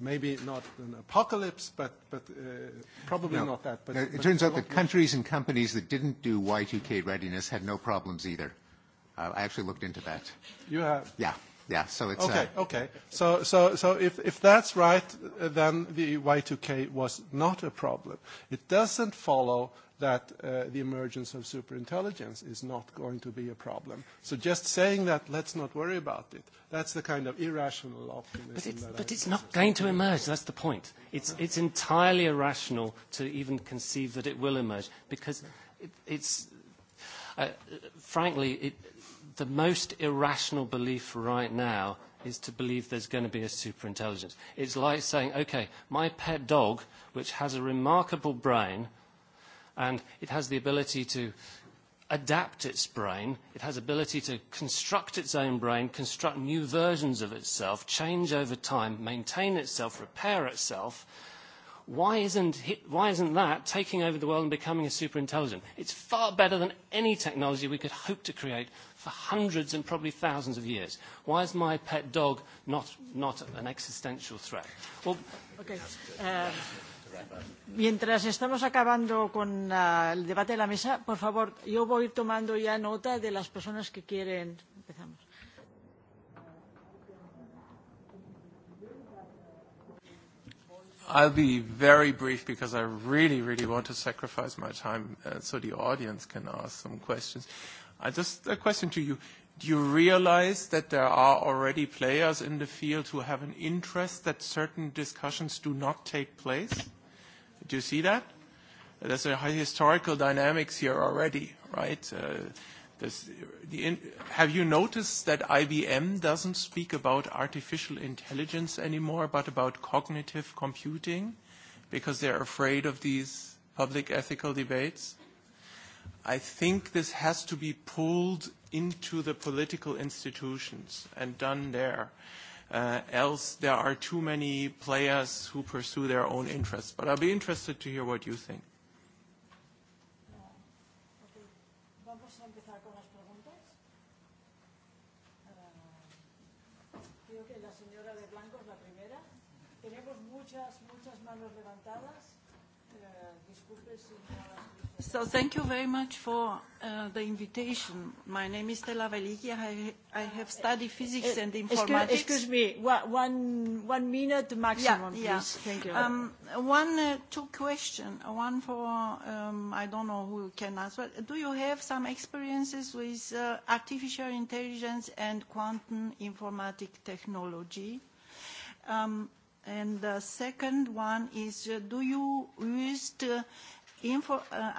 maybe not an apocalypse, but probably not that. It turns out that countries and companies that didn't do Y2K readiness had no problems either. I actually looked into that. You have? Yeah. Yeah. So it's. Okay. Okay. So so so if if that's right, then the Y2K was not a problem. It doesn't follow that the emergence of superintelligence is not going to be a problem. So just saying that, let's not worry about it, that's the kind of irrational optimism that I... But it's not going to emerge, that's the point. It's, it's entirely irrational to even conceive that it will emerge, because it's, frankly, it, the most irrational belief right now is to believe there's going to be a superintelligence. It's like saying, okay, my pet dog, which has a remarkable brain, and it has the ability to adapt its brain, it has ability to construct its own brain, construct new versions of itself, change over time, maintain itself, repair itself. Why isn't, why isn't that taking over the world and becoming a superintelligent? It's far better than any technology we could hope to create for hundreds and probably thousands of years. Why is my pet dog not not an existential threat? Well, okay. Mientras estamos acabando con el debate de la mesa, por favor, yo voy tomando ya nota de las personas que quieren. Empezamos. I'll be very brief because I really, really want to sacrifice my time so the audience can ask some questions. Just a question to you. Do you realize that there are already players in the field who have an interest that certain discussions do not take place? Do you see that? There's a historical dynamics here already, right? Have you noticed that IBM doesn't speak about artificial intelligence anymore, but about cognitive computing, because they're afraid of these public ethical debates? I think this has to be pulled into the political institutions and done there. Else there are too many players who pursue their own interests. But I'll be interested to hear what you think. muchas, muchas manos levantadas. So thank you very much for the invitation. My name is Stella Veliki. I have studied physics and informatics. Excuse me, one one minute maximum, please. Thank you. One, two questions. One for, I don't know who can answer. Do you have some experiences with artificial intelligence and quantum informatic technology? And the second one is, do you use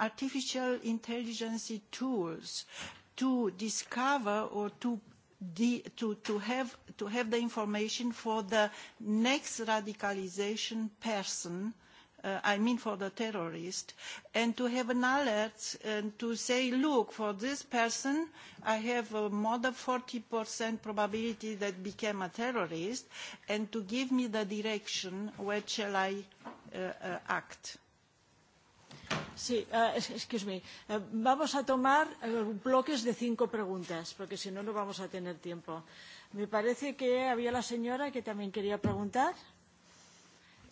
artificial intelligence tools to discover or to have have the information for the next radicalization person I mean for the terrorist, and to have an alert and to say, look, for this person, I have a more than 40% probability that became a terrorist, and to give me the direction where shall I act. Sí, Vamos a tomar bloques de cinco preguntas, porque si no, no vamos a tener tiempo. Me parece que había la señora que también quería preguntar.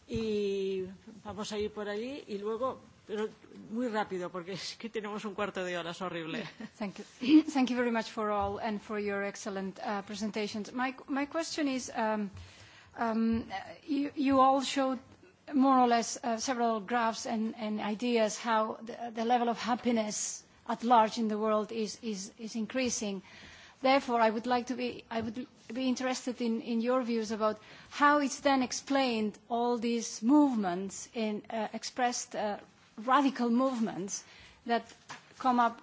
Y vamos a ir por allí y luego, pero muy rápido, porque es que tenemos un cuarto de hora, es horrible. Thank you. Thank you very much for all and for your excellent presentations. My question is, you all showed more or less several graphs and ideas how the level of happiness at large in the world is increasing. Therefore, I would like to be interested in your views about how it's then explained all these movements in expressed radical movements that come up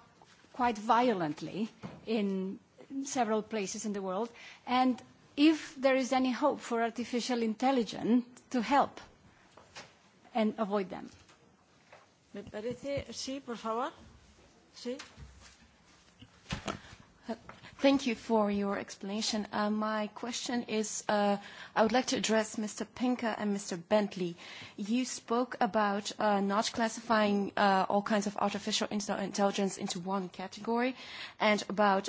quite violently in several places in the world, and if there is any hope for artificial intelligence to help and avoid them. Me parece, sí, por favor. Sí. Thank you for your explanation. My question is, I would like to address Mr. Pinker and Mr. Bentley. You spoke about not classifying all kinds of artificial intelligence into one category and about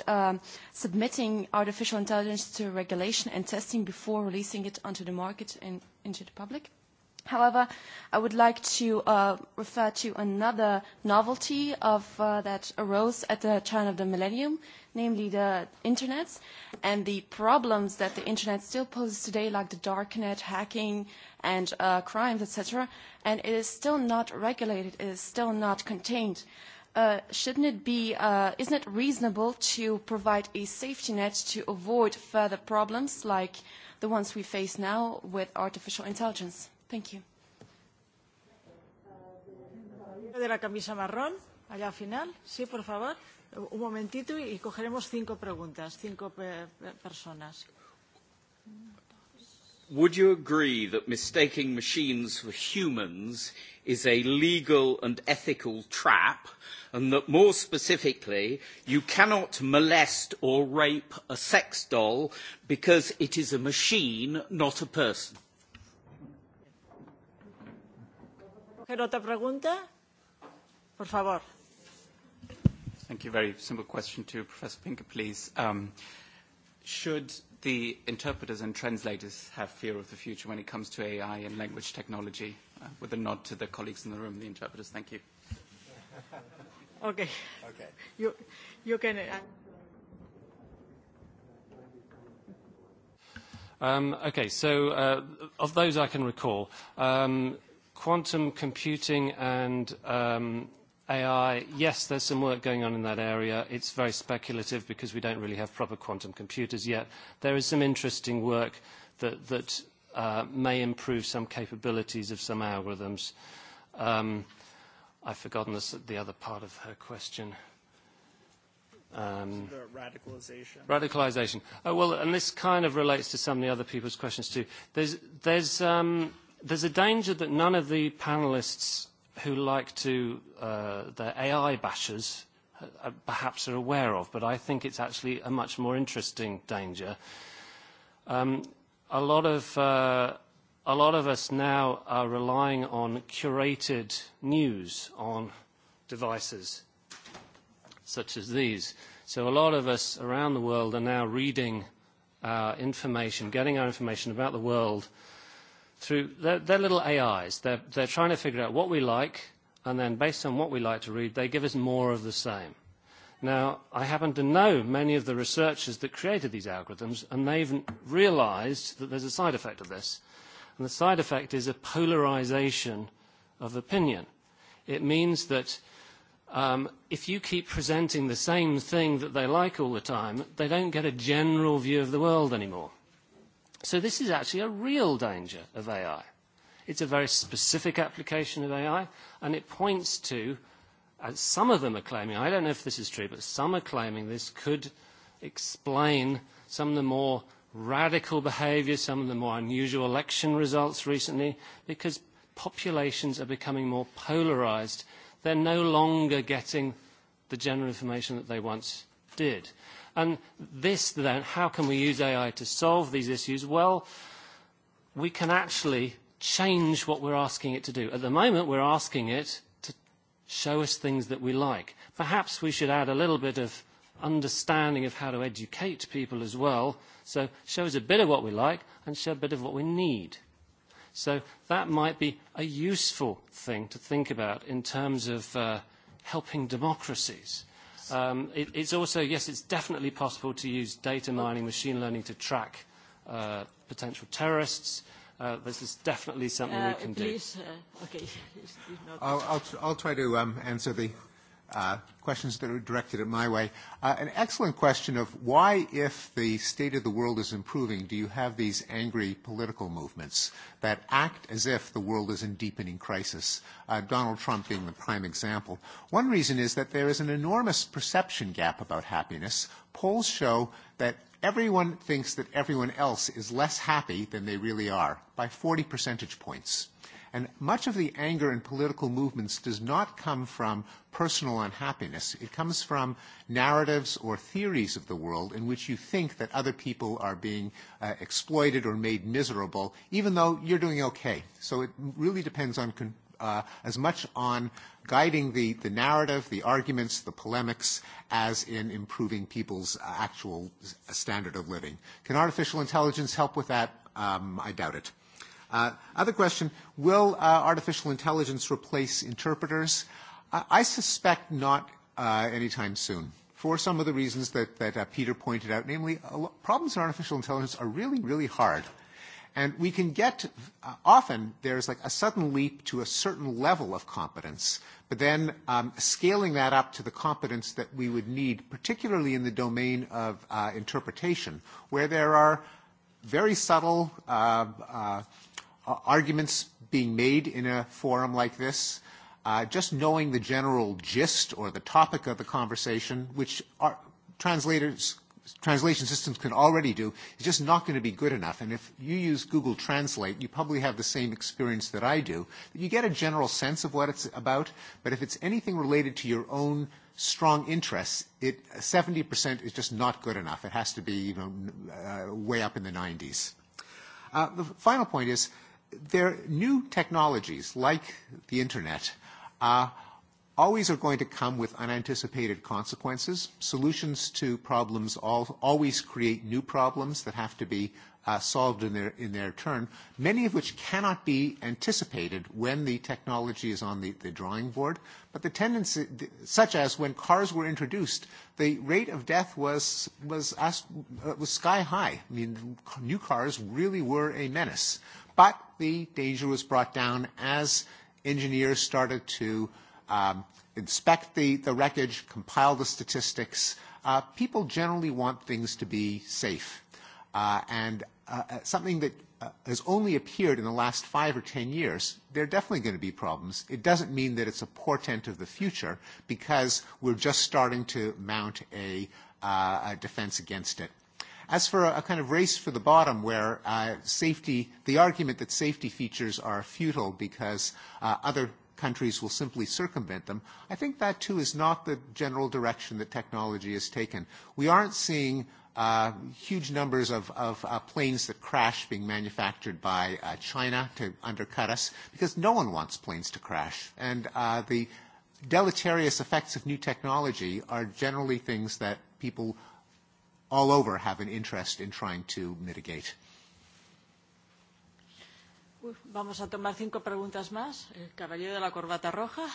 submitting artificial intelligence to regulation and testing before releasing it onto the market and into the public. However, I would like to refer to another novelty that arose at the turn of the millennium, namely the Internet, and the problems that the Internet still poses today, like the darknet, hacking, and crimes, etc. And it is still not regulated. It is still not contained. Shouldn't it be, isn't it reasonable to provide a safety net to avoid further problems like the ones we face now with artificial intelligence? Thank you. De la camisa marrón, allá al final. Sí, por favor. Un momentito y cogeremos cinco preguntas, cinco personas. Would you agree that mistaking machines for humans is a legal and ethical trap and that more specifically you cannot molest or rape a sex doll because it is a machine, not a person? pregunta? Por favor. Thank you. Very simple question to Professor Pinker, please. Should the interpreters and translators have fear of the future when it comes to AI and language technology? With a nod to the colleagues in the room, the interpreters. Thank you. Okay. Okay. You, you can. Um, okay. So, of those I can recall. Um, quantum computing and AI, yes, there's some work going on in that area. It's very speculative because we don't really have proper quantum computers yet. There is some interesting work that may improve some capabilities of some algorithms. I've forgotten the other part of her question. Radicalization. Radicalization. Well, and this kind of relates to some of the other people's questions too. There's There's a danger that none of the panelists who like to, the AI bashers, perhaps are aware of, but I think it's actually a much more interesting danger. A lot of a lot of us now are relying on curated news on devices such as these. So a lot of us around the world are now reading information, getting our information about the world through their little AIs. They're trying to figure out what we like, and then based on what we like to read, they give us more of the same. Now, I happen to know many of the researchers that created these algorithms, and they've realized that there's a side effect of this. And the side effect is a polarization of opinion. It means that if you keep presenting the same thing that they like all the time, they don't get a general view of the world anymore. So this is actually a real danger of AI. It's a very specific application of AI, and it points to, as some of them are claiming, I don't know if this is true, but some are claiming this could explain some of the more radical behavior, some of the more unusual election results recently, because populations are becoming more polarized. They're no longer getting the general information that they once did. And this then, how can we use AI to solve these issues? Well, we can actually change what we're asking it to do. At the moment, we're asking it to show us things that we like. Perhaps we should add a little bit of understanding of how to educate people as well. So show us a bit of what we like and show a bit of what we need. So that might be a useful thing to think about in terms of helping democracies It's also, yes, it's definitely possible to use data mining, machine learning to track potential terrorists. This is definitely something we can do. Please, okay. I'll try to answer the questions that are directed at my way. An excellent question of why, if the state of the world is improving, do you have these angry political movements that act as if the world is in deepening crisis, uh Donald Trump being the prime example. One reason is that there is an enormous perception gap about happiness. Polls show that everyone thinks that everyone else is less happy than they really are by 40 percentage points. And much of the anger in political movements does not come from personal unhappiness. It comes from narratives or theories of the world in which you think that other people are being exploited or made miserable, even though you're doing okay. So it really depends on as much on guiding the the narrative, the arguments, the polemics, as in improving people's actual standard of living. Can artificial intelligence help with that? I doubt it. Other question, will artificial intelligence replace interpreters? I suspect not anytime soon for some of the reasons that, that Peter pointed out. Namely, problems in artificial intelligence are really, really hard. And we can get, often there's like a sudden leap to a certain level of competence, but then scaling that up to the competence that we would need, particularly in the domain of interpretation, where there are very subtle arguments being made in a forum like this, just knowing the general gist or the topic of the conversation, which translators, translation systems can already do, is just not going to be good enough. And if you use Google Translate, you probably have the same experience that I do. You get a general sense of what it's about, but if it's anything related to your own strong interests, it 70% is just not good enough. It has to be way up in the 90s. The final point is there new technologies like the internet always are going to come with unanticipated consequences. Solutions to problems always create new problems that have to be solved in their in their turn, many of which cannot be anticipated when the technology is on the the drawing board. But the tendency, such as when cars were introduced, the rate of death was was was sky high. I mean, new cars really were a menace. But the danger was brought down as engineers started to inspect the wreckage, compile the statistics. People generally want things to be safe. And something that has only appeared in the last five or ten years, there are definitely going to be problems. It doesn't mean that it's a portent of the future because we're just starting to mount a defense against it. As for a kind of race for the bottom where safety, the argument that safety features are futile because other countries will simply circumvent them, I think that too is not the general direction that technology has taken. We aren't seeing huge numbers of planes that crash being manufactured by China to undercut us because no one wants planes to crash. And the deleterious effects of new technology are generally things that people all over have an interest in trying to mitigate. Vamos a tomar cinco preguntas más. El caballero de la corbata roja.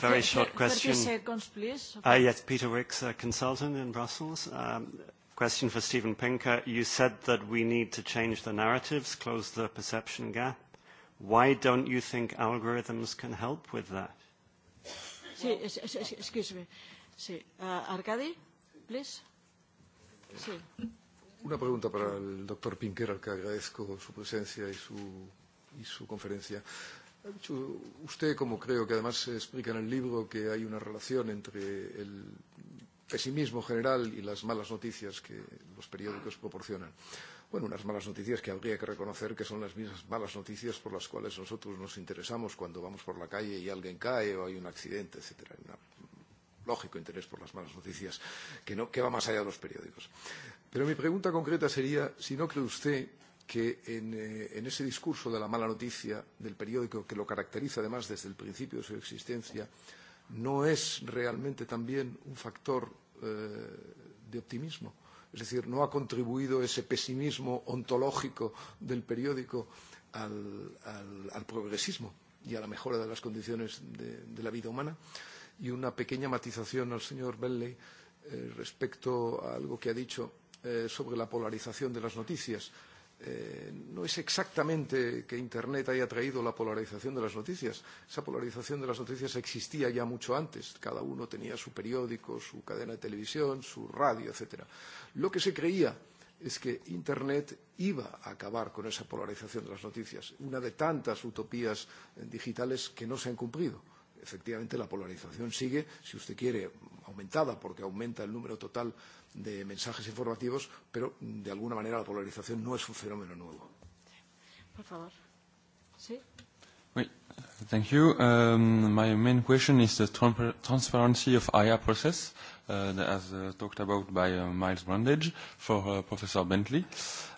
Very short question. 30 seconds, please. Yes, Peter Wicks, consultant in Brussels. Question for Steven Pinker. You said that we need to change the narratives, close the perception gap. Why don't you think algorithms can help with that? Excuse me. Arkady? please. Sí. Una pregunta para el doctor Pinker, al que agradezco su presencia y su, y su conferencia. Ha dicho usted, como creo que además se explica en el libro, que hay una relación entre el pesimismo general y las malas noticias que los periódicos proporcionan. Bueno, unas malas noticias que habría que reconocer que son las mismas malas noticias por las cuales nosotros nos interesamos cuando vamos por la calle y alguien cae o hay un accidente, etcétera lógico interés por las malas noticias, que, no, que va más allá de los periódicos. Pero mi pregunta concreta sería si no cree usted que en, en ese discurso de la mala noticia del periódico, que lo caracteriza además desde el principio de su existencia, no es realmente también un factor de optimismo. Es decir, no ha contribuido ese pesimismo ontológico del periódico al, al, al progresismo y a la mejora de las condiciones de la vida humana y una pequeña matización al señor Bentley respecto a algo que ha dicho sobre la polarización de las noticias. No es exactamente que Internet haya traído la polarización de las noticias. Esa polarización de las noticias existía ya mucho antes. Cada uno tenía su periódico, su cadena de televisión, su radio, etc. Lo que se creía es que Internet iba a acabar con esa polarización de las noticias. Una de tantas utopías digitales que no se han cumplido efectivamente la polarización sigue, si usted quiere, aumentada porque aumenta el número total de mensajes informativos, pero de alguna manera la polarización no es un fenómeno nuevo. Por favor. Sí. Oui, thank you. my main question is the transparency of IA process as talked about by Miles Brandage for Professor Bentley.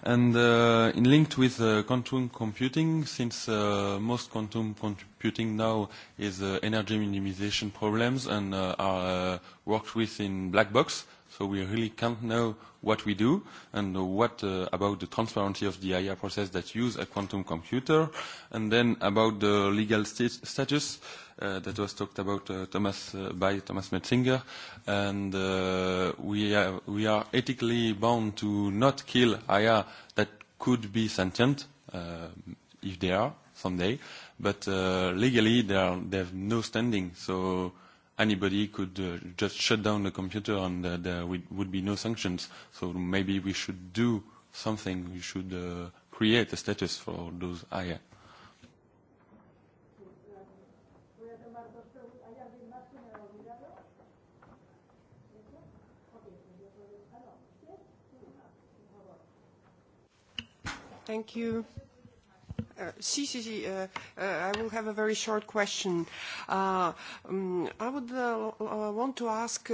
And in linked with quantum computing, since most quantum computing now is energy minimization problems and are worked with in black box, so we really can't know what we do and what about the transparency of the IA process that use a quantum computer, and then about the legal status that was talked about Thomas by Thomas Metzinger, and we are we are ethically bound to not kill Aya that could be sentient, if they are someday, but legally they are they have no standing, so anybody could just shut down the computer and there would be no sanctions. So maybe we should do something, we should create a status for those AI. Thank you. I will have a very short question. I would want to ask,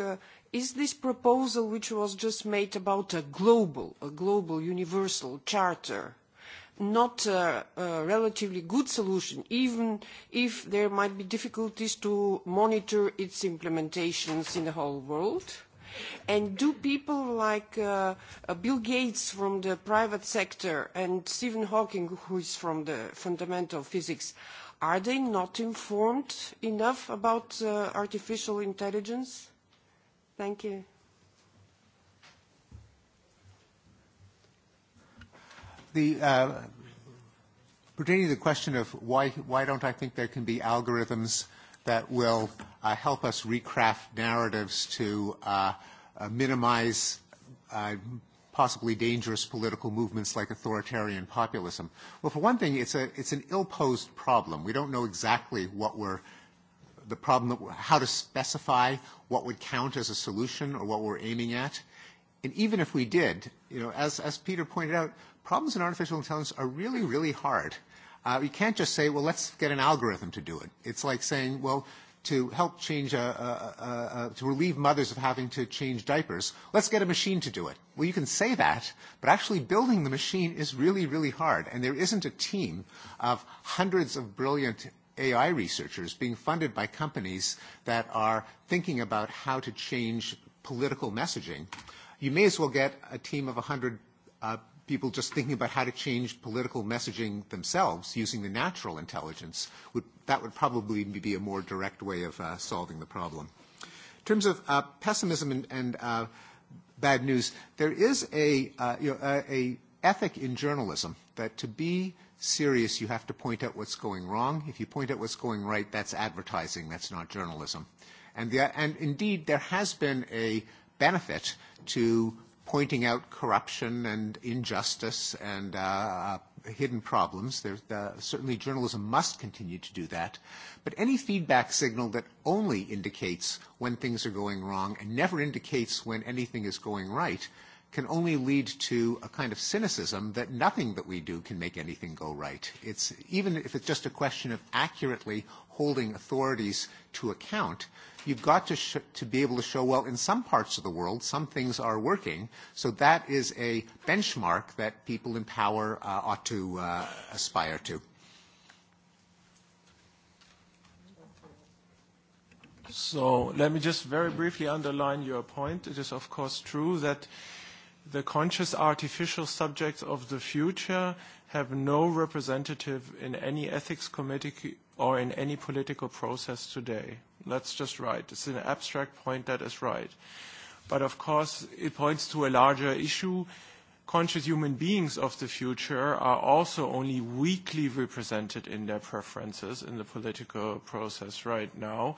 is this proposal which was just made about a global, a global universal charter, not a relatively good solution, even if there might be difficulties to monitor its implementations in the whole world? And do people like Bill Gates from the private sector and Stephen Hawking, who is from the fundamental physics, are they not informed enough about artificial intelligence? Thank you. Pertaining to the question of why don't I think there can be algorithms that will help us recraft narratives to minimize possibly dangerous political movements like authoritarian populism. Well, for one thing, it's a it's an ill-posed problem. We don't know exactly what we're the problem, how to specify what would count as a solution or what we're aiming at. And even if we did, you know, as Peter pointed out, problems in artificial intelligence are really, really hard. You can't just say, well, let's get an algorithm to do it. It's like saying, well, to help change, to relieve mothers of having to change diapers, let's get a machine to do it. Well, you can say that, but actually building the machine is really, really hard. And there isn't a team of hundreds of brilliant AI researchers being funded by companies that are thinking about how to change political messaging. You may as well get a team of 100 people just thinking about how to change political messaging themselves using the natural intelligence, would, that would probably be a more direct way of solving the problem. In terms of pessimism and, bad news, there is a, you know, a ethic in journalism that to be serious, you have to point out what's going wrong. If you point out what's going right, that's advertising. That's not journalism. And, the, and indeed, there has been a benefit to pointing out corruption and injustice and hidden problems. There's, certainly journalism must continue to do that. But any feedback signal that only indicates when things are going wrong and never indicates when anything is going right can only lead to a kind of cynicism that nothing that we do can make anything go right. It's, even if it's just a question of accurately holding authorities to account, you've got to to be able to show well in some parts of the world some things are working so that is a benchmark that people in power ought to aspire to so let me just very briefly underline your point it is of course true that the conscious artificial subjects of the future have no representative in any ethics committee or in any political process today. That's just right. It's an abstract point that is right. But of course, it points to a larger issue. Conscious human beings of the future are also only weakly represented in their preferences in the political process right now,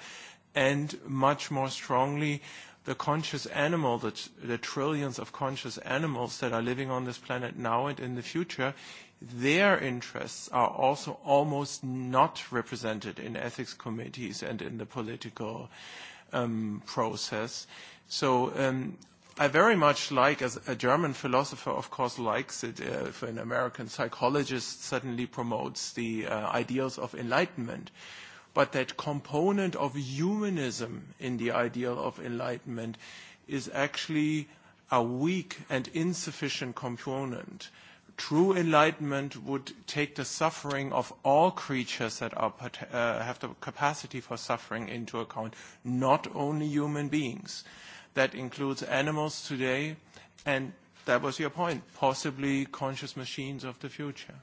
and much more strongly the conscious animal, the trillions of conscious animals that are living on this planet now and in the future, their interests are also almost not represented in ethics committees and in the political process. So I very much like, as a German philosopher, of course, likes it if an American psychologist suddenly promotes the ideals of enlightenment but that component of humanism in the ideal of enlightenment is actually a weak and insufficient component. True enlightenment would take the suffering of all creatures that have the capacity for suffering into account, not only human beings. That includes animals today, and that was your point, possibly conscious machines of the future.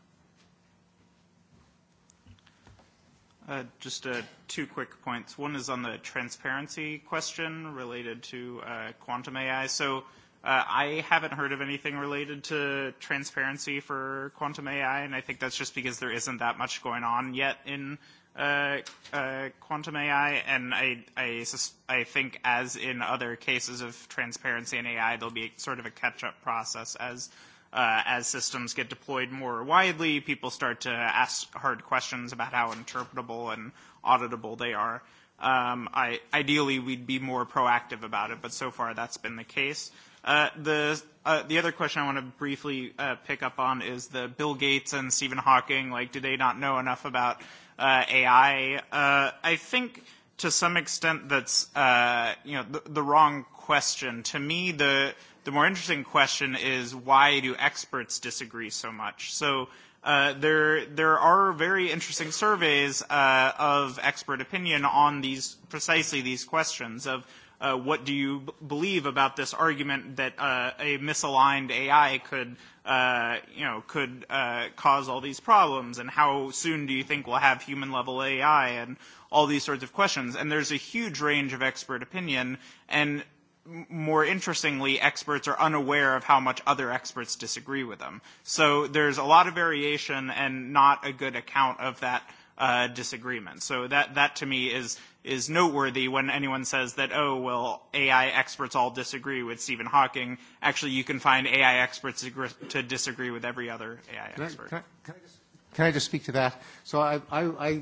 Just two quick points. One is on the transparency question related to quantum AI. So I haven't heard of anything related to transparency for quantum AI, and I think that's just because there isn't that much going on yet in quantum AI. And I think, as in other cases of transparency in AI, there'll be sort of a catch-up process as as systems get deployed more widely, people start to ask hard questions about how interpretable and auditable they are. Ideally, we'd be more proactive about it, but so far that's been the case. The other question I want to briefly pick up on is the Bill Gates and Stephen Hawking, like, do they not know enough about AI? I think to some extent that's you know the wrong question. To me, the the more interesting question is why do experts disagree so much? So there there are very interesting surveys of expert opinion on these precisely these questions of what do you believe about this argument that a misaligned AI could, you know, could cause all these problems? And how soon do you think we'll have human-level AI and all these sorts of questions? And there's a huge range of expert opinion, and more interestingly, experts are unaware of how much other experts disagree with them. So there's a lot of variation and not a good account of that disagreement. So that, that to me is is noteworthy when anyone says that, oh, well, AI experts all disagree with Stephen Hawking. Actually, you can find AI experts to disagree with every other AI expert. Can I just speak to that? So I I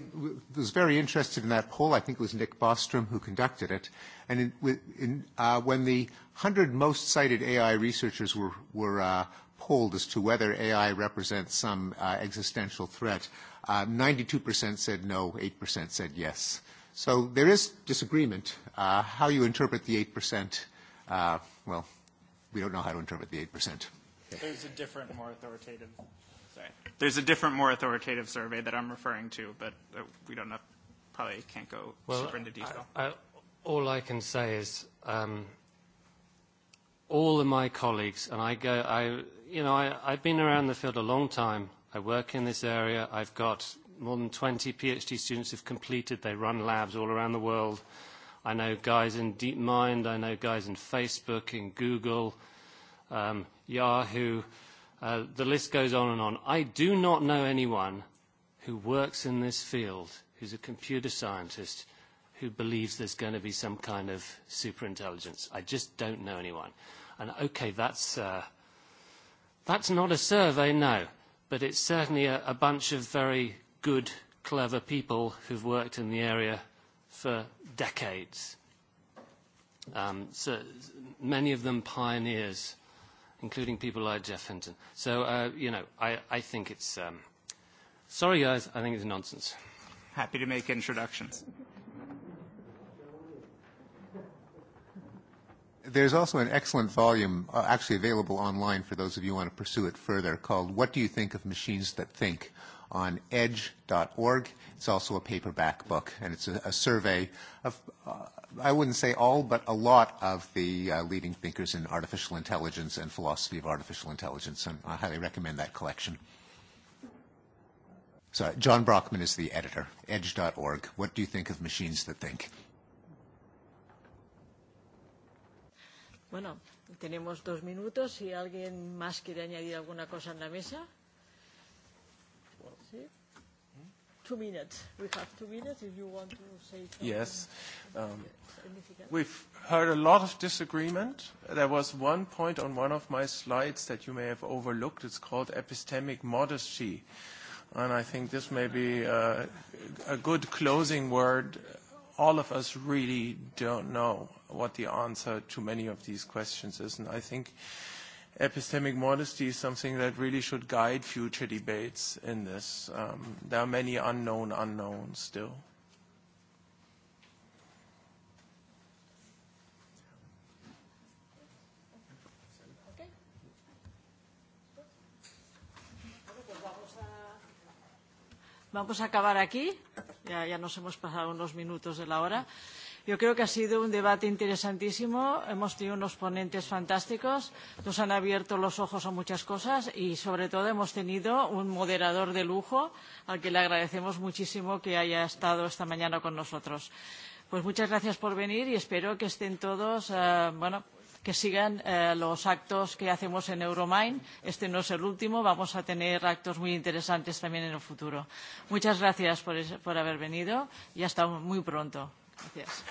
was very interested in that poll. I think it was Nick Bostrom who conducted it. And in when the 100 most cited AI researchers were were polled as to whether AI represents some existential threat, 92% said no, 8% said yes. So there is disagreement how you interpret the 8%. Well, we don't know how to interpret the 8%. There's a different, more authoritative. Sorry, there's a different, more authoritative survey that I'm referring to, but we don't know. Probably can't go super into detail. All I can say is, all of my colleagues and I go, I, you know, I I've been around the field a long time. I work in this area. I've got more than 20 PhD students have completed. They run labs all around the world. I know guys in DeepMind. I know guys in Facebook, in Google, Yahoo. The list goes on and on. I do not know anyone who works in this field, who's a computer scientist, who believes there's going to be some kind of superintelligence. I just don't know anyone. And okay, that's that's not a survey, no, but it's certainly a bunch of very good, clever people who've worked in the area for decades. So many of them pioneers, including people like Jeff Hinton. So, you know, I think it's... Sorry, guys, I think it's nonsense. Happy to make introductions. There's also an excellent volume actually available online for those of you who want to pursue it further called What Do You Think of Machines That Think? on edge.org. It's also a paperback book, and it's a survey of, I wouldn't say all, but a lot of the leading thinkers in artificial intelligence and philosophy of artificial intelligence, and I highly recommend that collection. So John Brockman is the editor, edge.org. What do you think of machines that think? Bueno, tenemos dos minutos. Si alguien más quiere añadir alguna cosa en la mesa. Two minutes. We have two minutes if you want to say something. Yes. We've heard a lot of disagreement. There was one point on one of my slides that you may have overlooked. It's called epistemic modesty. And I think this may be a good closing word. All of us really don't know what the answer to many of these questions is. And I think epistemic modesty is something that really should guide future debates in this. Um, There are many unknown unknowns still. Vamos a acabar aquí. Ya, ya nos hemos pasado unos minutos de la hora. Yo creo que ha sido un debate interesantísimo. Hemos tenido unos ponentes fantásticos, nos han abierto los ojos a muchas cosas y, sobre todo, hemos tenido un moderador de lujo al que le agradecemos muchísimo que haya estado esta mañana con nosotros. Pues muchas gracias por venir y espero que estén todos, bueno, que sigan los actos que hacemos en Euromine. Este no es el último, vamos a tener actos muy interesantes también en el futuro. Muchas gracias por haber venido y hasta muy pronto. Yes.